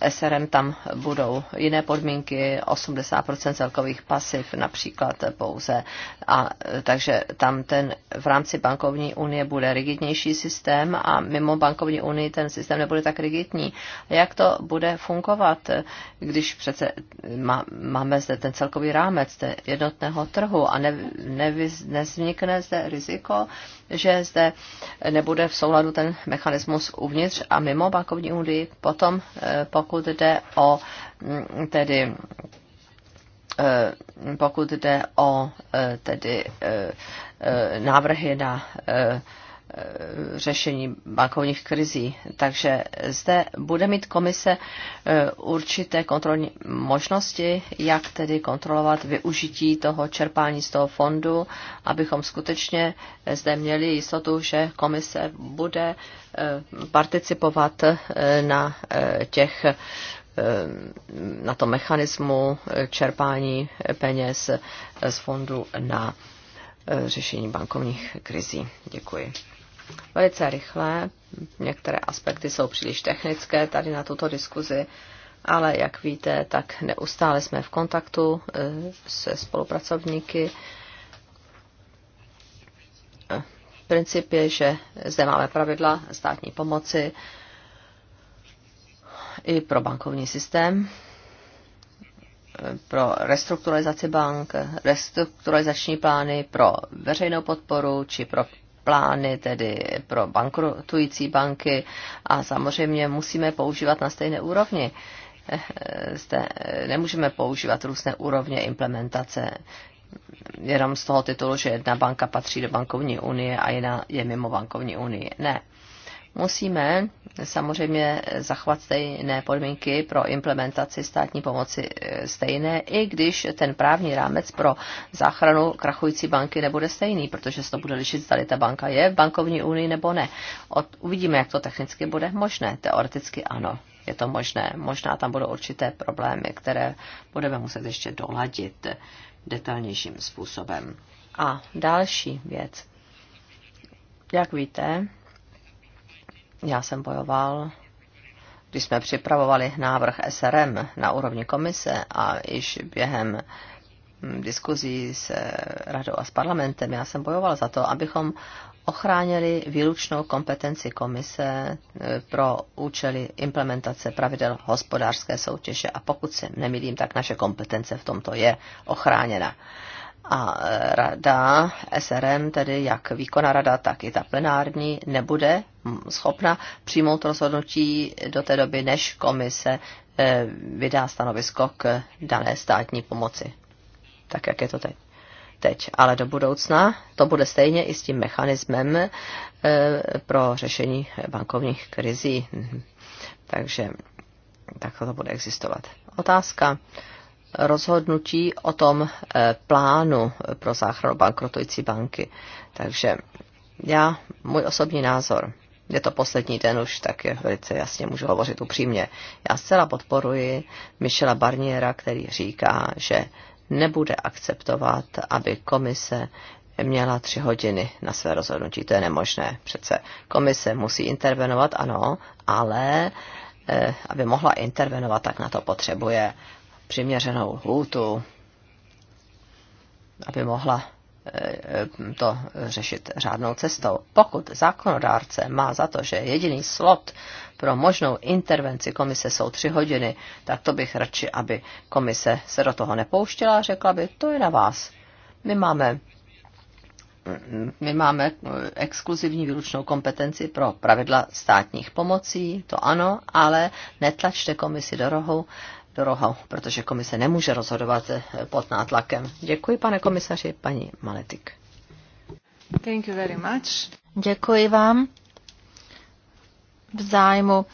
e, SRM tam budou jiné podmínky, 80% celkových pasiv například pouze. A, takže tam ten v rámci bankovní unie bude rigidnější systém a mimo bankovní unii ten systém nebude tak rigidní. Jak to bude fungovat, když přece má, máme zde ten celkový rámec jednotného trhu a ne, nevyz, zde riziko, že zde nebude v souladu ten mechanismus uvnitř a mimo bankovní unii. Potom, eh, pokud jde o mm, tedy eh, pokud jde o eh, tedy návrhy na Eh, řešení bankovních krizí. Takže zde bude mít komise eh, určité kontrolní možnosti, jak tedy kontrolovat využití toho čerpání z toho fondu, abychom skutečně zde měli jistotu, že komise bude eh, participovat na těch na tom mechanismu čerpání peněz z fondu na řešení bankovních krizí. Děkuji velice rychle. Některé aspekty jsou příliš technické tady na tuto diskuzi, ale jak víte, tak neustále jsme v kontaktu eh, se spolupracovníky. Eh, princip je, že zde máme pravidla státní pomoci i pro bankovní systém, eh, pro restrukturalizaci bank, restrukturalizační plány pro veřejnou podporu či pro plány tedy pro bankrotující banky a samozřejmě musíme používat na stejné úrovni. Eh, zde eh, nemůžeme používat různé úrovně implementace jenom z toho titulu, že jedna banka patří do bankovní unie a jiná je mimo bankovní unii. Ne musíme samozřejmě zachovat stejné podmínky pro implementaci státní pomoci e, stejné, i když ten právní rámec pro záchranu krachující banky nebude stejný, protože se to bude lišit, zda ta banka je v bankovní unii nebo ne. Od, uvidíme, jak to technicky bude možné. Teoreticky ano, je to možné. Možná tam budou určité problémy, které budeme muset ještě doladit detailnějším způsobem. A další věc. Jak víte, já jsem bojoval, když jsme připravovali návrh SRM na úrovni komise a již během hm, diskuzí s radou a s parlamentem, já jsem bojoval za to, abychom ochránili výlučnou kompetenci komise eh, pro účely implementace pravidel hospodářské soutěže a pokud se nemýlím, tak naše kompetence v tomto je ochráněna a eh, rada SRM, tedy jak výkonná rada, tak i ta plenární, nebude mm, schopna přijmout rozhodnutí do té doby, než komise eh, vydá stanovisko k dané státní pomoci. Tak jak je to teď. Teď, ale do budoucna to bude stejně i s tím mechanismem eh, pro řešení bankovních krizí. Mhm. Takže tak to bude existovat. Otázka rozhodnutí o tom eh, plánu pro záchranu bankrotující banky. Takže já, můj osobní názor, je to poslední den už, tak je velice jasně můžu hovořit upřímně. Já zcela podporuji Michela Barniera, který říká, že nebude akceptovat, aby komise měla tři hodiny na své rozhodnutí. To je nemožné. Přece komise musí intervenovat, ano, ale eh, aby mohla intervenovat, tak na to potřebuje přiměřenou lhůtu, aby mohla eh, to řešit řádnou cestou. Pokud zákonodárce má za to, že jediný slot pro možnou intervenci komise jsou tři hodiny, tak to bych radši, aby komise se do toho nepouštěla a řekla by, to je na vás. My máme, my máme exkluzivní výlučnou kompetenci pro pravidla státních pomocí, to ano, ale netlačte komisi do rohu, do roha, protože komise nemůže rozhodovat pod nátlakem. Děkuji, pane komisaři, paní Maletik. Thank you very much. Děkuji vám. V zájmu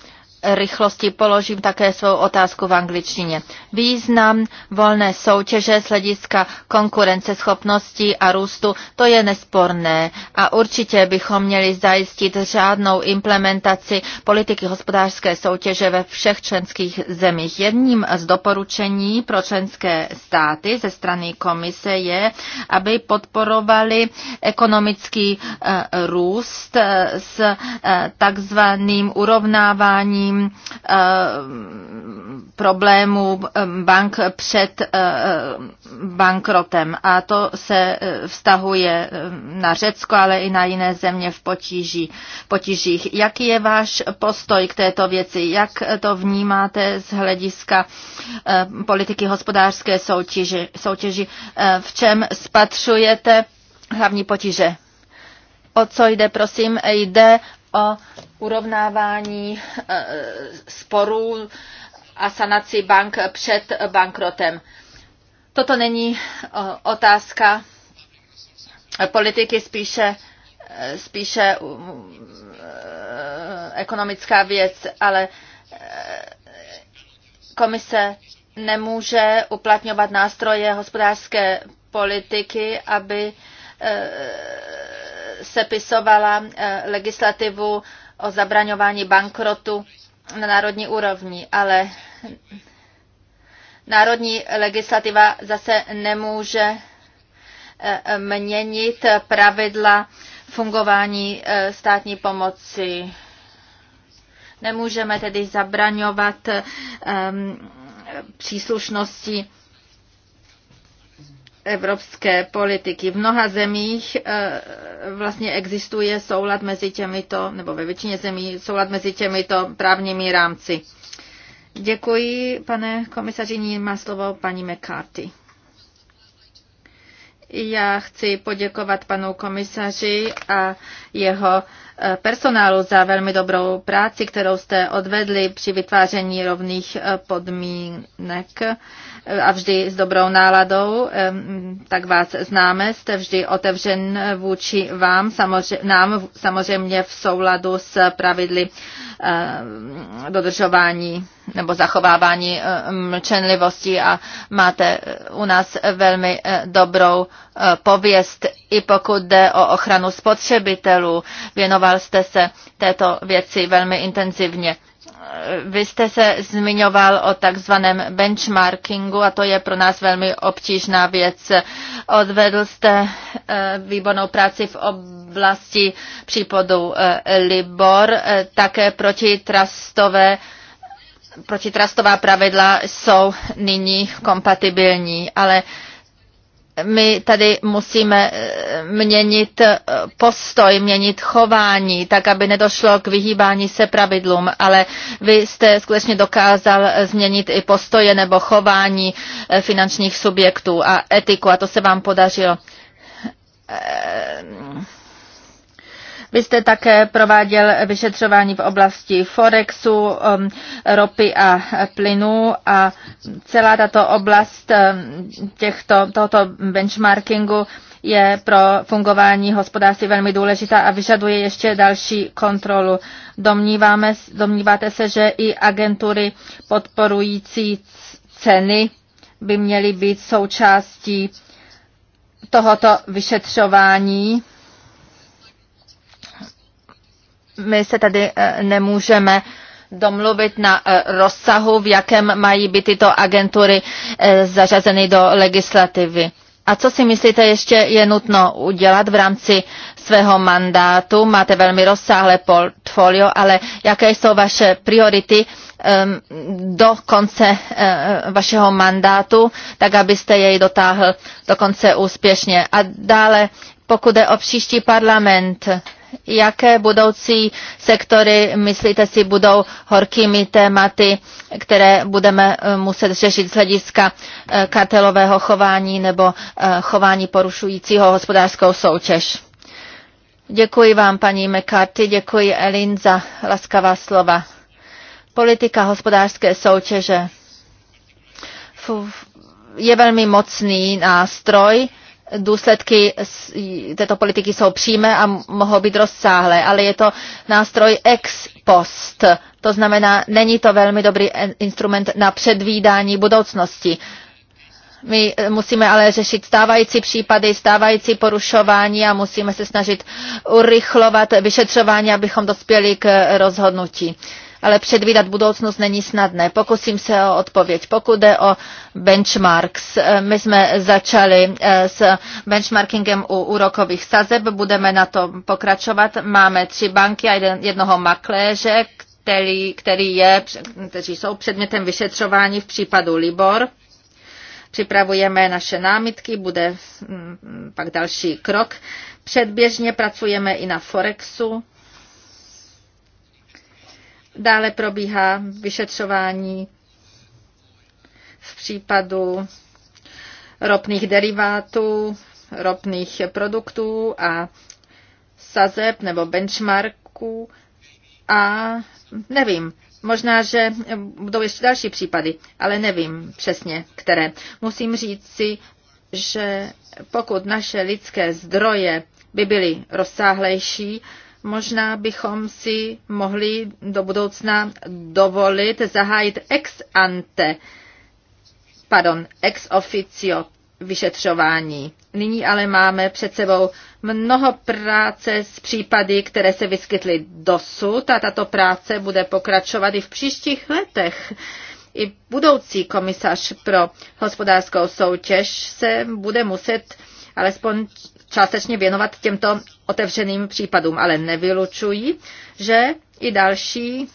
rychlosti položím také svou otázku v angličtině. Význam volné soutěže z hlediska konkurenceschopnosti a růstu, to je nesporné a určitě bychom měli zajistit řádnou implementaci politiky hospodářské soutěže ve všech členských zemích. Jedním z doporučení pro členské státy ze strany komise je, aby podporovali ekonomický eh, růst eh, s eh, takzvaným urovnáváním řešením eh, problémů eh, bank před eh, bankrotem. A to se vztahuje na Řecko, ale i na jiné země v potíží, potížích. Jaký je váš postoj k této věci? Jak to vnímáte z hlediska politiky hospodářské soutěži? soutěži v čem spatřujete hlavní potíže? O co jde, prosím, jde o urovnávání e, sporů a sanaci bank před bankrotem. Toto není e, otázka politiky, spíše, e, spíše ekonomická věc, ale komise nemůže uplatňovat nástroje hospodářské politiky, aby sepisovala eh, legislativu o zabraňování bankrotu na národní úrovni, ale národní legislativa zase nemůže eh, měnit pravidla fungování eh, státní pomoci. Nemůžeme tedy zabraňovat ehm, příslušnosti evropské politiky. V mnoha zemích eh, vlastně existuje soulad mezi těmito, nebo ve většině zemí soulad mezi těmito právními rámci. Děkuji, pane komisaři, má slovo paní McCarthy. Já chci poděkovat panu komisaři a jeho eh, personálu za velmi dobrou práci, kterou jste odvedli při vytváření rovných eh, podmínek a vždy s dobrou náladou, tak vás známe, jste vždy otevřen vůči vám, samozřejmě, nám samozřejmě v souladu s pravidly dodržování nebo zachovávání mlčenlivosti a máte u nás velmi dobrou pověst, i pokud jde o ochranu spotřebitelů. Věnoval jste se této věci velmi intenzivně. Vy jste se zmiňoval o takzvaném benchmarkingu a to je pro nás velmi obtížná věc. Odvedl jste eh, výbornou práci v oblasti případu eh, Libor, eh, také protitrastové protitrastová pravidla jsou nyní kompatibilní, ale my tady musíme eh, měnit eh, postoj, měnit chování, tak aby nedošlo k vyhýbání se pravidlům, ale vy jste skutečně dokázal eh, změnit i postoje nebo chování finančních subjektů a etiku a to se vám podařilo vy jste také prováděl vyšetřování v oblasti Forexu, um, ropy a plynu a celá tato oblast um, těchto, tohoto benchmarkingu je pro fungování hospodářství velmi důležitá a vyžaduje ještě další kontrolu. Domníváme, domníváte se, že i agentury podporující ceny by měly být součástí tohoto vyšetřování my se tady eh, nemůžeme domluvit na eh, rozsahu, v jakém mají být tyto agentury eh, zařazeny do legislativy. A co si myslíte, ještě je nutno udělat v rámci svého mandátu? Máte velmi rozsáhlé portfolio, ale jaké jsou vaše priority um, do konce uh, vašeho mandátu, tak abyste jej dotáhl dokonce úspěšně? A dále, pokud je o příští parlament, jaké budoucí sektory, myslíte si, budou horkými tématy, které budeme eh, muset řešit z hlediska eh, kartelového chování nebo eh, chování porušujícího hospodářskou soutěž? Děkuji vám, paní McCarthy, děkuji Elin za laskavá slova. Politika hospodářské soutěže je velmi mocný nástroj, důsledky této politiky jsou přímé a mohou být rozsáhlé, ale je to nástroj ex post. To znamená, není to velmi dobrý instrument na předvídání budoucnosti. My eh, musíme ale řešit stávající případy, stávající porušování a musíme se snažit urychlovat vyšetřování, abychom dospěli k rozhodnutí ale předvídat budoucnost není snadné. Pokusím se o odpověď. Pokud jde o benchmarks, eh, my jsme začali eh, s benchmarkingem u úrokových sazeb, budeme na to pokračovat. Máme tři banky a jednoho makléře, který, který je, kteří jsou předmětem vyšetřování v případu Libor. Připravujeme naše námitky, bude mm, pak další krok. Předběžně pracujeme i na Forexu Dále probíhá vyšetřování v případu ropných derivátů, ropných produktů a sazeb nebo benchmarků a nevím, možná, že budou ještě další případy, ale nevím přesně, které. Musím říct si, že pokud naše lidské zdroje by byly rozsáhlejší, Možná bychom si mohli do budoucna dovolit zahájit ex ante, pardon, ex officio vyšetřování. Nyní ale máme před sebou mnoho práce s případy, které se vyskytly dosud a tato práce bude pokračovat i v příštích letech. I budoucí komisař pro hospodářskou soutěž se bude muset alespoň částečně věnovat těmto otevřeným případům, ale nevylučují, že i další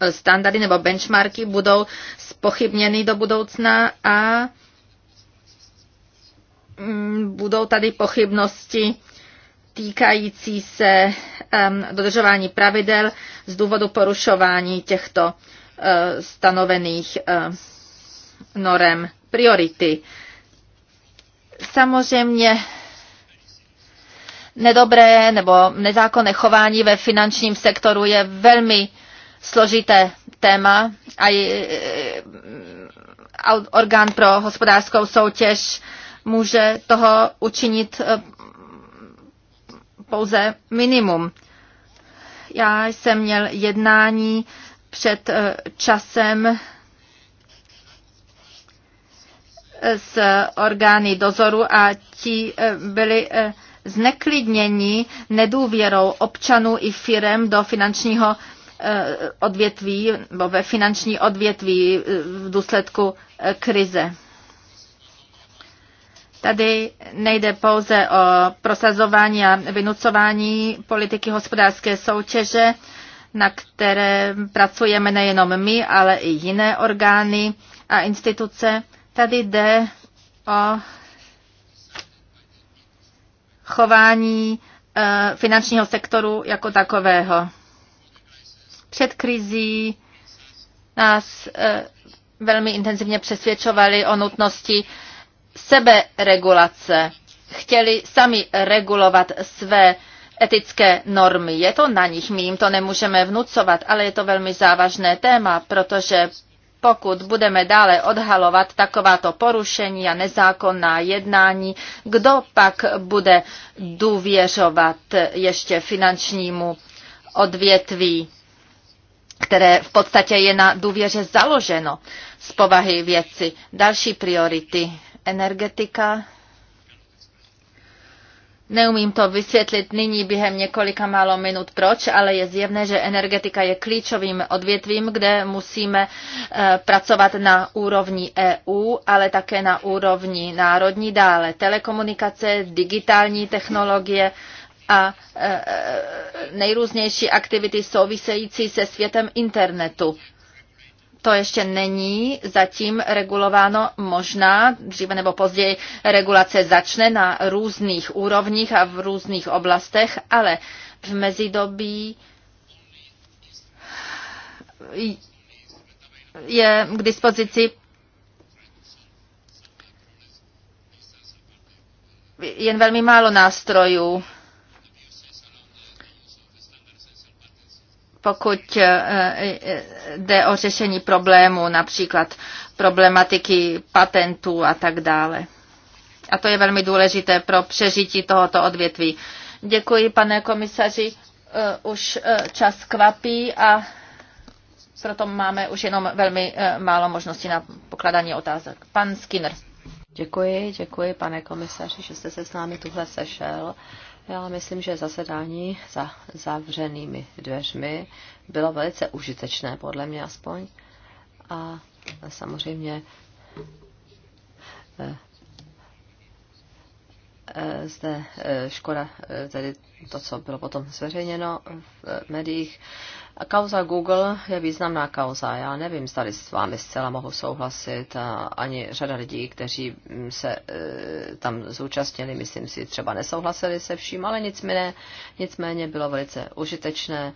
eh, standardy nebo benchmarky budou spochybněny do budoucna a mm, budou tady pochybnosti týkající se dodržování pravidel z důvodu porušování těchto eh, stanovených eh, norem priority samozřejmě nedobré nebo nezákonné chování ve finančním sektoru je velmi složité téma a eh, orgán pro hospodářskou soutěž může toho učinit eh, pouze minimum. Já jsem měl jednání před eh, časem s orgány dozoru a ti eh, byli eh, zneklidněni nedůvěrou občanů i firem do finančního eh, odvětví nebo ve finanční odvětví v důsledku krize. Tady nejde pouze o prosazování a vynucování politiky hospodářské soutěže, na které pracujeme nejenom my, ale i jiné orgány a instituce. Tady jde o chování eh, finančního sektoru jako takového. Před krizí nás eh, velmi intenzivně přesvědčovali o nutnosti seberegulace. Chtěli sami regulovat své etické normy. Je to na nich, my jim to nemůžeme vnucovat, ale je to velmi závažné téma, protože pokud budeme dále odhalovat takováto porušení a nezákonná jednání, kdo pak bude důvěřovat ještě finančnímu odvětví, které v podstatě je na důvěře založeno z povahy věci. Další priority energetika, Neumím to vysvětlit nyní během několika málo minut proč, ale je zjevné, že energetika je klíčovým odvětvím, kde musíme eh, pracovat na úrovni EU, ale také na úrovni národní dále. Telekomunikace, digitální technologie a eh, eh, nejrůznější aktivity související se světem internetu. To ještě není zatím regulováno možná, dříve nebo později regulace začne na různých úrovních a v různých oblastech, ale v mezidobí je k dispozici jen velmi málo nástrojů pokud eh, eh, jde o řešení problémů, například problematiky patentů a tak dále. A to je velmi důležité pro přežití tohoto odvětví. Děkuji, pane komisaři. Eh, už čas kvapí a proto máme už jenom velmi málo možností na pokladání otázek. Pan Skinner. Děkuji, děkuji, pane komisaři, že jste se s námi tuhle sešel já myslím, že zasedání za zavřenými dveřmi bylo velice užitečné, podle mě aspoň. A samozřejmě eh, Eh, zde eh, škoda, eh, tedy to, co bylo potom zveřejněno v médiích. A kauza Google je významná kauza. Já nevím, zda s vámi zcela mohu souhlasit. A ani řada lidí, kteří mm, se tam zúčastnili, myslím si, třeba nesouhlasili se vším, ale nicméně, nicméně bylo velice užitečné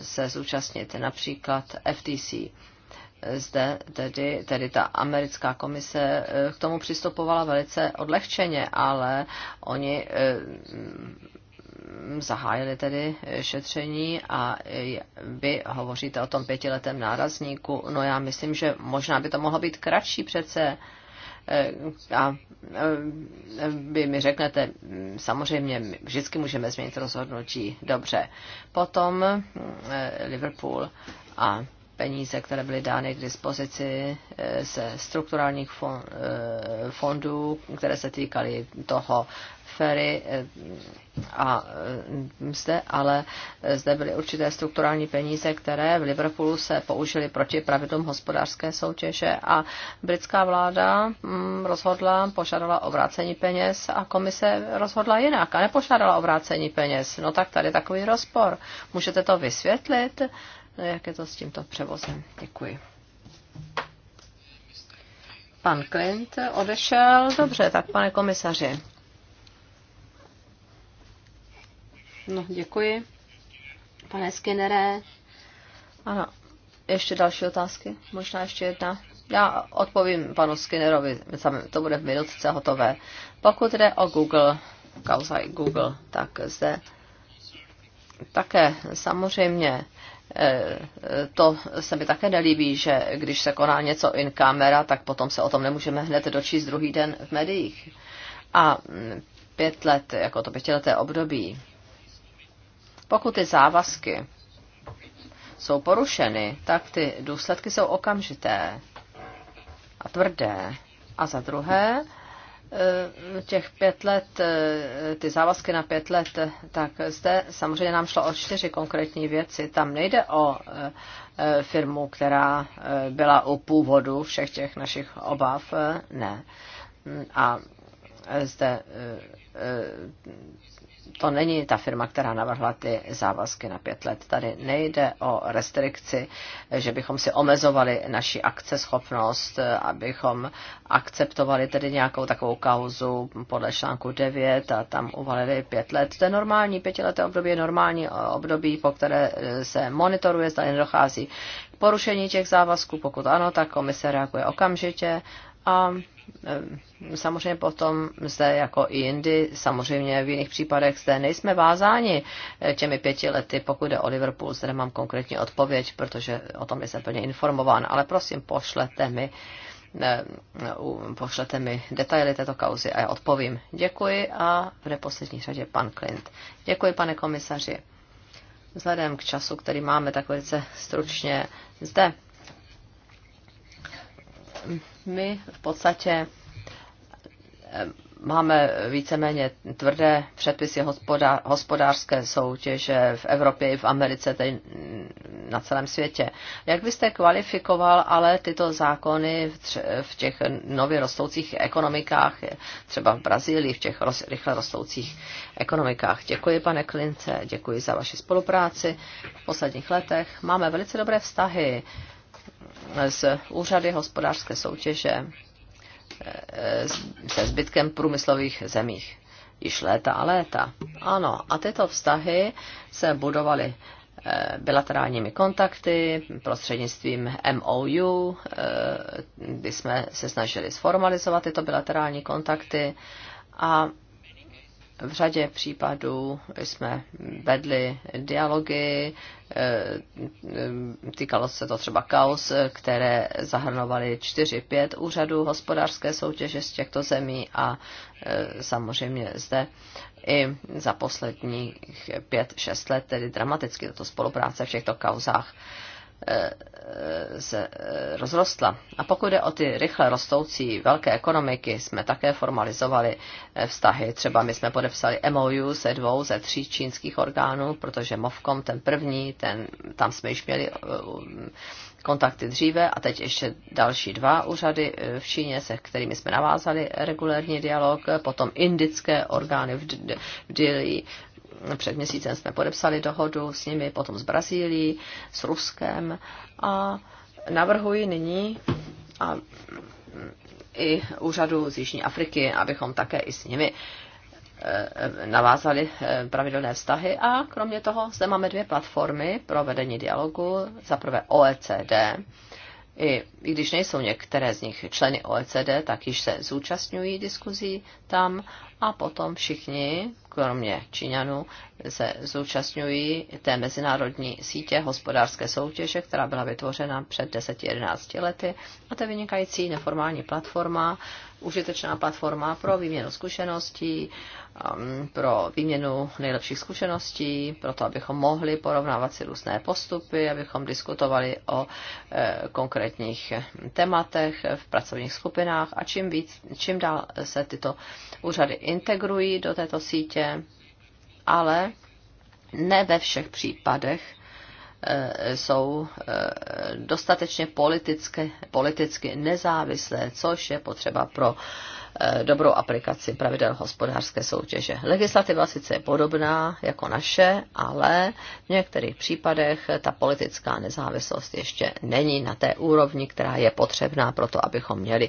se zúčastnit například FTC zde tedy, tedy ta americká komise eh, k tomu přistupovala velice odlehčeně, ale oni eh, zahájili tedy šetření a vy hovoříte o tom pětiletém nárazníku. No já myslím, že možná by to mohlo být kratší přece. Eh, a vy mi řeknete, mm, samozřejmě vždycky můžeme změnit rozhodnutí. Dobře. Potom Liverpool a peníze, které byly dány k dispozici eh, ze strukturálních eh, fondů, které se týkaly toho ferry eh, a zde, ale zde byly určité strukturální peníze, které v Liverpoolu se použily proti pravidlům hospodářské soutěže a britská vláda mm, rozhodla, požádala o vrácení peněz a komise rozhodla jinak a nepožádala o vrácení peněz. No tak tady takový rozpor. Můžete to vysvětlit? No, jak je to s tímto převozem. Děkuji. Pan Klint odešel. Dobře, tak pane komisaři. No, děkuji. Pane Skinnere. Ano, ještě další otázky? Možná ještě jedna? Já odpovím panu Skinnerovi, to bude v minutce hotové. Pokud jde o Google, kauza Google, tak zde také samozřejmě Eh, to se mi také nelíbí, že když se koná něco in kamera, tak potom se o tom nemůžeme hned dočíst druhý den v médiích. A mm, pět let, jako to pětileté období, pokud ty závazky jsou porušeny, tak ty důsledky jsou okamžité a tvrdé. A za druhé, Eh, těch pět let, eh, ty závazky na pět let, eh, tak zde samozřejmě nám šlo o čtyři konkrétní věci. Tam nejde o firmu, která byla u původu všech těch našich obav, ne. A zde to není ta firma, která navrhla ty závazky na pět let. Tady nejde o restrikci, že bychom si omezovali naši akceschopnost, abychom akceptovali tedy nějakou takovou kauzu podle článku 9 a tam uvalili pět let. To je normální, pětileté období je normální období, po které eh, se monitoruje, zda nedochází k porušení těch závazků. Pokud ano, tak komise reaguje okamžitě a Ehm, samozřejmě potom zde jako i jindy, samozřejmě v jiných případech zde nejsme vázáni eh, těmi pěti lety, pokud jde o Liverpool, zde nemám konkrétní odpověď, protože o tom jsem plně informován, ale prosím pošlete mi ne, eh, pošlete mi detaily této kauzy a já odpovím. Děkuji a v neposlední řadě pan Klint. Děkuji, pane komisaři. Vzhledem k času, který máme, tak velice stručně zde my v podstatě eh, máme víceméně tvrdé předpisy hospodářské soutěže v Evropě i v Americe, tedy na celém světě. Jak byste kvalifikoval ale tyto zákony v těch nově rostoucích ekonomikách, třeba v Brazílii, v těch rychle rostoucích ekonomikách? Děkuji, pane Klince, děkuji za vaši spolupráci v posledních letech. Máme velice dobré vztahy s úřady hospodářské soutěže eh, se zbytkem průmyslových zemích. Již léta a léta. Ano, a tyto vztahy se budovaly eh, bilaterálními kontakty, prostřednictvím MOU, eh, kdy jsme se snažili sformalizovat tyto bilaterální kontakty a v řadě případů jsme vedli dialogy, eh, eh, týkalo se to třeba kaos, které zahrnovaly 4-5 úřadů hospodářské soutěže z těchto zemí a eh, samozřejmě zde i za posledních 5-6 let, tedy dramaticky toto spolupráce v těchto kauzách Eh, se eh, rozrostla. A pokud jde o ty rychle rostoucí velké ekonomiky, jsme také formalizovali eh, vztahy. Třeba my jsme podepsali MOU se dvou, ze tří čínských orgánů, protože MOVCOM, ten první, ten, tam jsme již měli kontakty dříve a teď ještě další dva úřady v Číně, se kterými jsme navázali regulérní dialog, potom indické orgány v, v Dili, před měsícem jsme podepsali dohodu s nimi, potom s Brazílií, s Ruskem a navrhuji nyní a i úřadu z Jižní Afriky, abychom také i s nimi eh, navázali eh, pravidelné vztahy a kromě toho zde máme dvě platformy pro vedení dialogu. Za prvé OECD, i, i když nejsou některé z nich členy OECD, tak již se zúčastňují diskuzí tam a potom všichni, kromě Číňanů, se zúčastňují té mezinárodní sítě hospodářské soutěže, která byla vytvořena před 10-11 lety. A to je vynikající neformální platforma, užitečná platforma pro výměnu zkušeností, um, pro výměnu nejlepších zkušeností, pro to, abychom mohli porovnávat si různé postupy, abychom diskutovali o eh, konkrétních tématech v pracovních skupinách a čím, víc, čím dál se tyto úřady integrují do této sítě, ale ne ve všech případech Eh, jsou eh, dostatečně politicky, politicky nezávislé, což je potřeba pro eh, dobrou aplikaci pravidel hospodářské soutěže. Legislativa sice je podobná jako naše, ale v některých případech ta politická nezávislost ještě není na té úrovni, která je potřebná pro to, abychom měli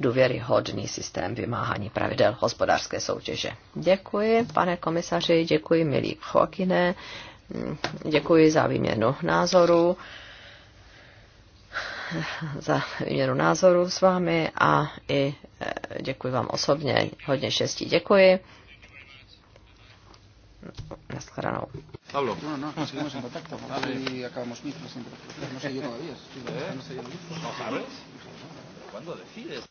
důvěryhodný systém vymáhání pravidel hospodářské soutěže. Děkuji, pane komisaři, děkuji, milí Chokine děkuji za výměnu názoru za výměnu názoru s vámi a i e, děkuji vám osobně. Hodně štěstí děkuji. Naschledanou. Pablo. No, no, no seguimos en contacto. Vale. Y acabamos mismos. No sé yo todavía. No ¿Eh? ¿No sabes? No ¿Cuándo decides?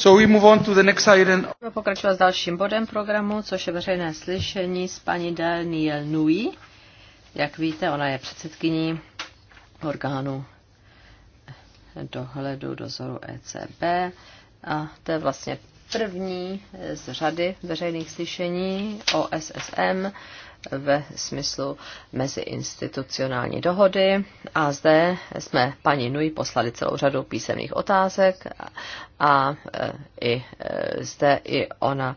So we move on to the next item. pokračovat s dalším bodem programu, což je veřejné slyšení s paní Daniel Nui. Jak víte, ona je předsedkyní orgánu dohledu dozoru ECB a to je vlastně první z řady veřejných slyšení o SSM ve smyslu meziinstitucionální dohody. A zde jsme paní Nui poslali celou řadu písemných otázek a i e, zde i ona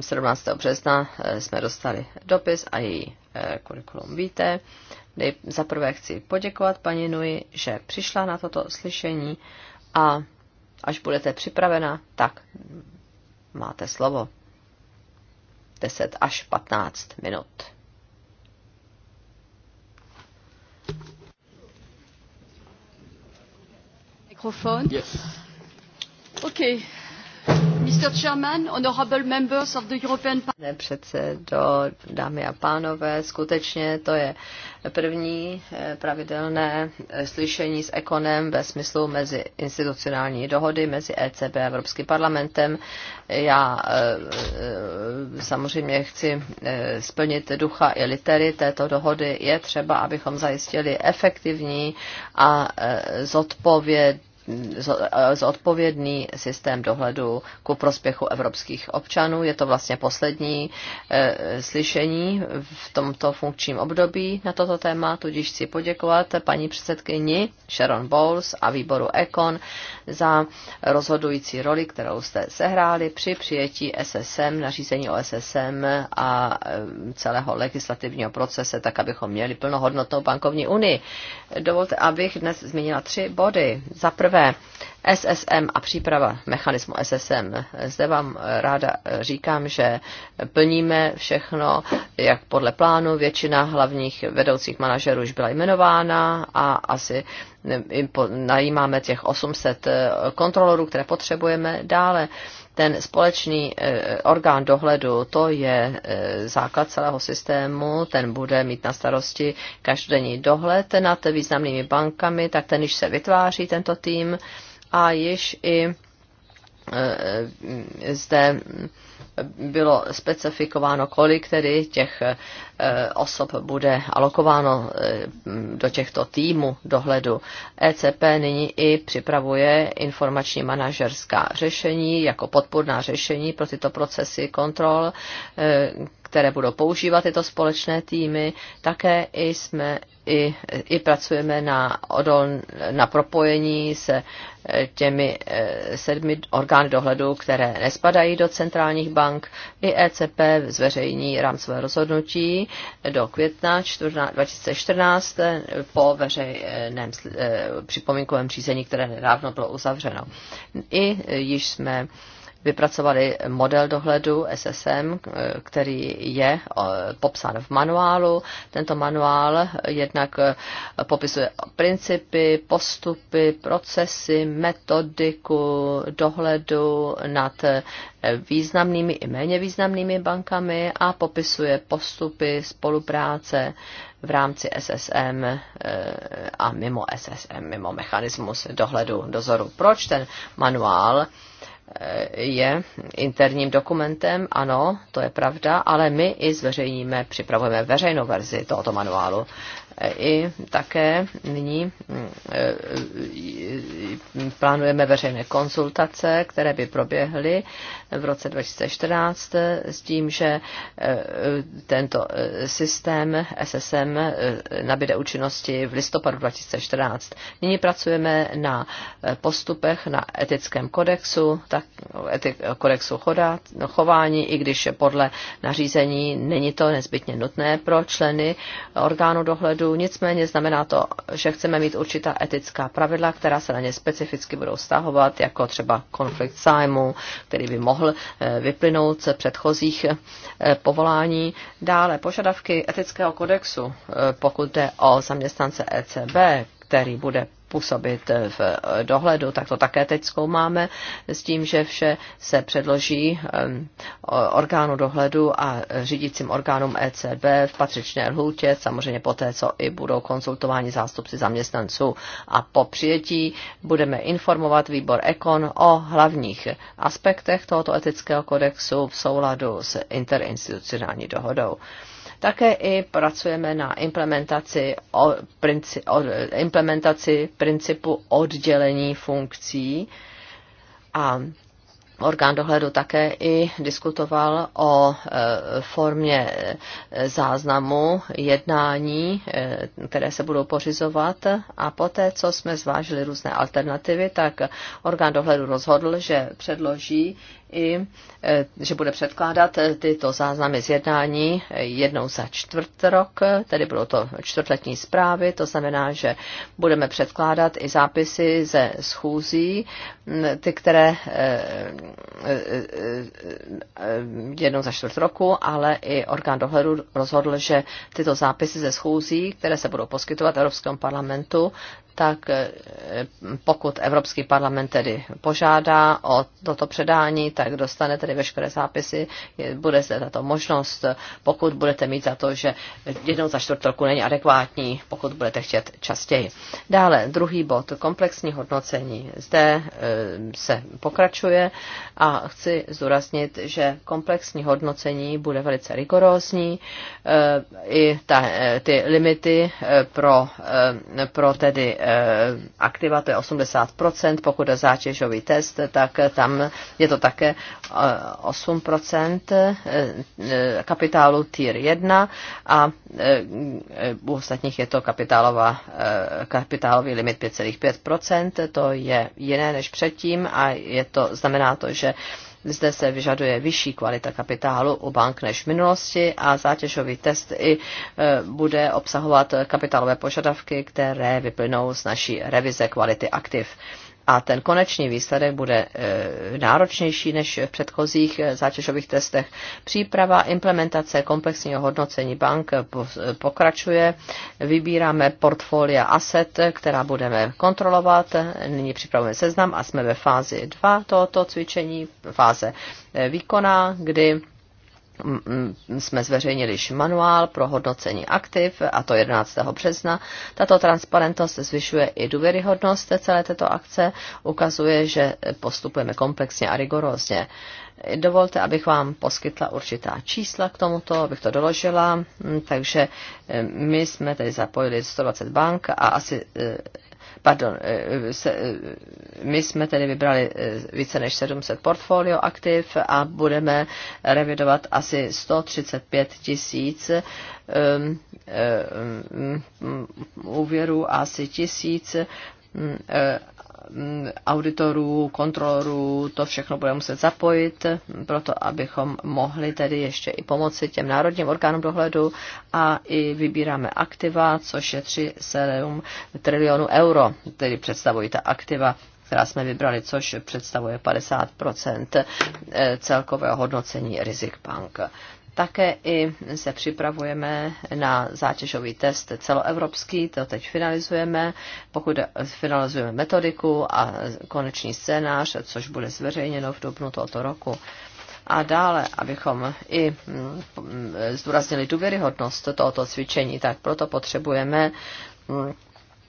17. E, března e, jsme dostali dopis a její kurikulum víte. Za prvé chci poděkovat paní Nui, že přišla na toto slyšení a až budete připravena, tak máte slovo. 10 až 15 minut. Mikrofon? Yes. Okay. Pane předsedo, dámy a pánové, skutečně to je první eh, pravidelné eh, slyšení s ekonem ve smyslu mezi institucionální dohody mezi ECB a Evropským parlamentem. Já eh, samozřejmě chci splnit ducha i litery této dohody. Je třeba, abychom zajistili efektivní a zodpovědné zodpovědný systém dohledu ku prospěchu evropských občanů. Je to vlastně poslední eh, slyšení v tomto funkčním období na toto téma, tudíž chci poděkovat paní předsedkyni Sharon Bowles a výboru Econ za rozhodující roli, kterou jste sehráli při přijetí SSM, nařízení o SSM a eh, celého legislativního procese, tak abychom měli plnohodnotnou bankovní unii. Dovolte, abych dnes zmínila tři body. Za prvé, prvé, SSM a příprava mechanismu SSM. Zde vám ráda říkám, že plníme všechno, jak podle plánu. Většina hlavních vedoucích manažerů už byla jmenována a asi najímáme těch 800 eh, kontrolorů, které potřebujeme dále ten společný eh, orgán dohledu, to je eh, základ celého systému, ten bude mít na starosti každodenní dohled nad významnými bankami, tak ten již se vytváří, tento tým, a již i eh, zde bylo specifikováno, kolik tedy těch eh, osob bude alokováno eh, do těchto týmů dohledu. ECP nyní i připravuje informační manažerská řešení jako podpůrná řešení pro tyto procesy kontrol, eh, které budou používat tyto společné týmy. Také i jsme i, i pracujeme na, odol, na propojení se eh, těmi eh, sedmi orgány dohledu, které nespadají do centrálních bank. I ECP zveřejní rámcové rozhodnutí do května 2014 eh, po veřejném připomínkovém řízení, které nedávno bylo uzavřeno. I již jsme vypracovali model dohledu SSM, který je popsán v manuálu. Tento manuál jednak e, popisuje principy, postupy, procesy, metodiku dohledu nad e, významnými i méně významnými bankami a popisuje postupy spolupráce v rámci SSM e, a mimo SSM, mimo mechanismus dohledu, dozoru. Proč ten manuál je interním dokumentem, ano, to je pravda, ale my i zveřejníme, připravujeme veřejnou verzi tohoto manuálu i také nyní mm, e, e, plánujeme veřejné konzultace, které by proběhly v roce 2014 s tím, že e, tento systém SSM nabide účinnosti v listopadu 2014. Nyní pracujeme na postupech na etickém kodexu, tak etik, kodexu chování, i když podle nařízení není to nezbytně nutné pro členy orgánu dohledu dopředu, nicméně znamená to, že chceme mít určitá etická pravidla, která se na ně specificky budou stahovat, jako třeba konflikt zájmu, který by mohl eh, vyplynout z předchozích eh, povolání. Dále požadavky etického kodexu, eh, pokud jde o zaměstnance ECB, který bude působit v dohledu, tak to také teď zkoumáme s tím, že vše se předloží orgánu dohledu a řídícím orgánům ECB v patřičné lhůtě, samozřejmě poté, co i budou konzultováni zástupci zaměstnanců a po přijetí budeme informovat výbor Ekon o hlavních aspektech tohoto etického kodexu v souladu s interinstitucionální dohodou. Také i pracujeme na implementaci, o, princi, o, implementaci principu oddělení funkcí a orgán dohledu také i diskutoval o e, formě e, záznamu jednání, e, které se budou pořizovat a poté, co jsme zvážili různé alternativy, tak orgán dohledu rozhodl, že předloží i, eh, že bude předkládat eh, tyto záznamy z jednání eh, jednou za čtvrt rok, tedy budou to čtvrtletní zprávy, to znamená, že budeme předkládat i zápisy ze schůzí, mm, ty, které jednou za čtvrt roku, ale i orgán dohledu rozhodl, že tyto zápisy ze schůzí, které se budou poskytovat Evropskému parlamentu, tak eh, pokud Evropský parlament tedy požádá o toto předání, tak dostane tedy veškeré zápisy, bude se tato možnost, pokud budete mít za to, že jednou za čtvrt roku není adekvátní, pokud budete chtět častěji. Dále druhý bod, komplexní hodnocení. Zde eh, se pokračuje a chci zdůraznit, že komplexní hodnocení bude velice rigorózní. Eh, I ta, ty limity pro, pro tedy Eh, aktiva, to je 80%, pokud je zátěžový test, tak tam je to také 8% eh, eh, kapitálu tier 1 a u ostatních je to kapitálová, kapitálový limit 5,5%, to je jiné než předtím a je to, znamená to, že zde se vyžaduje vyšší kvalita kapitálu u bank než v minulosti a zátěžový test i e, bude obsahovat kapitálové požadavky, které vyplynou z naší revize kvality aktiv a ten konečný výsledek bude eh, náročnější než v předchozích eh, zátěžových testech. Příprava, implementace komplexního hodnocení bank pokračuje. Vybíráme portfolia asset, která budeme kontrolovat. Nyní připravujeme seznam a jsme ve fázi 2 tohoto cvičení, fáze eh, výkona, kdy jsme zveřejnili již manuál pro hodnocení aktiv, a to 11. března. Tato transparentnost zvyšuje i důvěryhodnost celé této akce, ukazuje, že postupujeme komplexně a rigorózně. Dovolte, abych vám poskytla určitá čísla k tomuto, abych to doložila. Takže my jsme tedy zapojili 120 bank a asi e, pardon, eh, eh, eh, my jsme tedy vybrali více než 700 portfolio aktiv a budeme revidovat asi 135 tisíc mm, mm, mm, úvěrů a asi tisíc auditorů, kontrolorů, to všechno bude muset zapojit, proto abychom mohli tedy ještě i pomoci těm národním orgánům dohledu a i vybíráme aktiva, což je 3,7 trilionů euro, tedy představují ta aktiva která jsme vybrali, což představuje 50 eh, celkového hodnocení rizik bank. Také i se připravujeme na zátěžový test celoevropský, to teď finalizujeme. Pokud finalizujeme metodiku a konečný scénář, což bude zveřejněno v dubnu tohoto roku. A dále, abychom i mm, mm, zdůraznili důvěryhodnost tohoto cvičení, tak proto potřebujeme mm,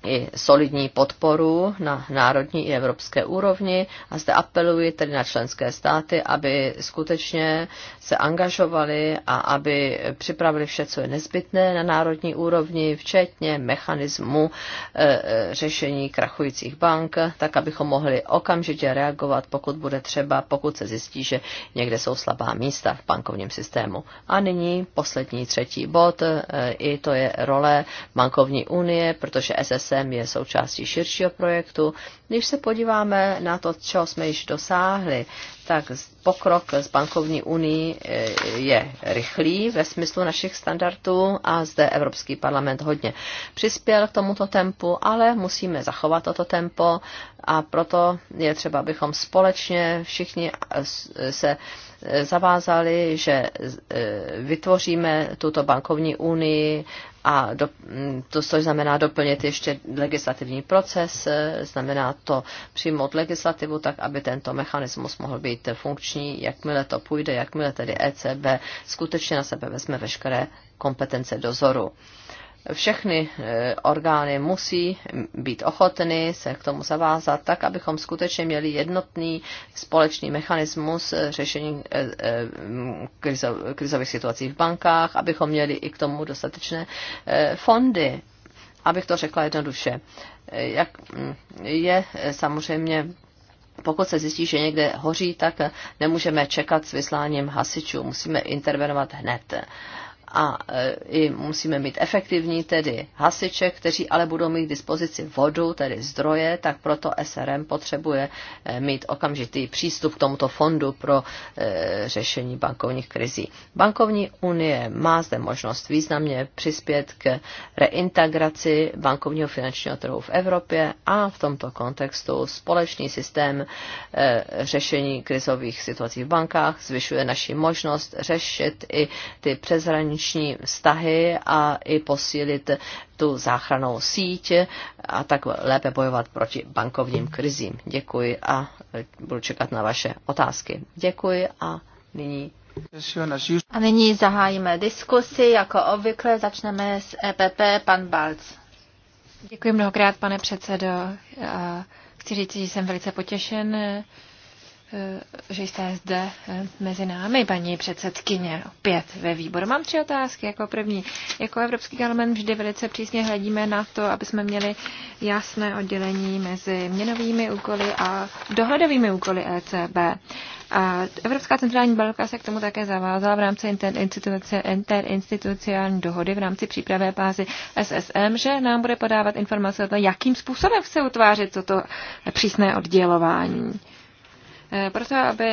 i solidní podporu na národní i evropské úrovni a zde apeluji tedy na členské státy, aby skutečně se angažovali a aby připravili vše, co je nezbytné na národní úrovni, včetně mechanismu e, e, řešení krachujících bank, tak abychom mohli okamžitě reagovat, pokud bude třeba, pokud se zjistí, že někde jsou slabá místa v bankovním systému. A nyní poslední třetí bod, e, i to je role bankovní unie, protože SS sem je součástí širšího projektu. Když se podíváme na to, čeho jsme již dosáhli, tak pokrok z bankovní unii eh, je rychlý ve smyslu našich standardů a zde Evropský parlament hodně přispěl k tomuto tempu, ale musíme zachovat toto tempo a proto je třeba, abychom společně všichni eh, se eh, zavázali, že vytvoříme tuto bankovní unii a do, mm, to, což znamená doplnit ještě legislativní proces, e, znamená to přijmout legislativu tak, aby tento mechanismus mohl být funkční, jakmile to půjde, jakmile tedy ECB skutečně na sebe vezme veškeré kompetence dozoru všechny eh, orgány musí být ochotny se k tomu zavázat tak, abychom skutečně měli jednotný společný mechanismus eh, řešení eh, krizových situací v bankách, abychom měli i k tomu dostatečné fondy. Abych to řekla jednoduše, jak mm, je samozřejmě pokud se zjistí, že někde hoří, tak nemůžeme čekat s vysláním hasičů, musíme intervenovat hned a e, i musíme mít efektivní tedy hasiče, kteří ale budou mít k dispozici vodu, tedy zdroje, tak proto SRM potřebuje e, mít okamžitý přístup k tomuto fondu pro e, řešení bankovních krizí. Bankovní unie má zde možnost významně přispět k reintegraci bankovního finančního trhu v Evropě a v tomto kontextu společný systém řešení krizových situací v bankách zvyšuje naši možnost řešit i ty přeshraniční zahraniční vztahy a i posílit tu záchranou síť a tak lépe bojovat proti bankovním krizím. Děkuji a budu čekat na vaše otázky. Děkuji a nyní a nyní zahájíme diskusi. Jako obvykle začneme s EPP, pan Balc. Děkuji mnohokrát, pane předsedo. Chci říct, že jsem velice potěšen Eh, že jste zde eh, mezi námi, paní předsedkyně, opět ve výboru. Mám tři otázky. Jako první, jako Evropský parlament vždy velice přísně hledíme na to, aby jsme měli jasné oddělení mezi měnovými úkoly a dohledovými úkoly ECB. A Evropská centrální banka se k tomu také zavázala v rámci interinstitucionální dohody v rámci přípravé pázy SSM, že nám bude podávat informace o tom, jakým způsobem chce utvářet toto přísné oddělování. Eh, proto, aby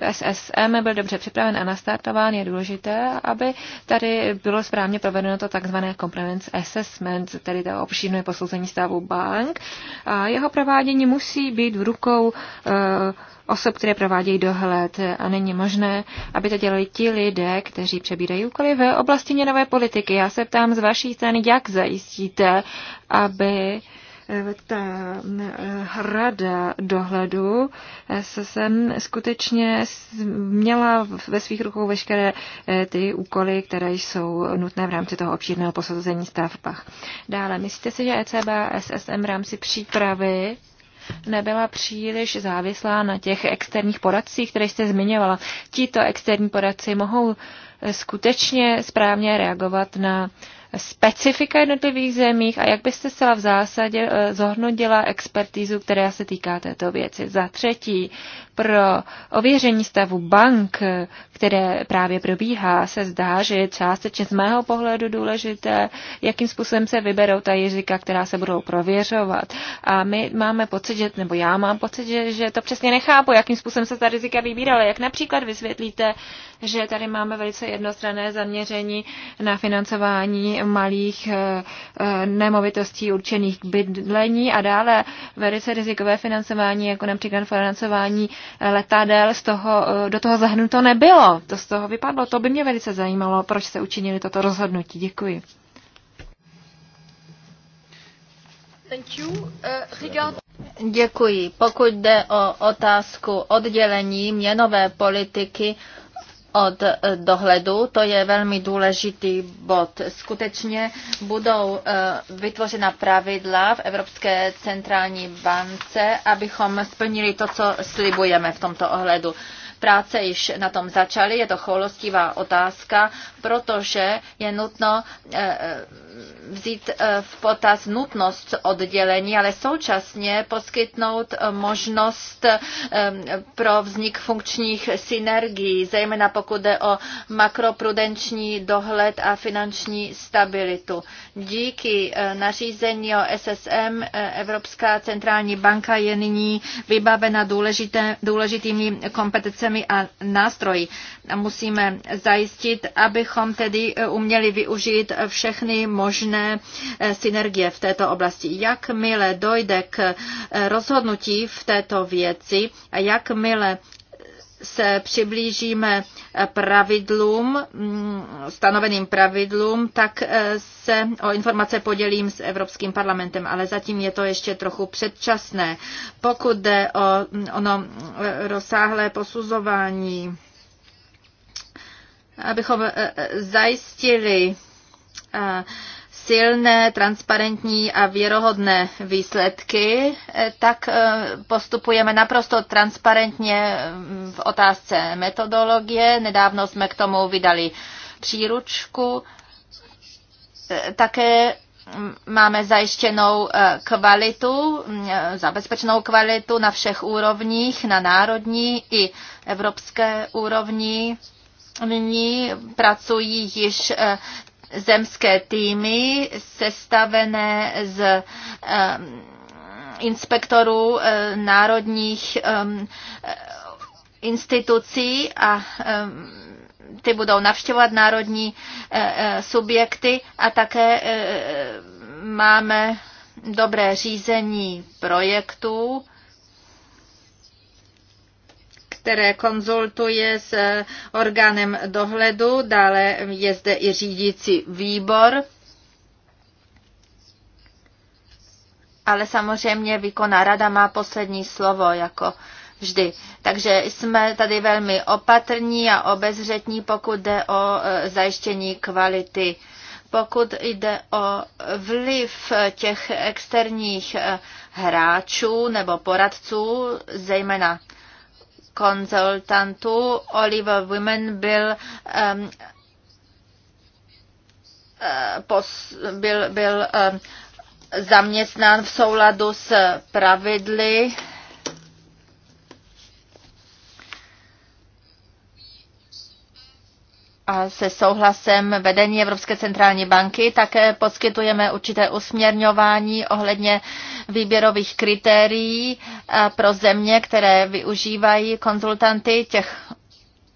eh, SSM byl dobře připraven a nastartován, je důležité, aby tady bylo správně provedeno to tzv. compliance assessment, tedy to obšírné posouzení stavu bank. A jeho provádění musí být v rukou eh, osob, které provádějí dohled a není možné, aby to dělali ti lidé, kteří přebírají úkoly ve oblasti měnové politiky. Já se ptám z vaší strany, jak zajistíte, aby ta rada dohledu se sem skutečně měla ve svých rukou veškeré eh, ty úkoly, které jsou nutné v rámci toho obšírného stav pach. Dále, myslíte si, že ECB a SSM v rámci přípravy nebyla příliš závislá na těch externích poradcích, které jste zmiňovala. Tito externí poradci mohou eh, skutečně správně reagovat na uh, specifika jednotlivých zemích a jak byste se v zásadě eh, zohnodila expertízu, která se týká této věci. Za třetí, pro ověření stavu bank, které právě probíhá, se zdá, že je částečně z mého pohledu důležité, jakým způsobem se vyberou ta rizika, která se budou prověřovat. A my máme pocit, že, nebo já mám pocit, že, že to přesně nechápu, jakým způsobem se ta rizika vybírala. Jak například vysvětlíte, že tady máme velice jednostranné zaměření na financování malých eh, eh, nemovitostí určených k bydlení a dále velice rizikové financování, jako například financování letadel z toho, eh, do toho zahrnuto nebylo. To z toho vypadlo. To by mě velice zajímalo, proč se učinili toto rozhodnutí. Děkuji. Thank you. Uh, Děkuji. Pokud jde o otázku oddělení měnové politiky od eh, dohledu. To je velmi důležitý bod. Skutečně budou eh, vytvořena pravidla v Evropské centrální bance, abychom splnili to, co slibujeme v tomto ohledu. Práce již na tom začaly, je to choulostivá otázka, protože je nutno eh, eh, vzít eh, v potaz nutnost oddělení, ale současně poskytnout možnost pro vznik funkčních synergií, zejména pokud jde o makroprudenční dohled a finanční stabilitu. Díky nařízení o SSM Evropská centrální banka je nyní vybavena důležité, důležitými kompetencemi informacemi a nástroji. Musíme zajistit, abychom tedy e, uměli využít všechny možné e, synergie v této oblasti. Jakmile dojde k e, rozhodnutí v této věci a jakmile se přiblížíme pravidlům, mm, stanoveným pravidlům, tak eh, se o informace podělím s Evropským parlamentem, ale zatím je to ještě trochu předčasné. Pokud jde o mm, ono eh, rozsáhlé posuzování, abychom eh, zajistili silné, transparentní a věrohodné výsledky, eh, tak eh, postupujeme naprosto transparentně mm, v otázce metodologie. Nedávno jsme k tomu vydali příručku. Eh, také mm, máme zajištěnou kvalitu, mm, zabezpečenou kvalitu na všech úrovních, na národní i evropské úrovni. Nyní pracují již zemské týmy sestavené z inspektorů eh, národních eh, institucí a ty budou navštěvovat národní eh, subjekty a také máme dobré řízení projektů které konzultuje s eh, orgánem dohledu, dále je zde i řídící výbor. Ale samozřejmě výkonná rada má poslední slovo jako vždy. Takže jsme tady velmi opatrní a obezřetní, pokud jde o eh, zajištění kvality. Pokud jde o vliv těch externích eh, hráčů nebo poradců, zejména konzultantů Oliver Women byl um, pos, byl, byl um, zaměstnán v souladu s pravidly a se souhlasem vedení Evropské centrální banky také poskytujeme určité usměrňování ohledně výběrových kritérií eh, pro země, které využívají konzultanty těch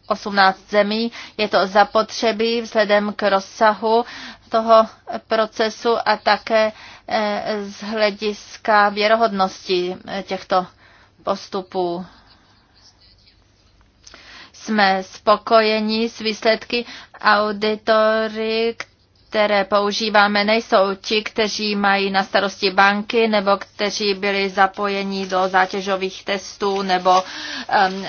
18 zemí. Je to zapotřebí vzhledem k rozsahu toho procesu a také eh, z hlediska věrohodnosti eh, těchto postupů jsme spokojeni s výsledky auditory, které používáme, nejsou ti, kteří mají na starosti banky nebo kteří byli zapojeni do zátěžových testů nebo um,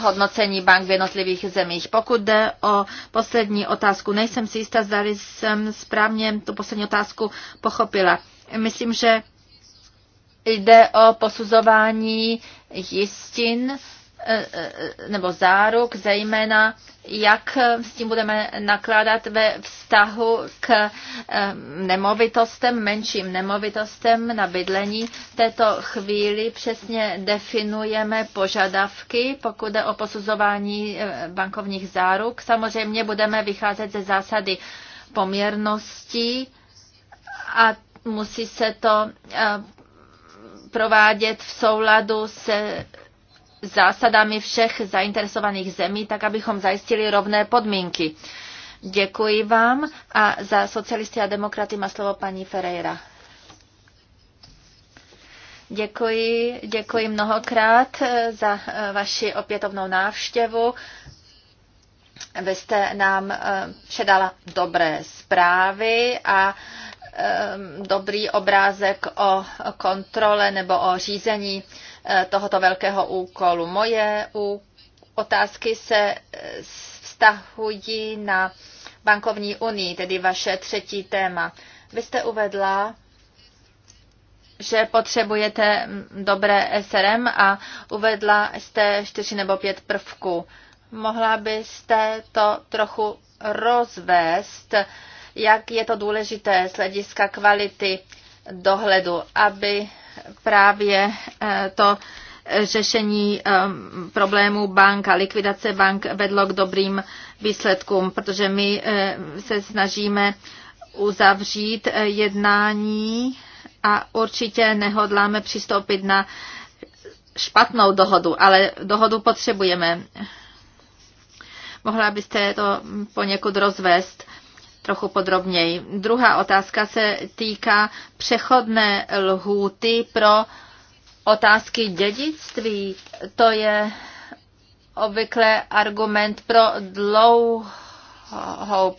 hodnocení bank v jednotlivých zemích. Pokud jde o poslední otázku, nejsem si jistá, zda jsem správně tu poslední otázku pochopila. Myslím, že jde o posuzování jistin Eh, nebo záruk, zejména jak s tím budeme nakládat ve vztahu k eh, nemovitostem, menším nemovitostem na bydlení. V této chvíli přesně definujeme požadavky, pokud jde o posuzování eh, bankovních záruk. Samozřejmě budeme vycházet ze zásady poměrnosti a musí se to provádět v souladu se zásadami všech zainteresovaných zemí, tak abychom zajistili rovné podmínky. Děkuji vám a za socialisty a demokraty má slovo paní Ferreira. Děkuji, děkuji mnohokrát eh, za eh, vaši opětovnou návštěvu. Vy jste nám eh, předala dobré zprávy a dobrý obrázek o kontrole nebo o řízení Eh, tohoto velkého úkolu. Moje otázky se eh, vztahují na bankovní unii, tedy vaše třetí téma. Vy jste uvedla, že potřebujete mm, dobré SRM a uvedla jste čtyři nebo pět prvků. Mohla byste to trochu rozvést, jak je to důležité z hlediska kvality dohledu, aby právě eh, to řešení ehm, problémů bank a likvidace bank vedlo k dobrým výsledkům, protože my eh, se snažíme uzavřít eh, jednání a určitě nehodláme přistoupit na špatnou dohodu, ale dohodu potřebujeme. Mohla byste to poněkud rozvést trochu podrobněji. Druhá otázka se týká přechodné lhůty pro otázky dědictví. To je obvykle argument pro dlouhou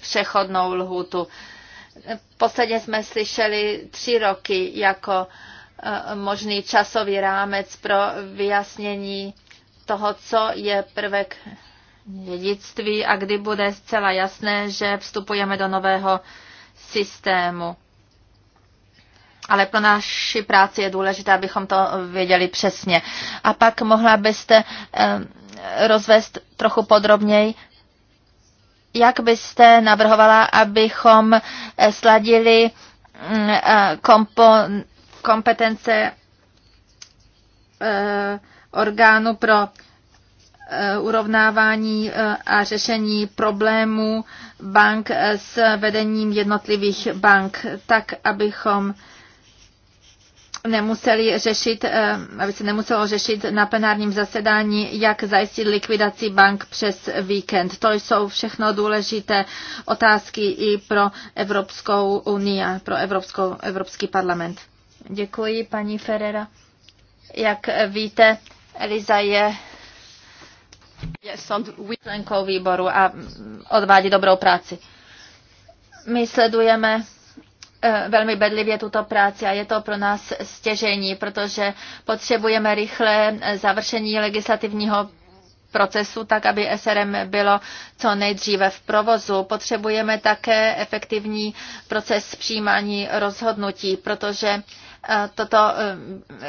přechodnou lhůtu. V podstatě jsme slyšeli tři roky jako e, možný časový rámec pro vyjasnění toho, co je prvek dědictví a kdy bude zcela jasné, že vstupujeme do nového systému. Ale pro naši práci je důležité, abychom to věděli přesně. A pak mohla byste eh, rozvést trochu podrobněji, jak byste navrhovala, abychom eh, sladili mm, eh, kompo, kompetence orgánu pro Eh, urovnávání eh, a řešení problémů bank eh, s vedením jednotlivých bank, tak abychom nemuseli řešit, aby se nemuselo řešit na plenárním zasedání, jak zajistit likvidaci bank přes víkend. To jsou všechno důležité otázky i pro Evropskou unii a pro Evropskou, Evropský parlament. Děkuji, paní Ferrera. Jak víte, Eliza je členkou výboru a odvádí dobrou práci. My sledujeme eh, velmi bedlivě tuto práci a je to pro nás stěžení, protože potřebujeme rychlé eh, završení legislativního procesu, tak aby SRM bylo co nejdříve v provozu. Potřebujeme také efektivní proces přijímání rozhodnutí, protože Eh, toto eh,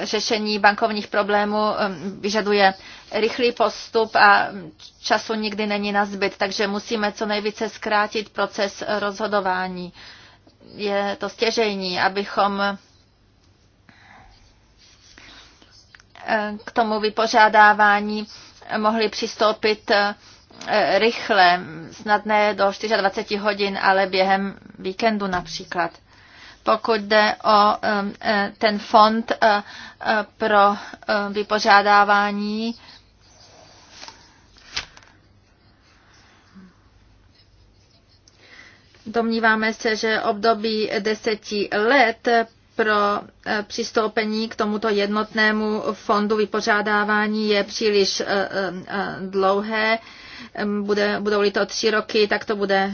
řešení bankovních problémů eh, vyžaduje rychlý postup a času nikdy není na zbyt, takže musíme co nejvíce zkrátit proces rozhodování. Je to stěžejní, abychom k tomu vypořádávání mohli přistoupit rychle, snadné do 24 hodin, ale během víkendu například pokud jde o um, eh, ten fond eh, eh, pro vypořádávání Domníváme se, že období deseti let pro přistoupení k tomuto jednotnému fondu vypořádávání je příliš dlouhé. Bude, budou-li to tři roky, tak to bude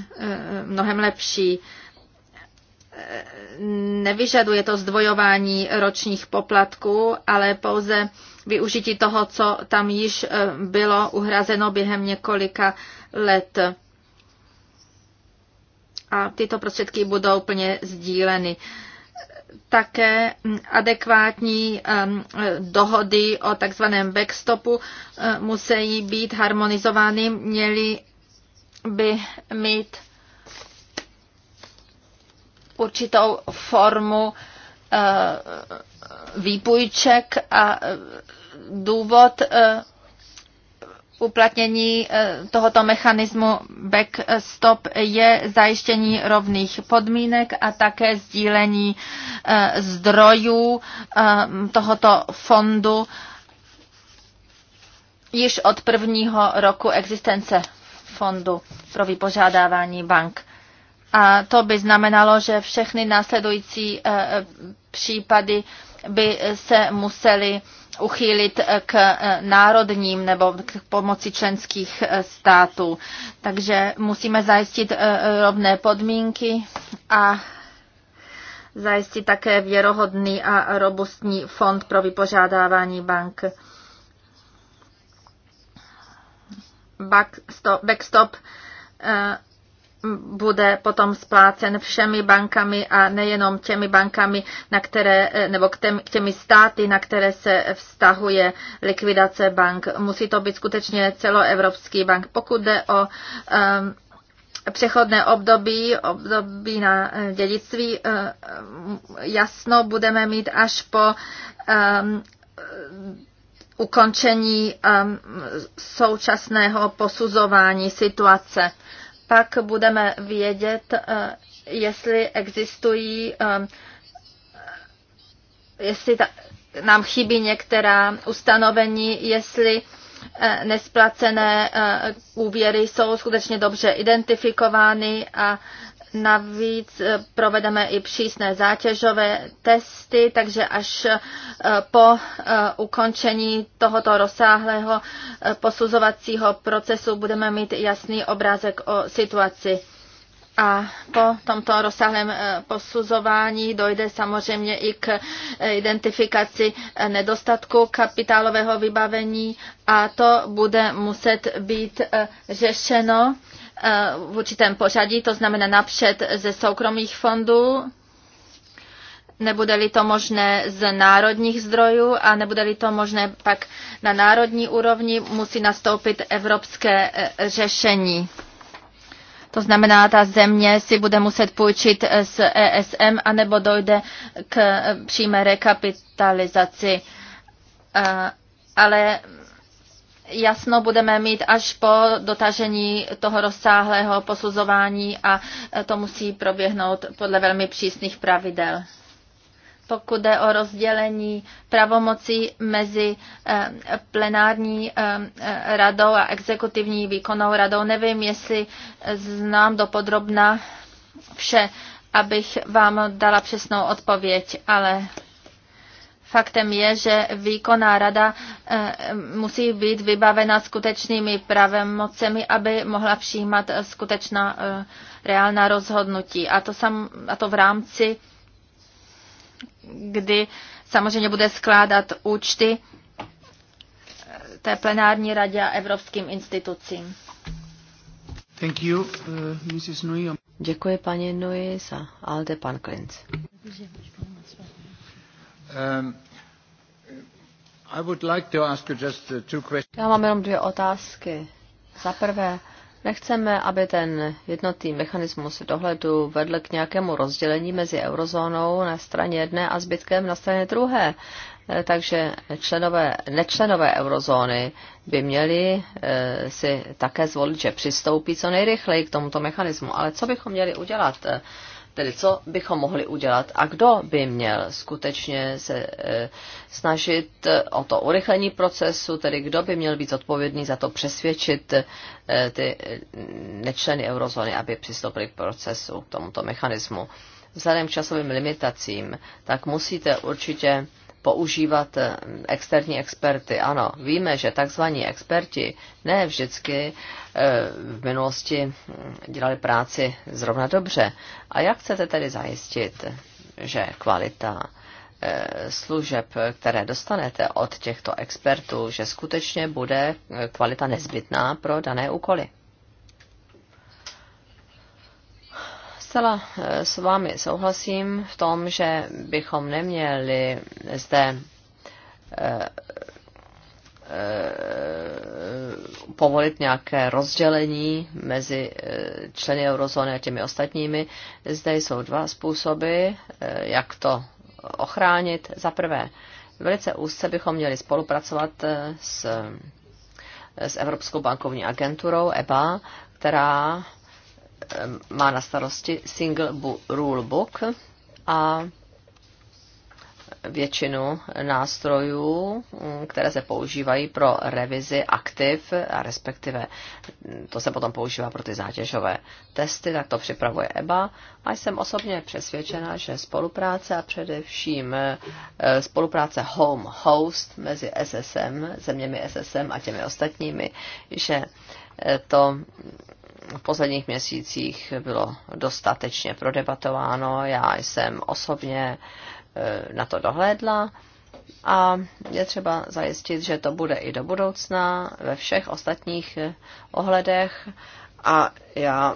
mnohem lepší nevyžaduje to zdvojování ročních poplatků, ale pouze využití toho, co tam již eh, bylo uhrazeno během několika let. A tyto prostředky budou plně sdíleny také adekvátní ehm, dohody o takzvaném backstopu eh, musí být harmonizovány, měly by mít určitou formu eh, výpůjček a eh, důvod eh, uplatnění tohoto mechanismu backstop je zajištění rovných podmínek a také sdílení zdrojů tohoto fondu již od prvního roku existence fondu pro vypořádávání bank. A to by znamenalo, že všechny následující eh, eh, případy by se museli uchýlit k eh, národním nebo k pomoci členských států. Takže musíme zajistit rovné podmínky a zajistit také věrohodný a robustní fond pro vypořádávání bank. Backstop bude potom splácen všemi bankami a nejenom těmi bankami, na které, nebo k těmi, k těmi státy, na které se vztahuje likvidace bank. Musí to být skutečně celoevropský bank. Pokud jde o um, přechodné období, období na dědictví, um, jasno budeme mít až po um, ukončení um, současného posuzování situace pak budeme vědět, eh, jestli existují, eh, jestli ta, nám chybí některá ustanovení, jestli eh, nesplacené úvěry jsou skutečně dobře identifikovány a Navíc eh, provedeme i přísné zátěžové testy, takže až eh, po eh, ukončení tohoto rozsáhlého posuzovacího procesu budeme mít jasný obrázek o situaci. A po tomto rozsáhlém posuzování dojde samozřejmě i k identifikaci nedostatku kapitálového vybavení a to bude muset být řešeno v určitém pořadí, to znamená napřed ze soukromých fondů, nebude-li to možné z národních zdrojů a nebude-li to možné pak na národní úrovni, musí nastoupit evropské e, řešení. To znamená, ta země si bude muset půjčit e, s ESM, anebo dojde k e, přímé rekapitalizaci. Ale jasno budeme mít až po dotažení toho rozsáhlého posuzování a e, to musí proběhnout podle velmi přísných pravidel pokud jde o rozdělení pravomocí mezi e, plenární e, radou a exekutivní výkonnou radou. Nevím, jestli znám dopodrobna vše, abych vám dala přesnou odpověď, ale Faktem je, že výkonná rada eh, musí být vybavena skutečnými pravomocemi, aby mohla přijímat skutečná eh, reálná rozhodnutí. A to, sam, a to v rámci, kdy samozřejmě bude skládat účty eh, té plenární radě a evropským institucím. Thank you, uh, Mrs. Nui. Děkuji paní Nui za Alde Pan Děkuji. Um, uh, Já mám jenom dvě otázky. Za prvé, nechceme, aby ten jednotný mechanismus dohledu vedl k nějakému rozdělení mezi eurozónou na straně jedné a zbytkem na straně druhé. Eh, takže členové, nečlenové eurozóny by měli eh, si také zvolit, že přistoupí co nejrychleji k tomuto mechanismu. Ale co bychom měli udělat? Tedy co bychom mohli udělat a kdo by měl skutečně se e, snažit o to urychlení procesu, tedy kdo by měl být odpovědný za to přesvědčit e, ty nečleny eurozóny, aby přistoupili k procesu, k tomuto mechanismu. Vzhledem k časovým limitacím, tak musíte určitě používat eh, externí experty. Ano, víme, že takzvaní experti ne vždycky eh, v minulosti hm, dělali práci zrovna dobře. A jak chcete tedy zajistit, že kvalita eh, služeb, které dostanete od těchto expertů, že skutečně bude kvalita nezbytná pro dané úkoly? Zcela eh, s vámi souhlasím v tom, že bychom neměli zde eh, eh, povolit nějaké rozdělení mezi členy eurozóny a těmi ostatními. Zde jsou dva způsoby, jak to ochránit. Za prvé, velice úzce bychom měli spolupracovat s, s Evropskou bankovní agenturou EBA, která Eh, má na starosti Single Rule Book a většinu nástrojů, mm, které se používají pro revizi aktiv, a respektive mm, to se potom používá pro ty zátěžové testy, tak to připravuje EBA. A jsem osobně přesvědčena, že spolupráce a především eh, spolupráce home host mezi SSM, zeměmi SSM a těmi ostatními, že eh, to v posledních měsících bylo dostatečně prodebatováno. Já jsem osobně e, na to dohlédla a je třeba zajistit, že to bude i do budoucna ve všech ostatních e, ohledech a já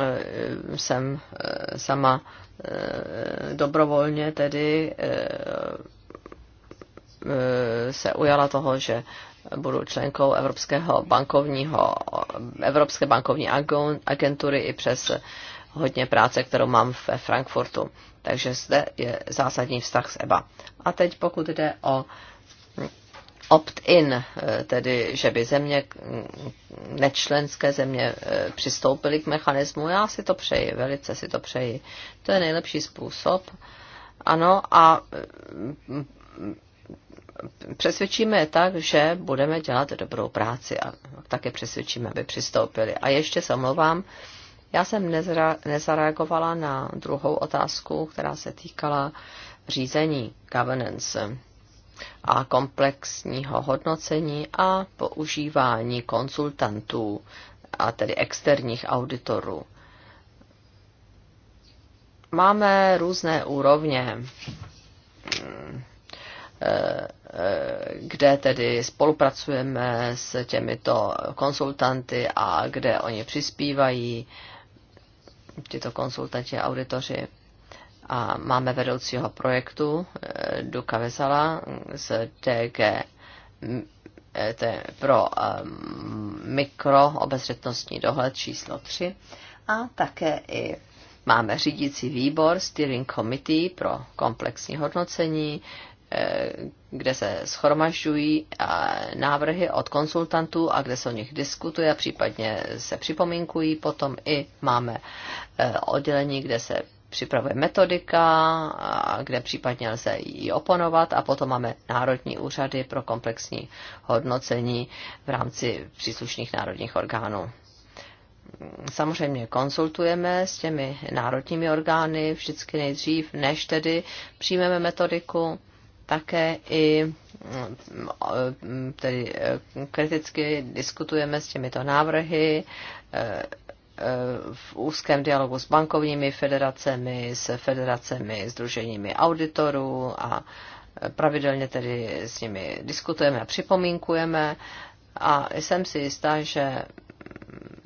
e, jsem sama dobrovolně tedy se ujala toho, že budu členkou Evropského bankovního, Evropské bankovní agentury i přes hodně práce, kterou mám ve Frankfurtu. Takže zde je zásadní vztah s EBA. A teď pokud jde o opt-in, eh, tedy že by země, mm, nečlenské země eh, přistoupily k mechanismu, já si to přeji, velice si to přeji. To je nejlepší způsob. Ano, a mm, přesvědčíme je tak, že budeme dělat dobrou práci a také přesvědčíme, aby přistoupili. A ještě se omlouvám, já jsem nezareagovala na druhou otázku, která se týkala řízení, governance a komplexního hodnocení a používání konsultantů, a tedy externích auditorů. Máme různé úrovně kde tedy spolupracujeme s těmito konsultanty a kde oni přispívají, tyto konsultanti a auditoři. A máme vedoucího projektu eh, Duka Vesala z TG eh, pro eh, mikroobezřetnostní dohled číslo 3 a také i máme řídící výbor Steering Committee pro komplexní hodnocení, Eh, kde se schromažďují eh, návrhy od konsultantů a kde se o nich diskutuje případně se připomínkují. Potom i máme eh, oddělení, kde se připravuje metodika, kde případně lze ji oponovat a potom máme národní úřady pro komplexní hodnocení v rámci příslušných národních orgánů. Samozřejmě konsultujeme s těmi národními orgány vždycky nejdřív, než tedy přijmeme metodiku také i mm, tedy eh, kriticky diskutujeme s těmito návrhy eh, eh, v úzkém dialogu s bankovními federacemi, s federacemi, združeními auditorů a pravidelně tedy s nimi diskutujeme a připomínkujeme. A jsem si jistá, že mm,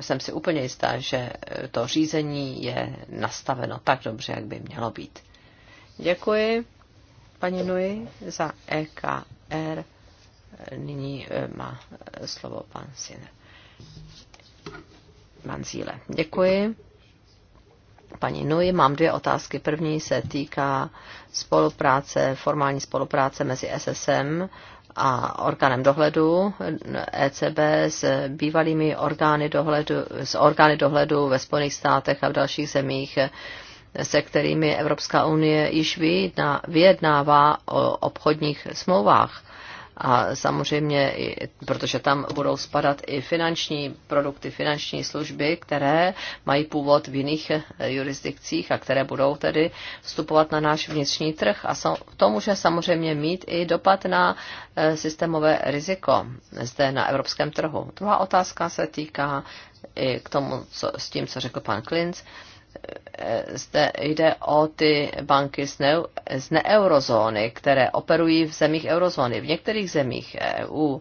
jsem si úplně jistá, že to řízení je nastaveno tak dobře, jak by mělo být. Děkuji paní Nui za EKR. Nyní eh, má eh, slovo pan Sine. Manzíle. Děkuji. Paní Nui, mám dvě otázky. První se týká spolupráce, formální spolupráce mezi SSM a orgánem dohledu ECB s bývalými orgány dohledu, s orgány dohledu ve Spojených státech a v dalších zemích se kterými Evropská unie již vyjednává o obchodních smlouvách. A samozřejmě, protože tam budou spadat i finanční produkty, finanční služby, které mají původ v jiných eh, jurisdikcích a které budou tedy vstupovat na náš vnitřní trh. A to může samozřejmě mít i dopad na eh, systémové riziko zde na evropském trhu. Druhá otázka se týká i k tomu, co, s tím, co řekl pan Klinc zde jde o ty banky z, ne, z neeurozóny, které operují v zemích eurozóny. V některých zemích EU,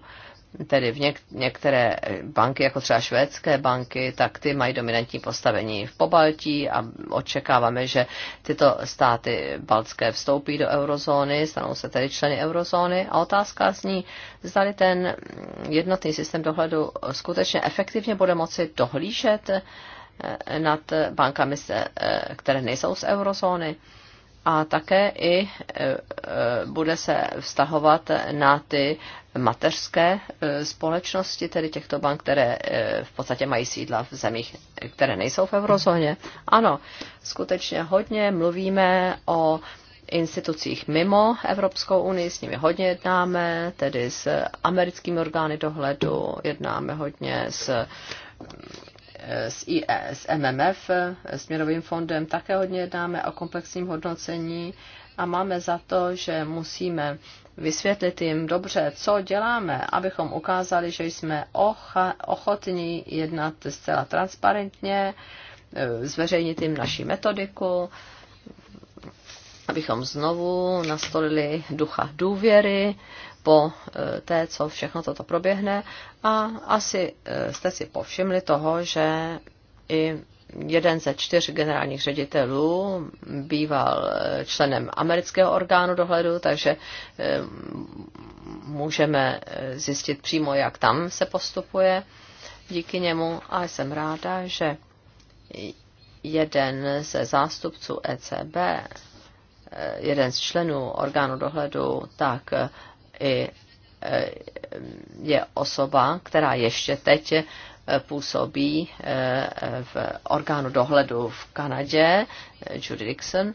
tedy v něk, některé banky, jako třeba švédské banky, tak ty mají dominantní postavení v Pobaltí a očekáváme, že tyto státy baltské vstoupí do eurozóny, stanou se tedy členy eurozóny a otázka zní, zdali ten jednotný systém dohledu skutečně efektivně bude moci dohlížet Eh, nad bankami, eh, které nejsou z eurozóny. A také i eh, bude se vztahovat na ty mateřské společnosti, tedy těchto bank, které v podstatě mají sídla v zemích, které nejsou v eurozóně. Ano, skutečně hodně mluvíme o institucích mimo Evropskou unii, s nimi hodně jednáme, tedy s americkými orgány dohledu, jednáme hodně s s s MMF, eh, s Měrovým fondem také hodně jednáme o komplexním hodnocení a máme za to, že musíme vysvětlit jim dobře, co děláme, abychom ukázali, že jsme ochotní jednat zcela transparentně, eh, zveřejnit jim naši metodiku, abychom znovu nastolili ducha důvěry po eh, té, co všechno toto proběhne. A asi eh, jste si povšimli toho, že i jeden ze čtyř generálních ředitelů býval eh, členem amerického orgánu dohledu, takže můžeme zjistit přímo, jak tam se postupuje díky němu. A jsem ráda, že jeden ze zástupců ECB, jeden z členů orgánu dohledu, tak i e, je osoba, která ještě teď e, působí e, v orgánu dohledu v Kanadě, Judy Dixon.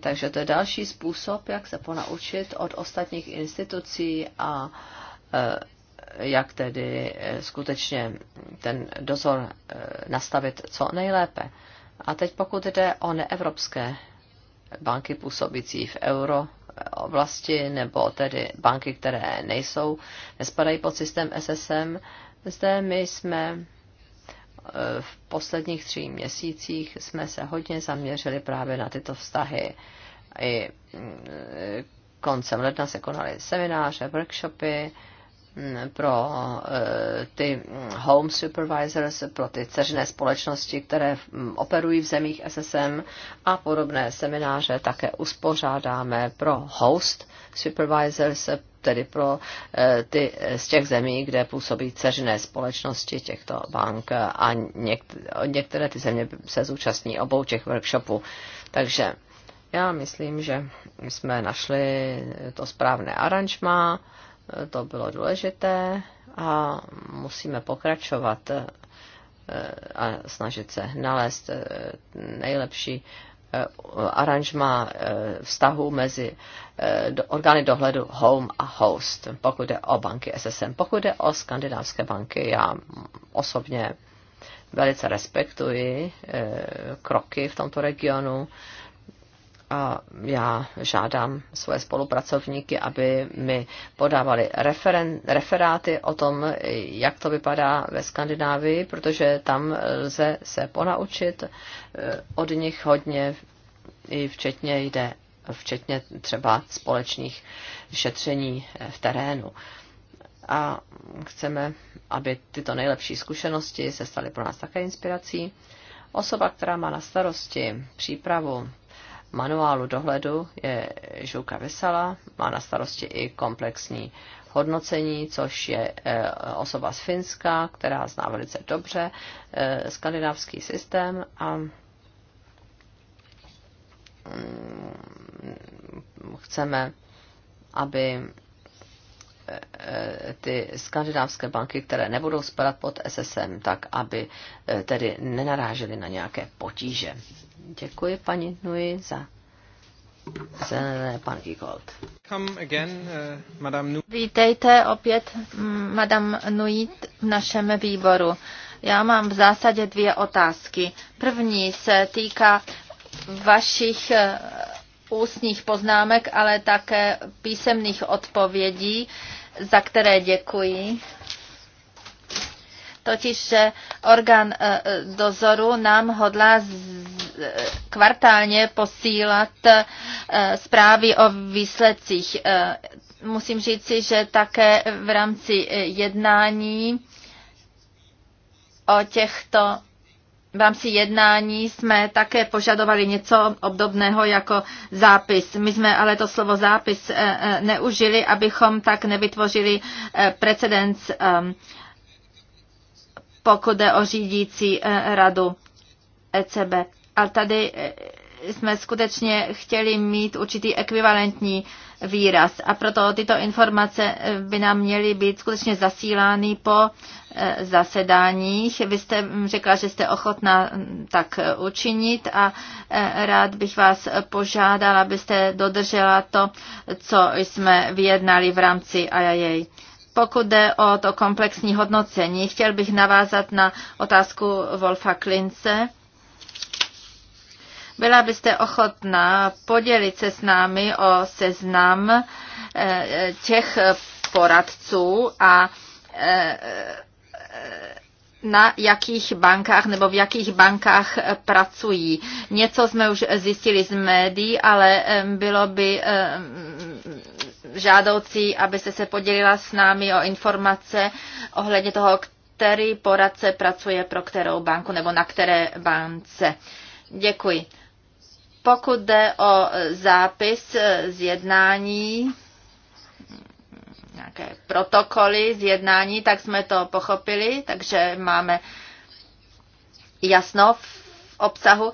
Takže to je další způsob, jak se ponaučit od ostatních institucí a jak tedy skutečně ten dozor nastavit co nejlépe. A teď pokud jde o neevropské banky působící v euro oblasti, nebo tedy banky, které nejsou, nespadají pod systém SSM. Zde my jsme e, v posledních tří měsících jsme se hodně zaměřili právě na tyto vztahy. I mm, e, koncem ledna se konaly semináře, workshopy, pro eh, ty home supervisors, pro ty ceřiné společnosti, které hm, operují v zemích SSM a podobné semináře také uspořádáme pro host supervisors, tedy pro eh, ty z těch zemí, kde působí ceřiné společnosti těchto bank a některé ty země se zúčastní obou těch workshopů. Takže já myslím, že jsme našli to správné aranžma to bylo důležité a musíme pokračovat eh, a snažit se nalézt eh, nejlepší eh, aranžma vztahu mezi orgány dohledu Home a Host, pokud jde o banky SSM. Pokud jde o skandinávské banky, já osobně velice respektuji kroky v tomto regionu a já žádám svoje spolupracovníky, aby mi podávali referen, referáty o tom, jak to vypadá ve Skandinávii, protože tam lze se ponaučit e, od nich hodně, i včetně jde, včetně třeba společných šetření e, v terénu. A chceme, aby tyto nejlepší zkušenosti se staly pro nás také inspirací. Osoba, která má na starosti přípravu manuálu dohledu je Žuka Vesala, má na starosti i komplexní hodnocení, což je e, osoba z Finska, která zná velice dobře e, skandinávský systém a mm, chceme, aby e, ty skandinávské banky, které nebudou spadat pod SSM, tak aby tedy nenarážely na nějaké potíže. Děkuji paní Nui za zelené pan Gigold. Uh, Vítejte opět, mm, madam Nui, v našem výboru. Já mám v zásadě dvě otázky. První se týká vašich eh, ústních poznámek, ale také písemných odpovědí, za které děkuji. Totiž, že orgán eh, eh, dozoru nám hodlá kvartálně posílat eh, zprávy o výsledcích. Eh, musím říci, že také v rámci eh, jednání o těchto v rámci jednání jsme také požadovali něco obdobného jako zápis. My jsme ale to slovo zápis neužili, abychom tak nevytvořili precedens, ehm, pokud jde o řídící radu ECB ale tady eh, jsme skutečně chtěli mít určitý ekvivalentní výraz. A proto tyto informace eh, by nám měly být skutečně zasílány po eh, zasedáních. Vy jste mm, řekla, že jste ochotná mm, tak učinit a rád bych vás požádala, abyste dodržela to, co jsme vyjednali v rámci IAA. Pokud jde o to komplexní hodnocení, chtěl bych navázat na otázku Wolfa Klince byla byste ochotná podělit se s námi o seznam eh, těch poradců a eh, na jakých bankách nebo v jakých bankách pracují. Něco jsme už zjistili z médií, ale bylo by žádoucí, abyste se podělila s námi o informace ohledně toho, který poradce pracuje pro kterou banku nebo na které bance. Děkuji. Pokud jde o e, zápis e, z jednání, nějaké protokoly z jednání, tak jsme to pochopili, takže máme jasno v obsahu.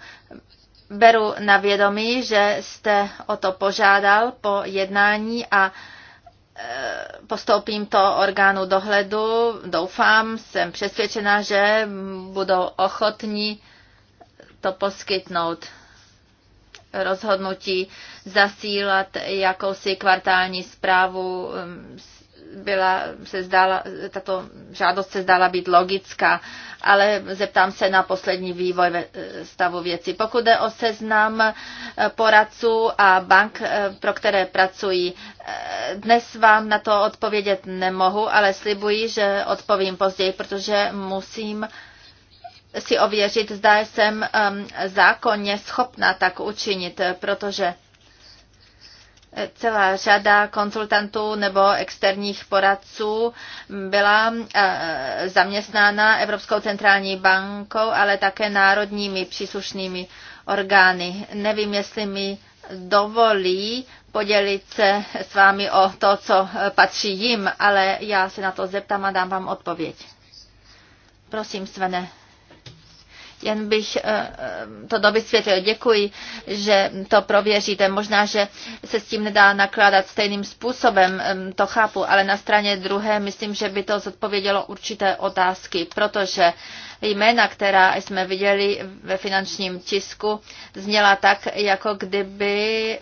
Beru na vědomí, že jste o to požádal po jednání a e, postoupím to orgánu dohledu. Doufám, jsem přesvědčena, že budou ochotní to poskytnout rozhodnutí zasílat jakousi kvartální zprávu um, byla, se zdála, tato žádost se zdála být logická, ale zeptám se na poslední vývoj ve eh, stavu věcí. Pokud jde o seznam eh, poradců a bank, eh, pro které pracují, dnes vám na to odpovědět nemohu, ale slibuji, že odpovím později, protože musím si ověřit, zda jsem um, zákonně schopna tak učinit, protože eh, celá řada konzultantů nebo externích poradců byla eh, zaměstnána Evropskou centrální bankou, ale také národními příslušnými orgány. Nevím, jestli mi dovolí podělit se s vámi o to, co patří jim, ale já se na to zeptám a dám vám odpověď. Prosím, Svene. Jen bych eh, to dovysvětlil. Děkuji, že to prověříte. Možná, že se s tím nedá nakládat stejným způsobem, to chápu, ale na straně druhé myslím, že by to zodpovědělo určité otázky, protože jména, která jsme viděli ve finančním tisku, zněla tak, jako kdyby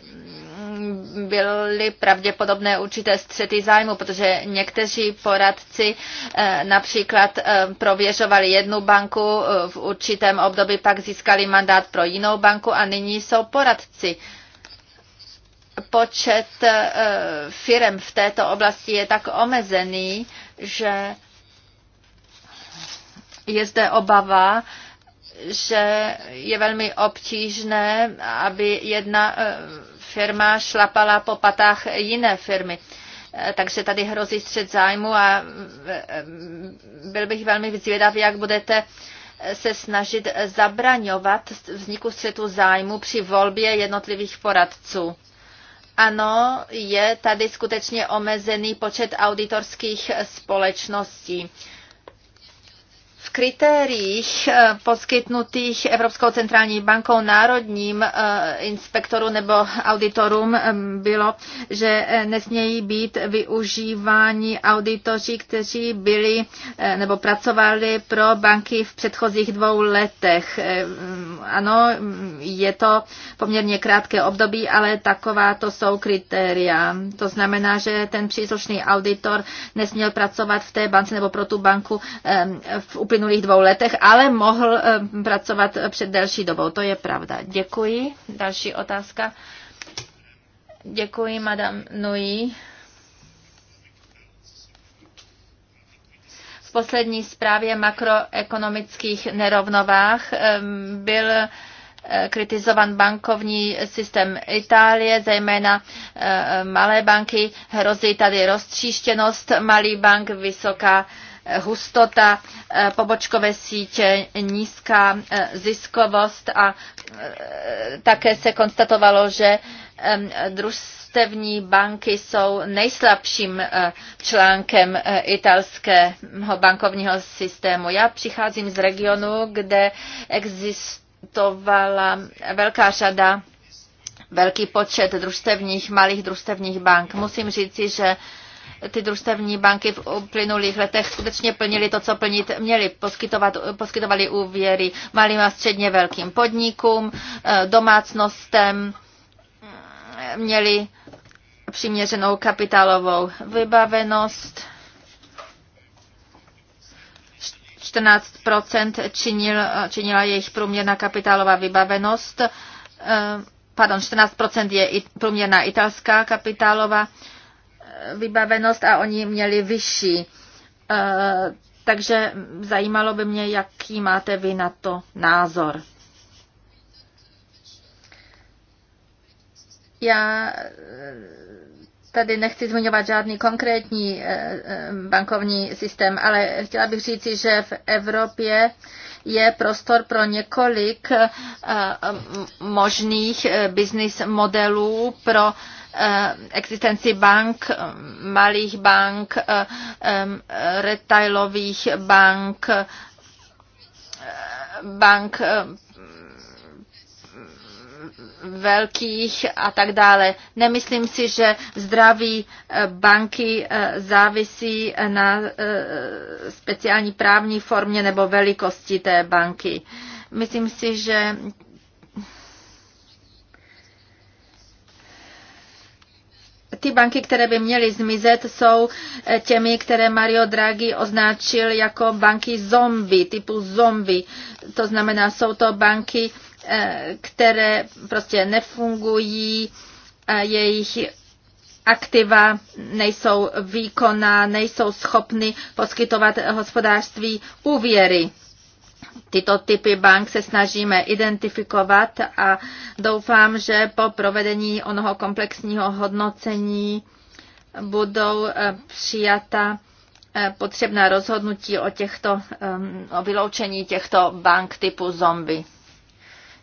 byly pravděpodobné určité střety zájmu, protože někteří poradci eh, například eh, prověřovali jednu banku eh, v určitém období, pak získali mandát pro jinou banku a nyní jsou poradci počet firm v této oblasti je tak omezený, že je zde obava, že je velmi obtížné, aby jedna firma šlapala po patách jiné firmy. Eh, takže tady hrozí střed zájmu a eh, byl bych velmi zvědavý, jak budete eh, se snažit zabraňovat vzniku střetu zájmu při volbě jednotlivých poradců. Ano, je tady skutečně omezený počet auditorských společností v kritériích eh, poskytnutých Evropskou centrální bankou národním eh, inspektorům nebo auditorům eh, bylo, že nesmějí být využíváni auditoři, kteří byli nebo pracovali pro banky v předchozích dvou letech. Mm, ano, mm, je to poměrně krátké období, ale taková to jsou kritéria. To znamená, že ten příslušný auditor nesměl pracovat v té bance nebo pro tu banku v úplně uplynulých dvou letech, ale mohl eh, pracovat před delší dobou. To je pravda. Děkuji. Další otázka. Děkuji, madam Nui. V poslední zprávě makroekonomických nerovnovách ehm, byl eh, kritizovan bankovní systém Itálie, zejména eh, malé banky. Hrozí tady roztříštěnost malých bank, vysoká hustota eh, pobočkové sítě, nízká eh, ziskovost a eh, také se konstatovalo, že družstevní banky jsou nejslabším článkem italského bankovního systému. Já přicházím z regionu, kde existovala velká řada velký počet družstevních, malých družstevních bank. Musím říci, že ty družstevní banky v uplynulých letech skutečně plnili to, co plnit měli. Poskytovat, poskytovali úvěry malým a středně velkým podnikům, eh, domácnostem, eh, měli přiměřenou kapitálovou vybavenost. 14 činil, eh, činila jejich průměrná kapitálová vybavenost. Pardon, 14 je i průměrná italská kapitálová vybavenost a oni měli vyšší. Eh, takže zajímalo by mě, jaký máte vy na to názor. Já Tady nechci zmiňovat žádný konkrétní eh, eh, bankovní systém, ale chtěla bych říci, že v Evropě je prostor pro několik eh, možných business modelů pro existenci bank, malých bank, retailových bank, bank velkých a tak dále. Nemyslím si, že zdraví eh, banky eh, závisí eh, na speciální právní formě nebo velikosti té banky. Myslím si, že ty banky, které by měly zmizet, jsou těmi, které Mario Draghi označil jako banky zombie, typu zombie. To znamená, jsou to banky, Eh, které prostě nefungují, jejich aktiva nejsou výkonná, nejsou schopny poskytovat hospodářství úvěry. Tyto typy bank se snažíme identifikovat a doufám, že po provedení onoho komplexního hodnocení budou eh, přijata eh, potřebná rozhodnutí o, těchto, ehm, o vyloučení těchto bank typu zombie.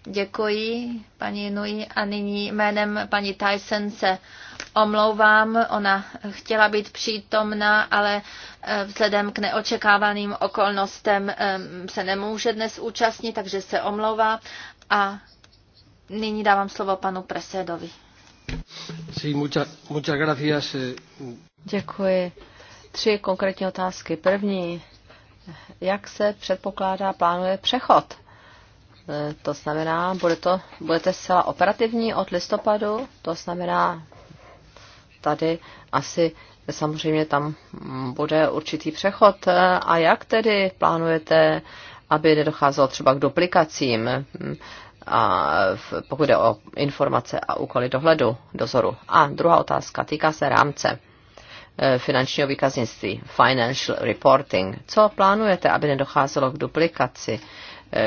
Děkuji, paní Nui. A nyní jménem paní Tyson se omlouvám. Ona chtěla být přítomna, ale eh, vzhledem k neočekávaným okolnostem eh, se nemůže dnes účastnit, takže se omlouvá. A nyní dávám slovo panu Presedovi. Sí, mucha, muchas gracias. Eh. Děkuji. Tři konkrétní otázky. První, jak se předpokládá, plánuje přechod E, to znamená, bude to, budete zcela operativní od listopadu, to znamená tady asi samozřejmě tam bude určitý přechod. E, a jak tedy plánujete, aby nedocházelo třeba k duplikacím, a pokud jde o informace a úkoly dohledu, dozoru? A druhá otázka týká se rámce e, finančního výkaznictví, financial reporting. Co plánujete, aby nedocházelo k duplikaci?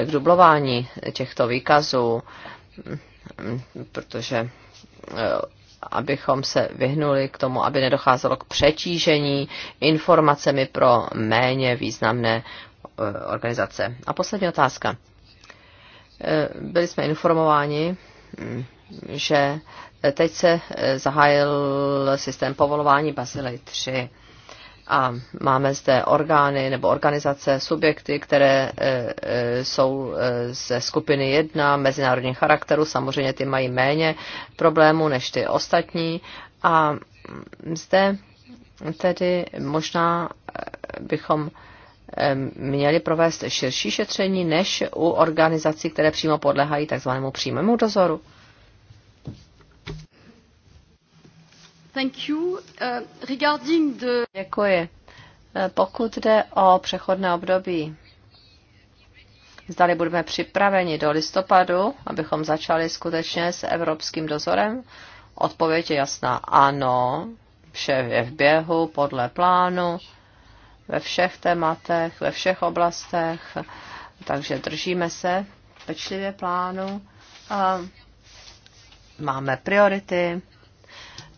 k dublování těchto výkazů, protože eh, abychom se vyhnuli k tomu, aby nedocházelo k přetížení informacemi pro méně významné eh, organizace. A poslední otázka. Eh, byli jsme informováni, hm, že teď se zahájil systém povolování Basilej 3 a máme zde orgány nebo organizace, subjekty, které e, e, jsou e, ze skupiny jedna mezinárodní charakteru, samozřejmě ty mají méně problémů než ty ostatní a zde tedy možná bychom měli provést širší šetření než u organizací, které přímo podléhají takzvanému přímému dozoru. Thank you. Uh, regarding the... Děkuji. Eh, pokud jde o přechodné období, zdali budeme připraveni do listopadu, abychom začali skutečně s evropským dozorem, odpověď je jasná ano, vše je v běhu podle plánu, ve všech tématech, ve všech oblastech, takže držíme se pečlivě plánu a máme priority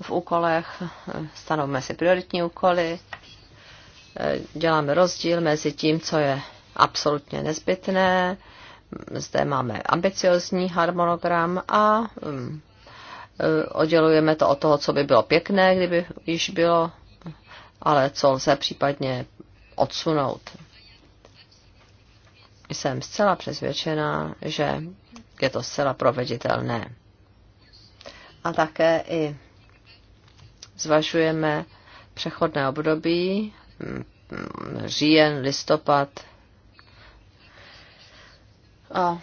v úkolech, eh, stanovíme si prioritní úkoly, eh, děláme rozdíl mezi tím, co je absolutně nezbytné, zde máme ambiciozní harmonogram a mm, eh, oddělujeme to od toho, co by bylo pěkné, kdyby již bylo, ale co lze případně odsunout. Jsem zcela přesvědčená, že je to zcela proveditelné. A také i zvažujeme přechodné období, říjen, listopad. A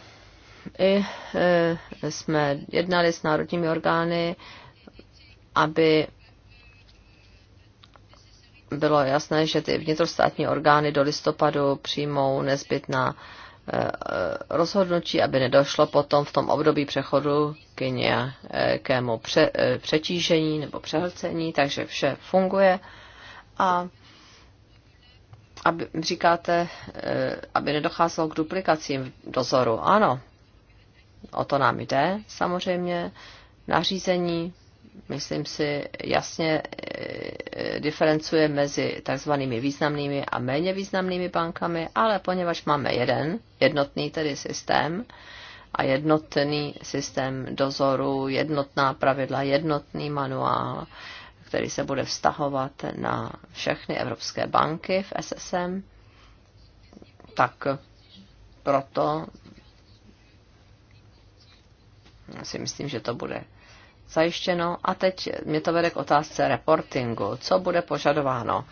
i e, jsme jednali s národními orgány, aby bylo jasné, že ty vnitrostátní orgány do listopadu přijmou nezbytná Eh, rozhodnutí, aby nedošlo potom v tom období přechodu k nějakému pře, eh, přetížení nebo přehlcení, takže vše funguje. A aby, říkáte, eh, aby nedocházelo k duplikacím v dozoru. Ano, o to nám jde samozřejmě. Nařízení myslím si, jasně e, e, diferencuje mezi takzvanými významnými a méně významnými bankami, ale poněvadž máme jeden, jednotný tedy systém a jednotný systém dozoru, jednotná pravidla, jednotný manuál, který se bude vztahovat na všechny evropské banky v SSM, tak proto si myslím, že to bude zajištěno. A teď mě to vede k otázce reportingu. Co bude požadováno?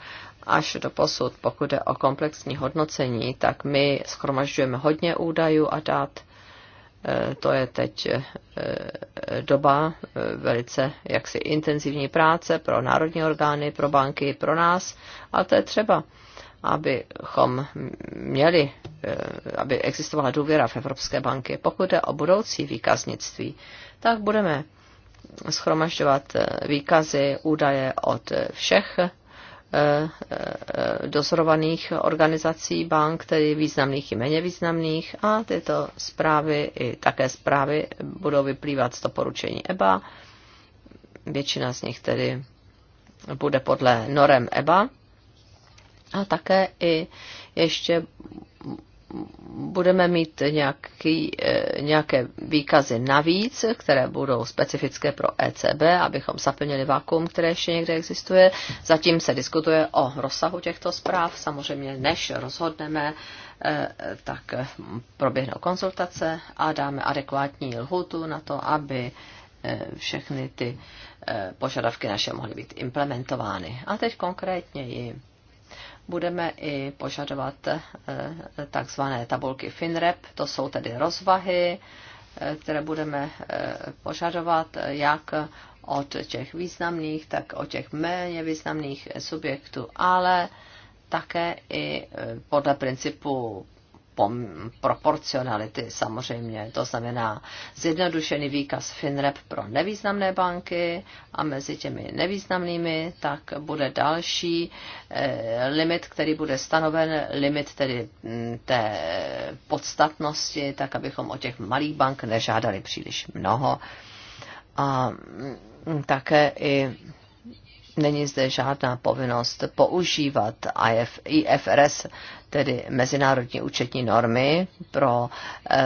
Až do posud, pokud jde o komplexní hodnocení, tak my schromažďujeme hodně údajů a dat. E, to je teď e, doba e, velice jaksi intenzivní práce pro národní orgány, pro banky, pro nás, ale to je třeba abychom měli, aby existovala důvěra v Evropské banky. Pokud jde o budoucí výkaznictví, tak budeme schromažďovat eh, výkazy, údaje od všech eh, eh, dozorovaných organizací bank, tedy významných i méně významných, a tyto zprávy i také zprávy budou vyplývat z doporučení EBA. Většina z nich tedy bude podle norem EBA. A také i ještě budeme mít nějaký, eh, nějaké výkazy navíc, které budou specifické pro ECB, abychom zaplnili vakuum, které ještě někde existuje. Zatím se diskutuje o rozsahu těchto zpráv. Samozřejmě, než rozhodneme, eh, tak eh, proběhnou konzultace a dáme adekvátní lhutu na to, aby všechny ty požadavky naše mohly být implementovány. A teď konkrétně i budeme i požadovat eh, takzvané tabulky FINREP, to jsou tedy rozvahy, eh, které budeme eh, požadovat, jak od těch významných, tak od těch méně významných subjektů, ale také i podle principu pom- proporcionality samozřejmě, to znamená zjednodušený výkaz FINREP pro nevýznamné banky a mezi těmi nevýznamnými tak bude další e, limit, který bude stanoven, limit tedy mm, té podstatnosti, tak abychom o těch malých bank nežádali příliš mnoho. A mm, také i není zde žádná povinnost používat IF, IFRS, tedy mezinárodní účetní normy pro eh,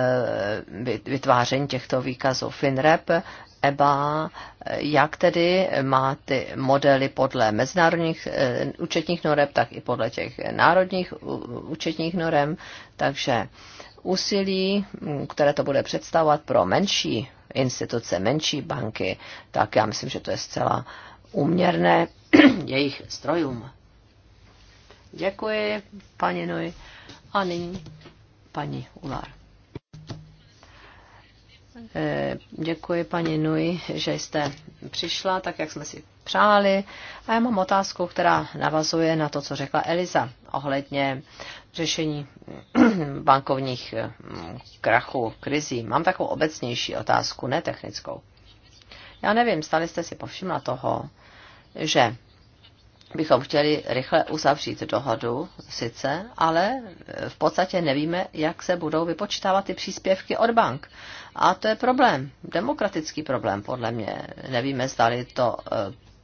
vytváření těchto výkazů FINREP, EBA, eh, jak tedy má ty modely podle mezinárodních eh, účetních norem, tak i podle těch národních účetních norem. Takže úsilí, mm, které to bude představovat pro menší instituce, menší banky, tak já myslím, že to je zcela uh, uměrné jejich strojům. Děkuji, paní Nui. A nyní paní Ular. Eh, děkuji paní Nui, že jste přišla, tak jak jsme si přáli. A já mám otázku, která navazuje na to, co řekla Eliza ohledně řešení bankovních eh, krachů, krizí. Mám takovou obecnější otázku, ne technickou. Já nevím, stali jste si povšimla toho, že bychom chtěli rychle uzavřít dohodu, sice, ale v podstatě nevíme, jak se budou vypočítávat ty příspěvky od bank. A to je problém, demokratický problém, podle mě. Nevíme, zdali to eh,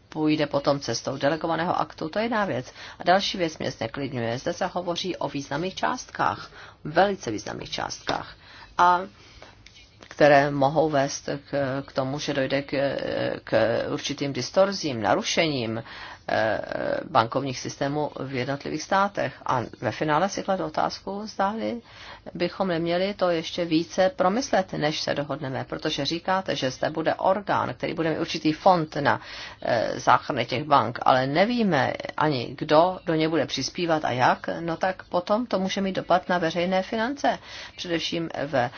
půjde potom cestou delegovaného aktu, to je jedna věc. A další věc mě zneklidňuje. Zde se hovoří o významných částkách, velice významných částkách. A které mohou vést k, k tomu, že dojde k, k určitým distorzím, narušením eh, bankovních systémů v jednotlivých státech. A ve finále si kladu otázku, zdáli bychom neměli to ještě více promyslet, než se dohodneme, protože říkáte, že zde bude orgán, který bude mít určitý fond na eh, záchrany těch bank, ale nevíme ani, kdo do něj bude přispívat a jak, no tak potom to může mít dopad na veřejné finance, především ve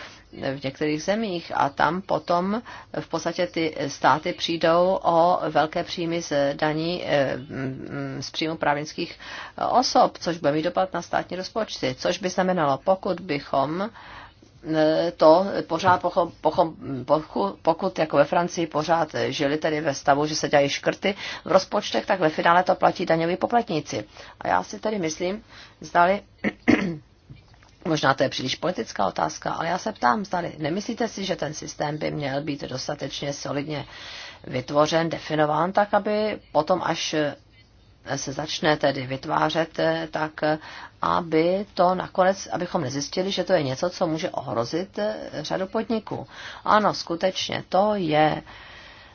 v některých zemích a tam potom v podstatě ty státy přijdou o velké příjmy z daní eh, mm, z příjmu právnických eh, osob, což bude mít dopad na státní rozpočty, což by znamenalo, pokud bychom eh, to pořád, pochom, pochom, pochom, pokud jako ve Francii pořád žili tady ve stavu, že se dělají škrty v rozpočtech, tak ve finále to platí daňoví poplatníci. A já si tady myslím, zdali Možná to je příliš politická otázka, ale já se ptám, tady. nemyslíte si, že ten systém by měl být dostatečně solidně vytvořen, definován tak, aby potom, až se začne tedy vytvářet, tak aby to nakonec, abychom nezjistili, že to je něco, co může ohrozit řadu podniků. Ano, skutečně, to je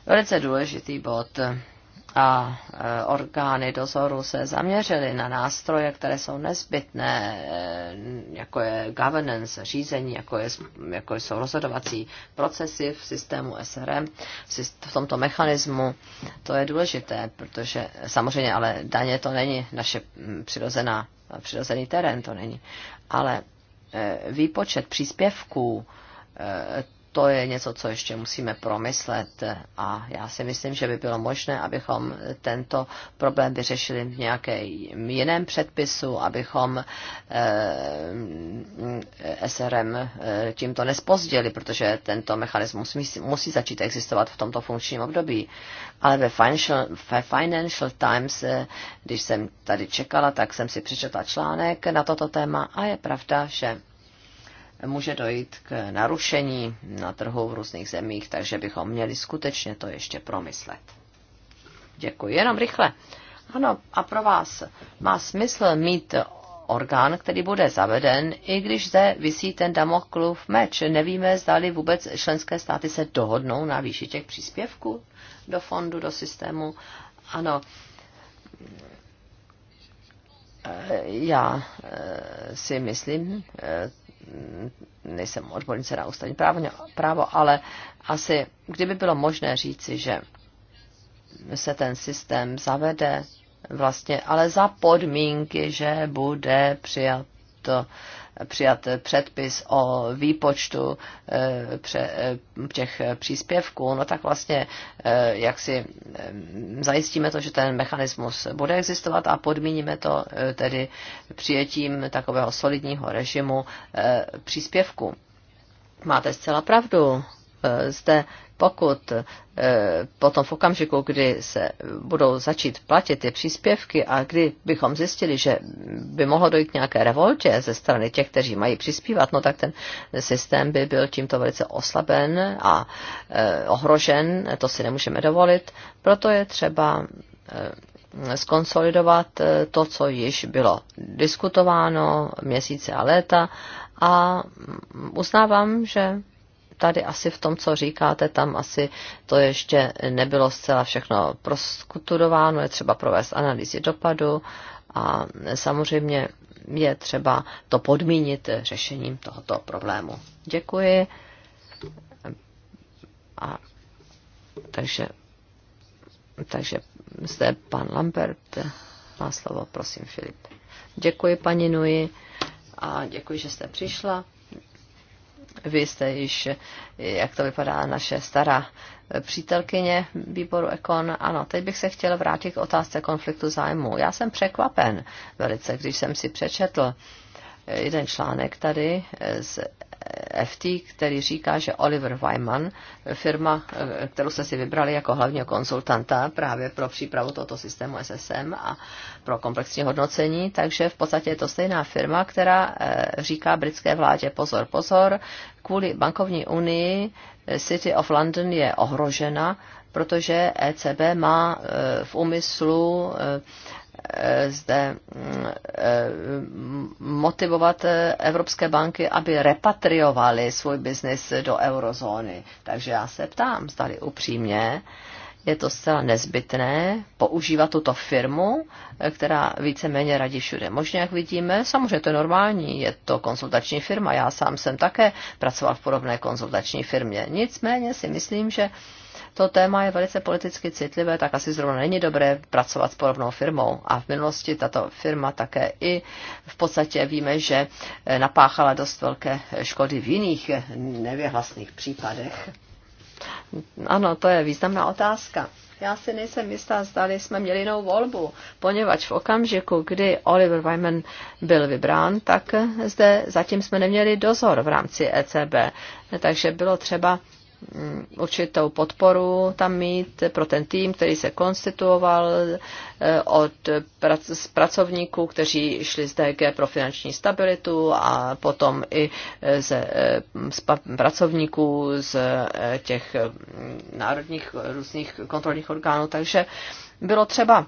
velice důležitý bod a e, orgány dozoru se zaměřily na nástroje, které jsou nezbytné, e, jako je governance, řízení, jako, je, jako jsou rozhodovací procesy v systému SRM, v tomto mechanismu. To je důležité, protože samozřejmě ale daně to není naše přirozená, přirozený terén, to není. Ale e, výpočet příspěvků to je něco, co ještě musíme promyslet a já si myslím, že by bylo možné, abychom tento problém vyřešili v nějakém jiném předpisu, abychom eh, SRM eh, tímto nespozdili, protože tento mechanismus musí, musí začít existovat v tomto funkčním období. Ale ve Financial, ve Financial Times, eh, když jsem tady čekala, tak jsem si přečetla článek na toto téma a je pravda, že může dojít k narušení na trhu v různých zemích, takže bychom měli skutečně to ještě promyslet. Děkuji, jenom rychle. Ano, a pro vás má smysl mít orgán, který bude zaveden, i když zde visí ten Damoklův meč. Nevíme, zdali vůbec členské státy se dohodnou na výši těch příspěvků do fondu, do systému. Ano, já eh, si myslím, eh, nejsem odbornice na ústavní právo, právo, ale asi kdyby bylo možné říci, že se ten systém zavede vlastně, ale za podmínky, že bude přijat to přijat předpis o výpočtu eh, eh, těch příspěvků, no tak vlastně eh, jak si zajistíme to, že ten mechanismus bude existovat a podmíníme to tedy přijetím takového solidního režimu příspěvku. Máte zcela pravdu. Zde pokud eh, potom v okamžiku, kdy se budou začít platit ty příspěvky a kdy bychom zjistili, že by mohlo dojít k nějaké revoltě ze strany těch, kteří mají přispívat, no tak ten systém by byl tímto velice oslaben a eh, ohrožen, to si nemůžeme dovolit, proto je třeba eh, skonsolidovat to, co již bylo diskutováno měsíce a léta a mm, uznávám, že tady asi v tom, co říkáte, tam asi to ještě nebylo zcela všechno proskutudováno, je třeba provést analýzy dopadu a samozřejmě je třeba to podmínit řešením tohoto problému. Děkuji. A, takže, takže zde pan Lambert má slovo, prosím, Filip. Děkuji, paní Nui, a děkuji, že jste přišla. Vy jste již, jak to vypadá, naše stará přítelkyně výboru Ekon. Ano, teď bych se chtěl vrátit k otázce konfliktu zájmu. Já jsem překvapen velice, když jsem si přečetl jeden článek tady z FT, který říká, že Oliver Wyman, firma, eh, kterou jste si vybrali jako hlavního konsultanta právě pro přípravu tohoto systému SSM a pro komplexní hodnocení, takže v podstatě je to stejná firma, která eh, říká britské vládě pozor, pozor, kvůli bankovní unii eh, City of London je ohrožena, protože ECB má v úmyslu zde mm, eh, motivovat eh, evropské banky, aby repatriovali svůj biznis do eurozóny. Takže já se ptám, zdali upřímně, je to zcela nezbytné používat tuto firmu, eh, která víceméně radí všude. Možná, jak vidíme, samozřejmě to je normální, je to konzultační firma, já sám jsem také pracoval v podobné konzultační firmě. Nicméně si myslím, že to téma je velice politicky citlivé, tak asi zrovna není dobré pracovat s podobnou firmou. A v minulosti tato firma také i v podstatě víme, že eh, napáchala dost velké škody v jiných eh, nevěhlasných případech. Ano, to je významná otázka. Já si nejsem jistá, zdali jsme měli jinou volbu, poněvadž v okamžiku, kdy Oliver Wyman byl vybrán, tak eh, zde zatím jsme neměli dozor v rámci ECB. Takže bylo třeba Mm, určitou podporu tam mít pro ten tým, který se konstituoval eh, od pracovníků, kteří šli z DG pro finanční stabilitu a potom i eh, eh, z, z pracovníků z těch mm, národních různých kontrolních orgánů. Takže bylo třeba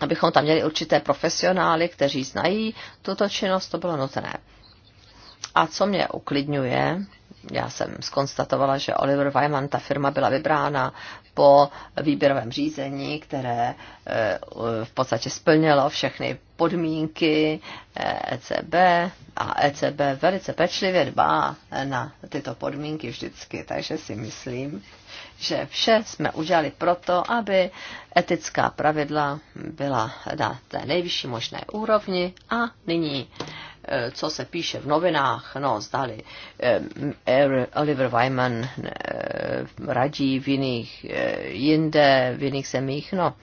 abychom tam měli určité profesionály, kteří znají tuto činnost, to bylo nutné. A co mě uklidňuje, já jsem skonstatovala, že Oliver Wyman, ta firma byla vybrána po výběrovém řízení, které eh, v podstatě splnilo všechny podmínky ECB eh, e a ECB velice pečlivě dbá na tyto podmínky vždycky, takže si myslím, že vše jsme udělali proto, aby etická pravidla byla na té nejvyšší možné úrovni a nyní e, co se píše v novinách, no zdali e, Oliver Wyman e, radí v jiných, jinde, v jiných zemích, no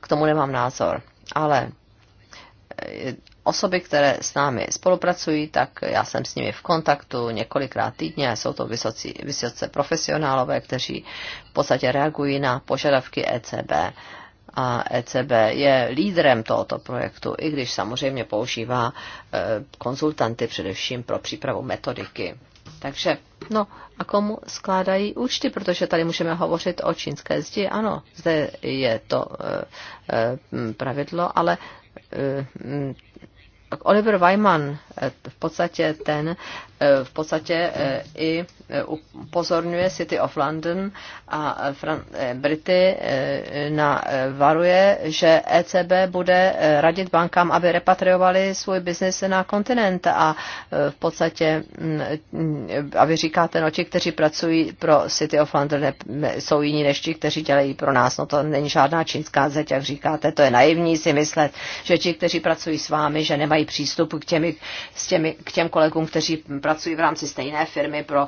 k tomu nemám názor, ale osoby, které s námi spolupracují, tak já jsem s nimi v kontaktu několikrát týdně. Jsou to vysocí, vysoce profesionálové, kteří v podstatě reagují na požadavky ECB. A ECB je lídrem tohoto projektu, i když samozřejmě používá e, konzultanty především pro přípravu metodiky. Takže, no a komu skládají účty, protože tady můžeme hovořit o čínské zdi, ano, zde je to e, e, pravidlo, ale e, Oliver Wyman eh, v podstatě ten eh, v podstatě eh, i upozorňuje City of London a Brity na, varuje, že ECB bude radit bankám, aby repatriovali svůj biznis na kontinent a v podstatě, mm, mm, a vy říkáte, no ti, kteří pracují pro City of London, jsou jiní než ti, kteří dělají pro nás. No to není žádná čínská zeď, jak říkáte, to je naivní si myslet, že ti, kteří pracují s vámi, že nemají mají přístup k, těmi, s těmi, k těm kolegům, kteří pracují v rámci stejné firmy pro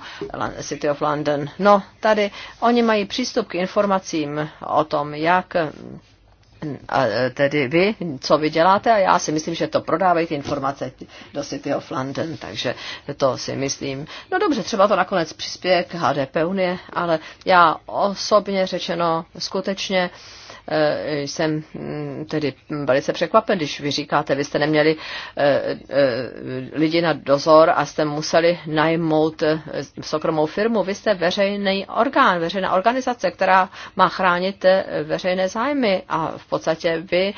City of London. No, tady oni mají přístup k informacím o tom, jak a tedy vy, co vy děláte a já si myslím, že to prodávají ty informace do City of London, takže to si myslím. No dobře, třeba to nakonec přispěje k HDP Unie, ale já osobně řečeno skutečně uh, Eh, jsem mm, tedy velice překvapen, když vy říkáte, vy jste neměli eh, eh, lidi na dozor a jste museli najmout soukromou firmu. Vy jste veřejný orgán, veřejná organizace, která má chránit veřejné zájmy a v podstatě vy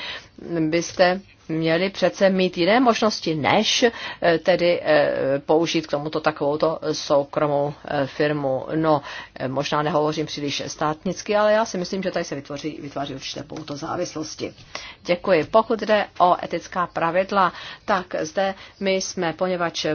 byste měli přece mít jiné možnosti, než eh, tedy eh, použít k tomuto takovouto soukromou eh, firmu. No, možná nehovořím příliš státnicky, ale já si myslím, že tady se vytvoří, vytváří určité pouto závislosti. Děkuji. Pokud jde o etická pravidla, tak zde my jsme, poněvadž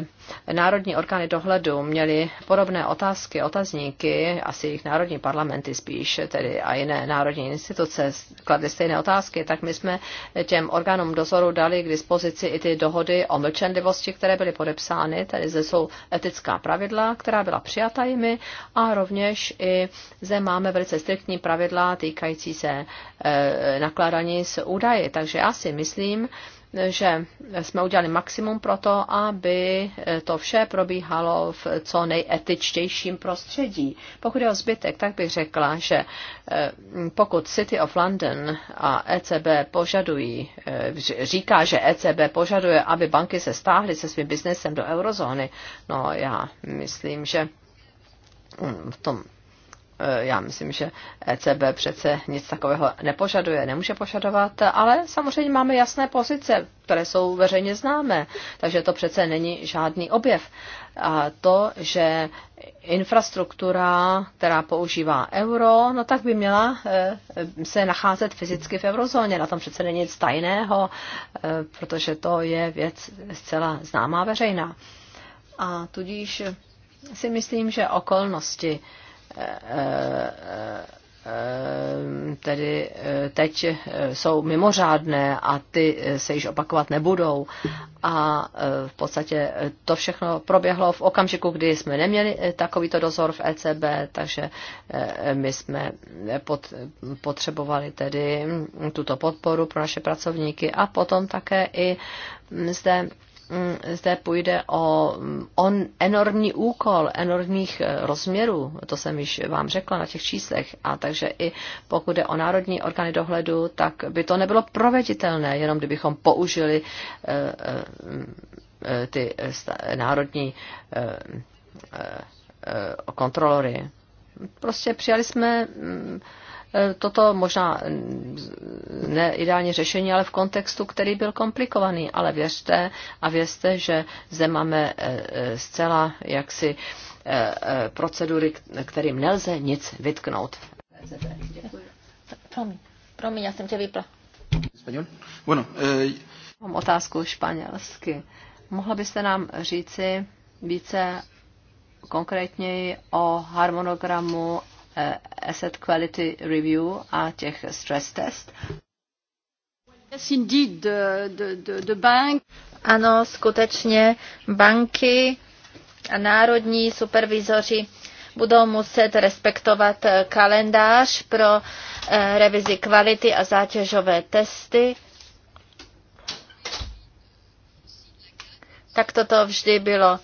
národní orgány dohledu měly podobné otázky, otazníky, asi jejich národní parlamenty spíš, tedy a jiné národní instituce kladly stejné otázky, tak my jsme těm orgánům dozoru výboru dali k dispozici i ty dohody o mlčenlivosti, které byly podepsány. Tady zde jsou etická pravidla, která byla přijata jimi a rovněž i zde máme velice striktní pravidla týkající se eh, nakládání s údaji. Takže já si myslím, že jsme udělali maximum pro to, aby to vše probíhalo v co nejetičtějším prostředí. Pokud je o zbytek, tak bych řekla, že eh, pokud City of London a ECB požadují, eh, říká, že ECB požaduje, aby banky se stáhly se svým biznesem do eurozóny, no já myslím, že mm, v tom Eh, já myslím, že ECB přece nic takového nepožaduje, nemůže požadovat, ale samozřejmě máme jasné pozice, které jsou veřejně známé, takže to přece není žádný objev. A to, že infrastruktura, která používá euro, no tak by měla eh, se nacházet fyzicky v eurozóně. Na tom přece není nic tajného, eh, protože to je věc zcela známá veřejná. A tudíž si myslím, že okolnosti, Eh, eh, eh, tedy teď jsou mimořádné a ty se již opakovat nebudou. A v podstatě to všechno proběhlo v okamžiku, kdy jsme neměli takovýto dozor v ECB, takže my jsme potřebovali tedy mm, tuto podporu pro naše pracovníky a potom také i zde Mm, zde půjde o mm, on, enormní úkol, enormních eh, rozměrů, to jsem již vám řekla na těch číslech, a takže i pokud je o národní orgány dohledu, tak by to nebylo proveditelné, jenom kdybychom použili eh, eh, mm, ty národní kontrolory. Prostě přijali jsme toto možná ne ideální řešení, ale v kontextu, který byl komplikovaný. Ale věřte a věřte, že zde máme eh, eh, zcela jaksi eh, procedury, kterým nelze nic vytknout. Promiň, promiň, já jsem tě vypla. Bueno, eh... Mám otázku španělsky. Mohla byste nám říci více konkrétněji o harmonogramu Eh, asset quality review a těch stress test? Yes, indeed, the, the, the bank. Ano, skutečně banky a národní supervizoři budou muset respektovat eh, kalendář pro eh, revizi kvality a zátěžové testy. Tak toto vždy bylo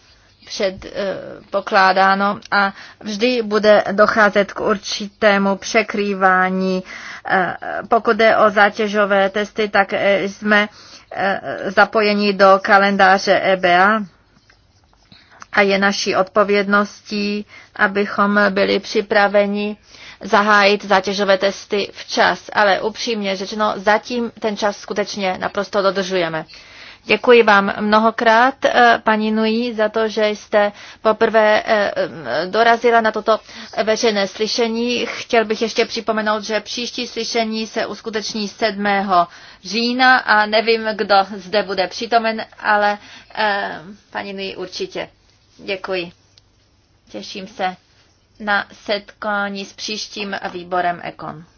předpokládáno a vždy bude docházet k určitému překrývání. Eh, pokud jde o zátěžové testy, tak eh, jsme eh, zapojeni do kalendáře EBA a je naší odpovědností, abychom byli připraveni zahájit zátěžové testy včas. Ale upřímně řečeno, zatím ten čas skutečně naprosto dodržujeme. Děkuji vám mnohokrát, eh, paní Nui, za to, že jste poprvé eh, eh, dorazila na toto veřejné slyšení. Chtěl bych ještě připomenout, že příští slyšení se uskuteční 7. října a nevím, kdo zde bude přítomen, ale paní Nui určitě. Děkuji. Těším se na setkání s příštím výborem Ekon.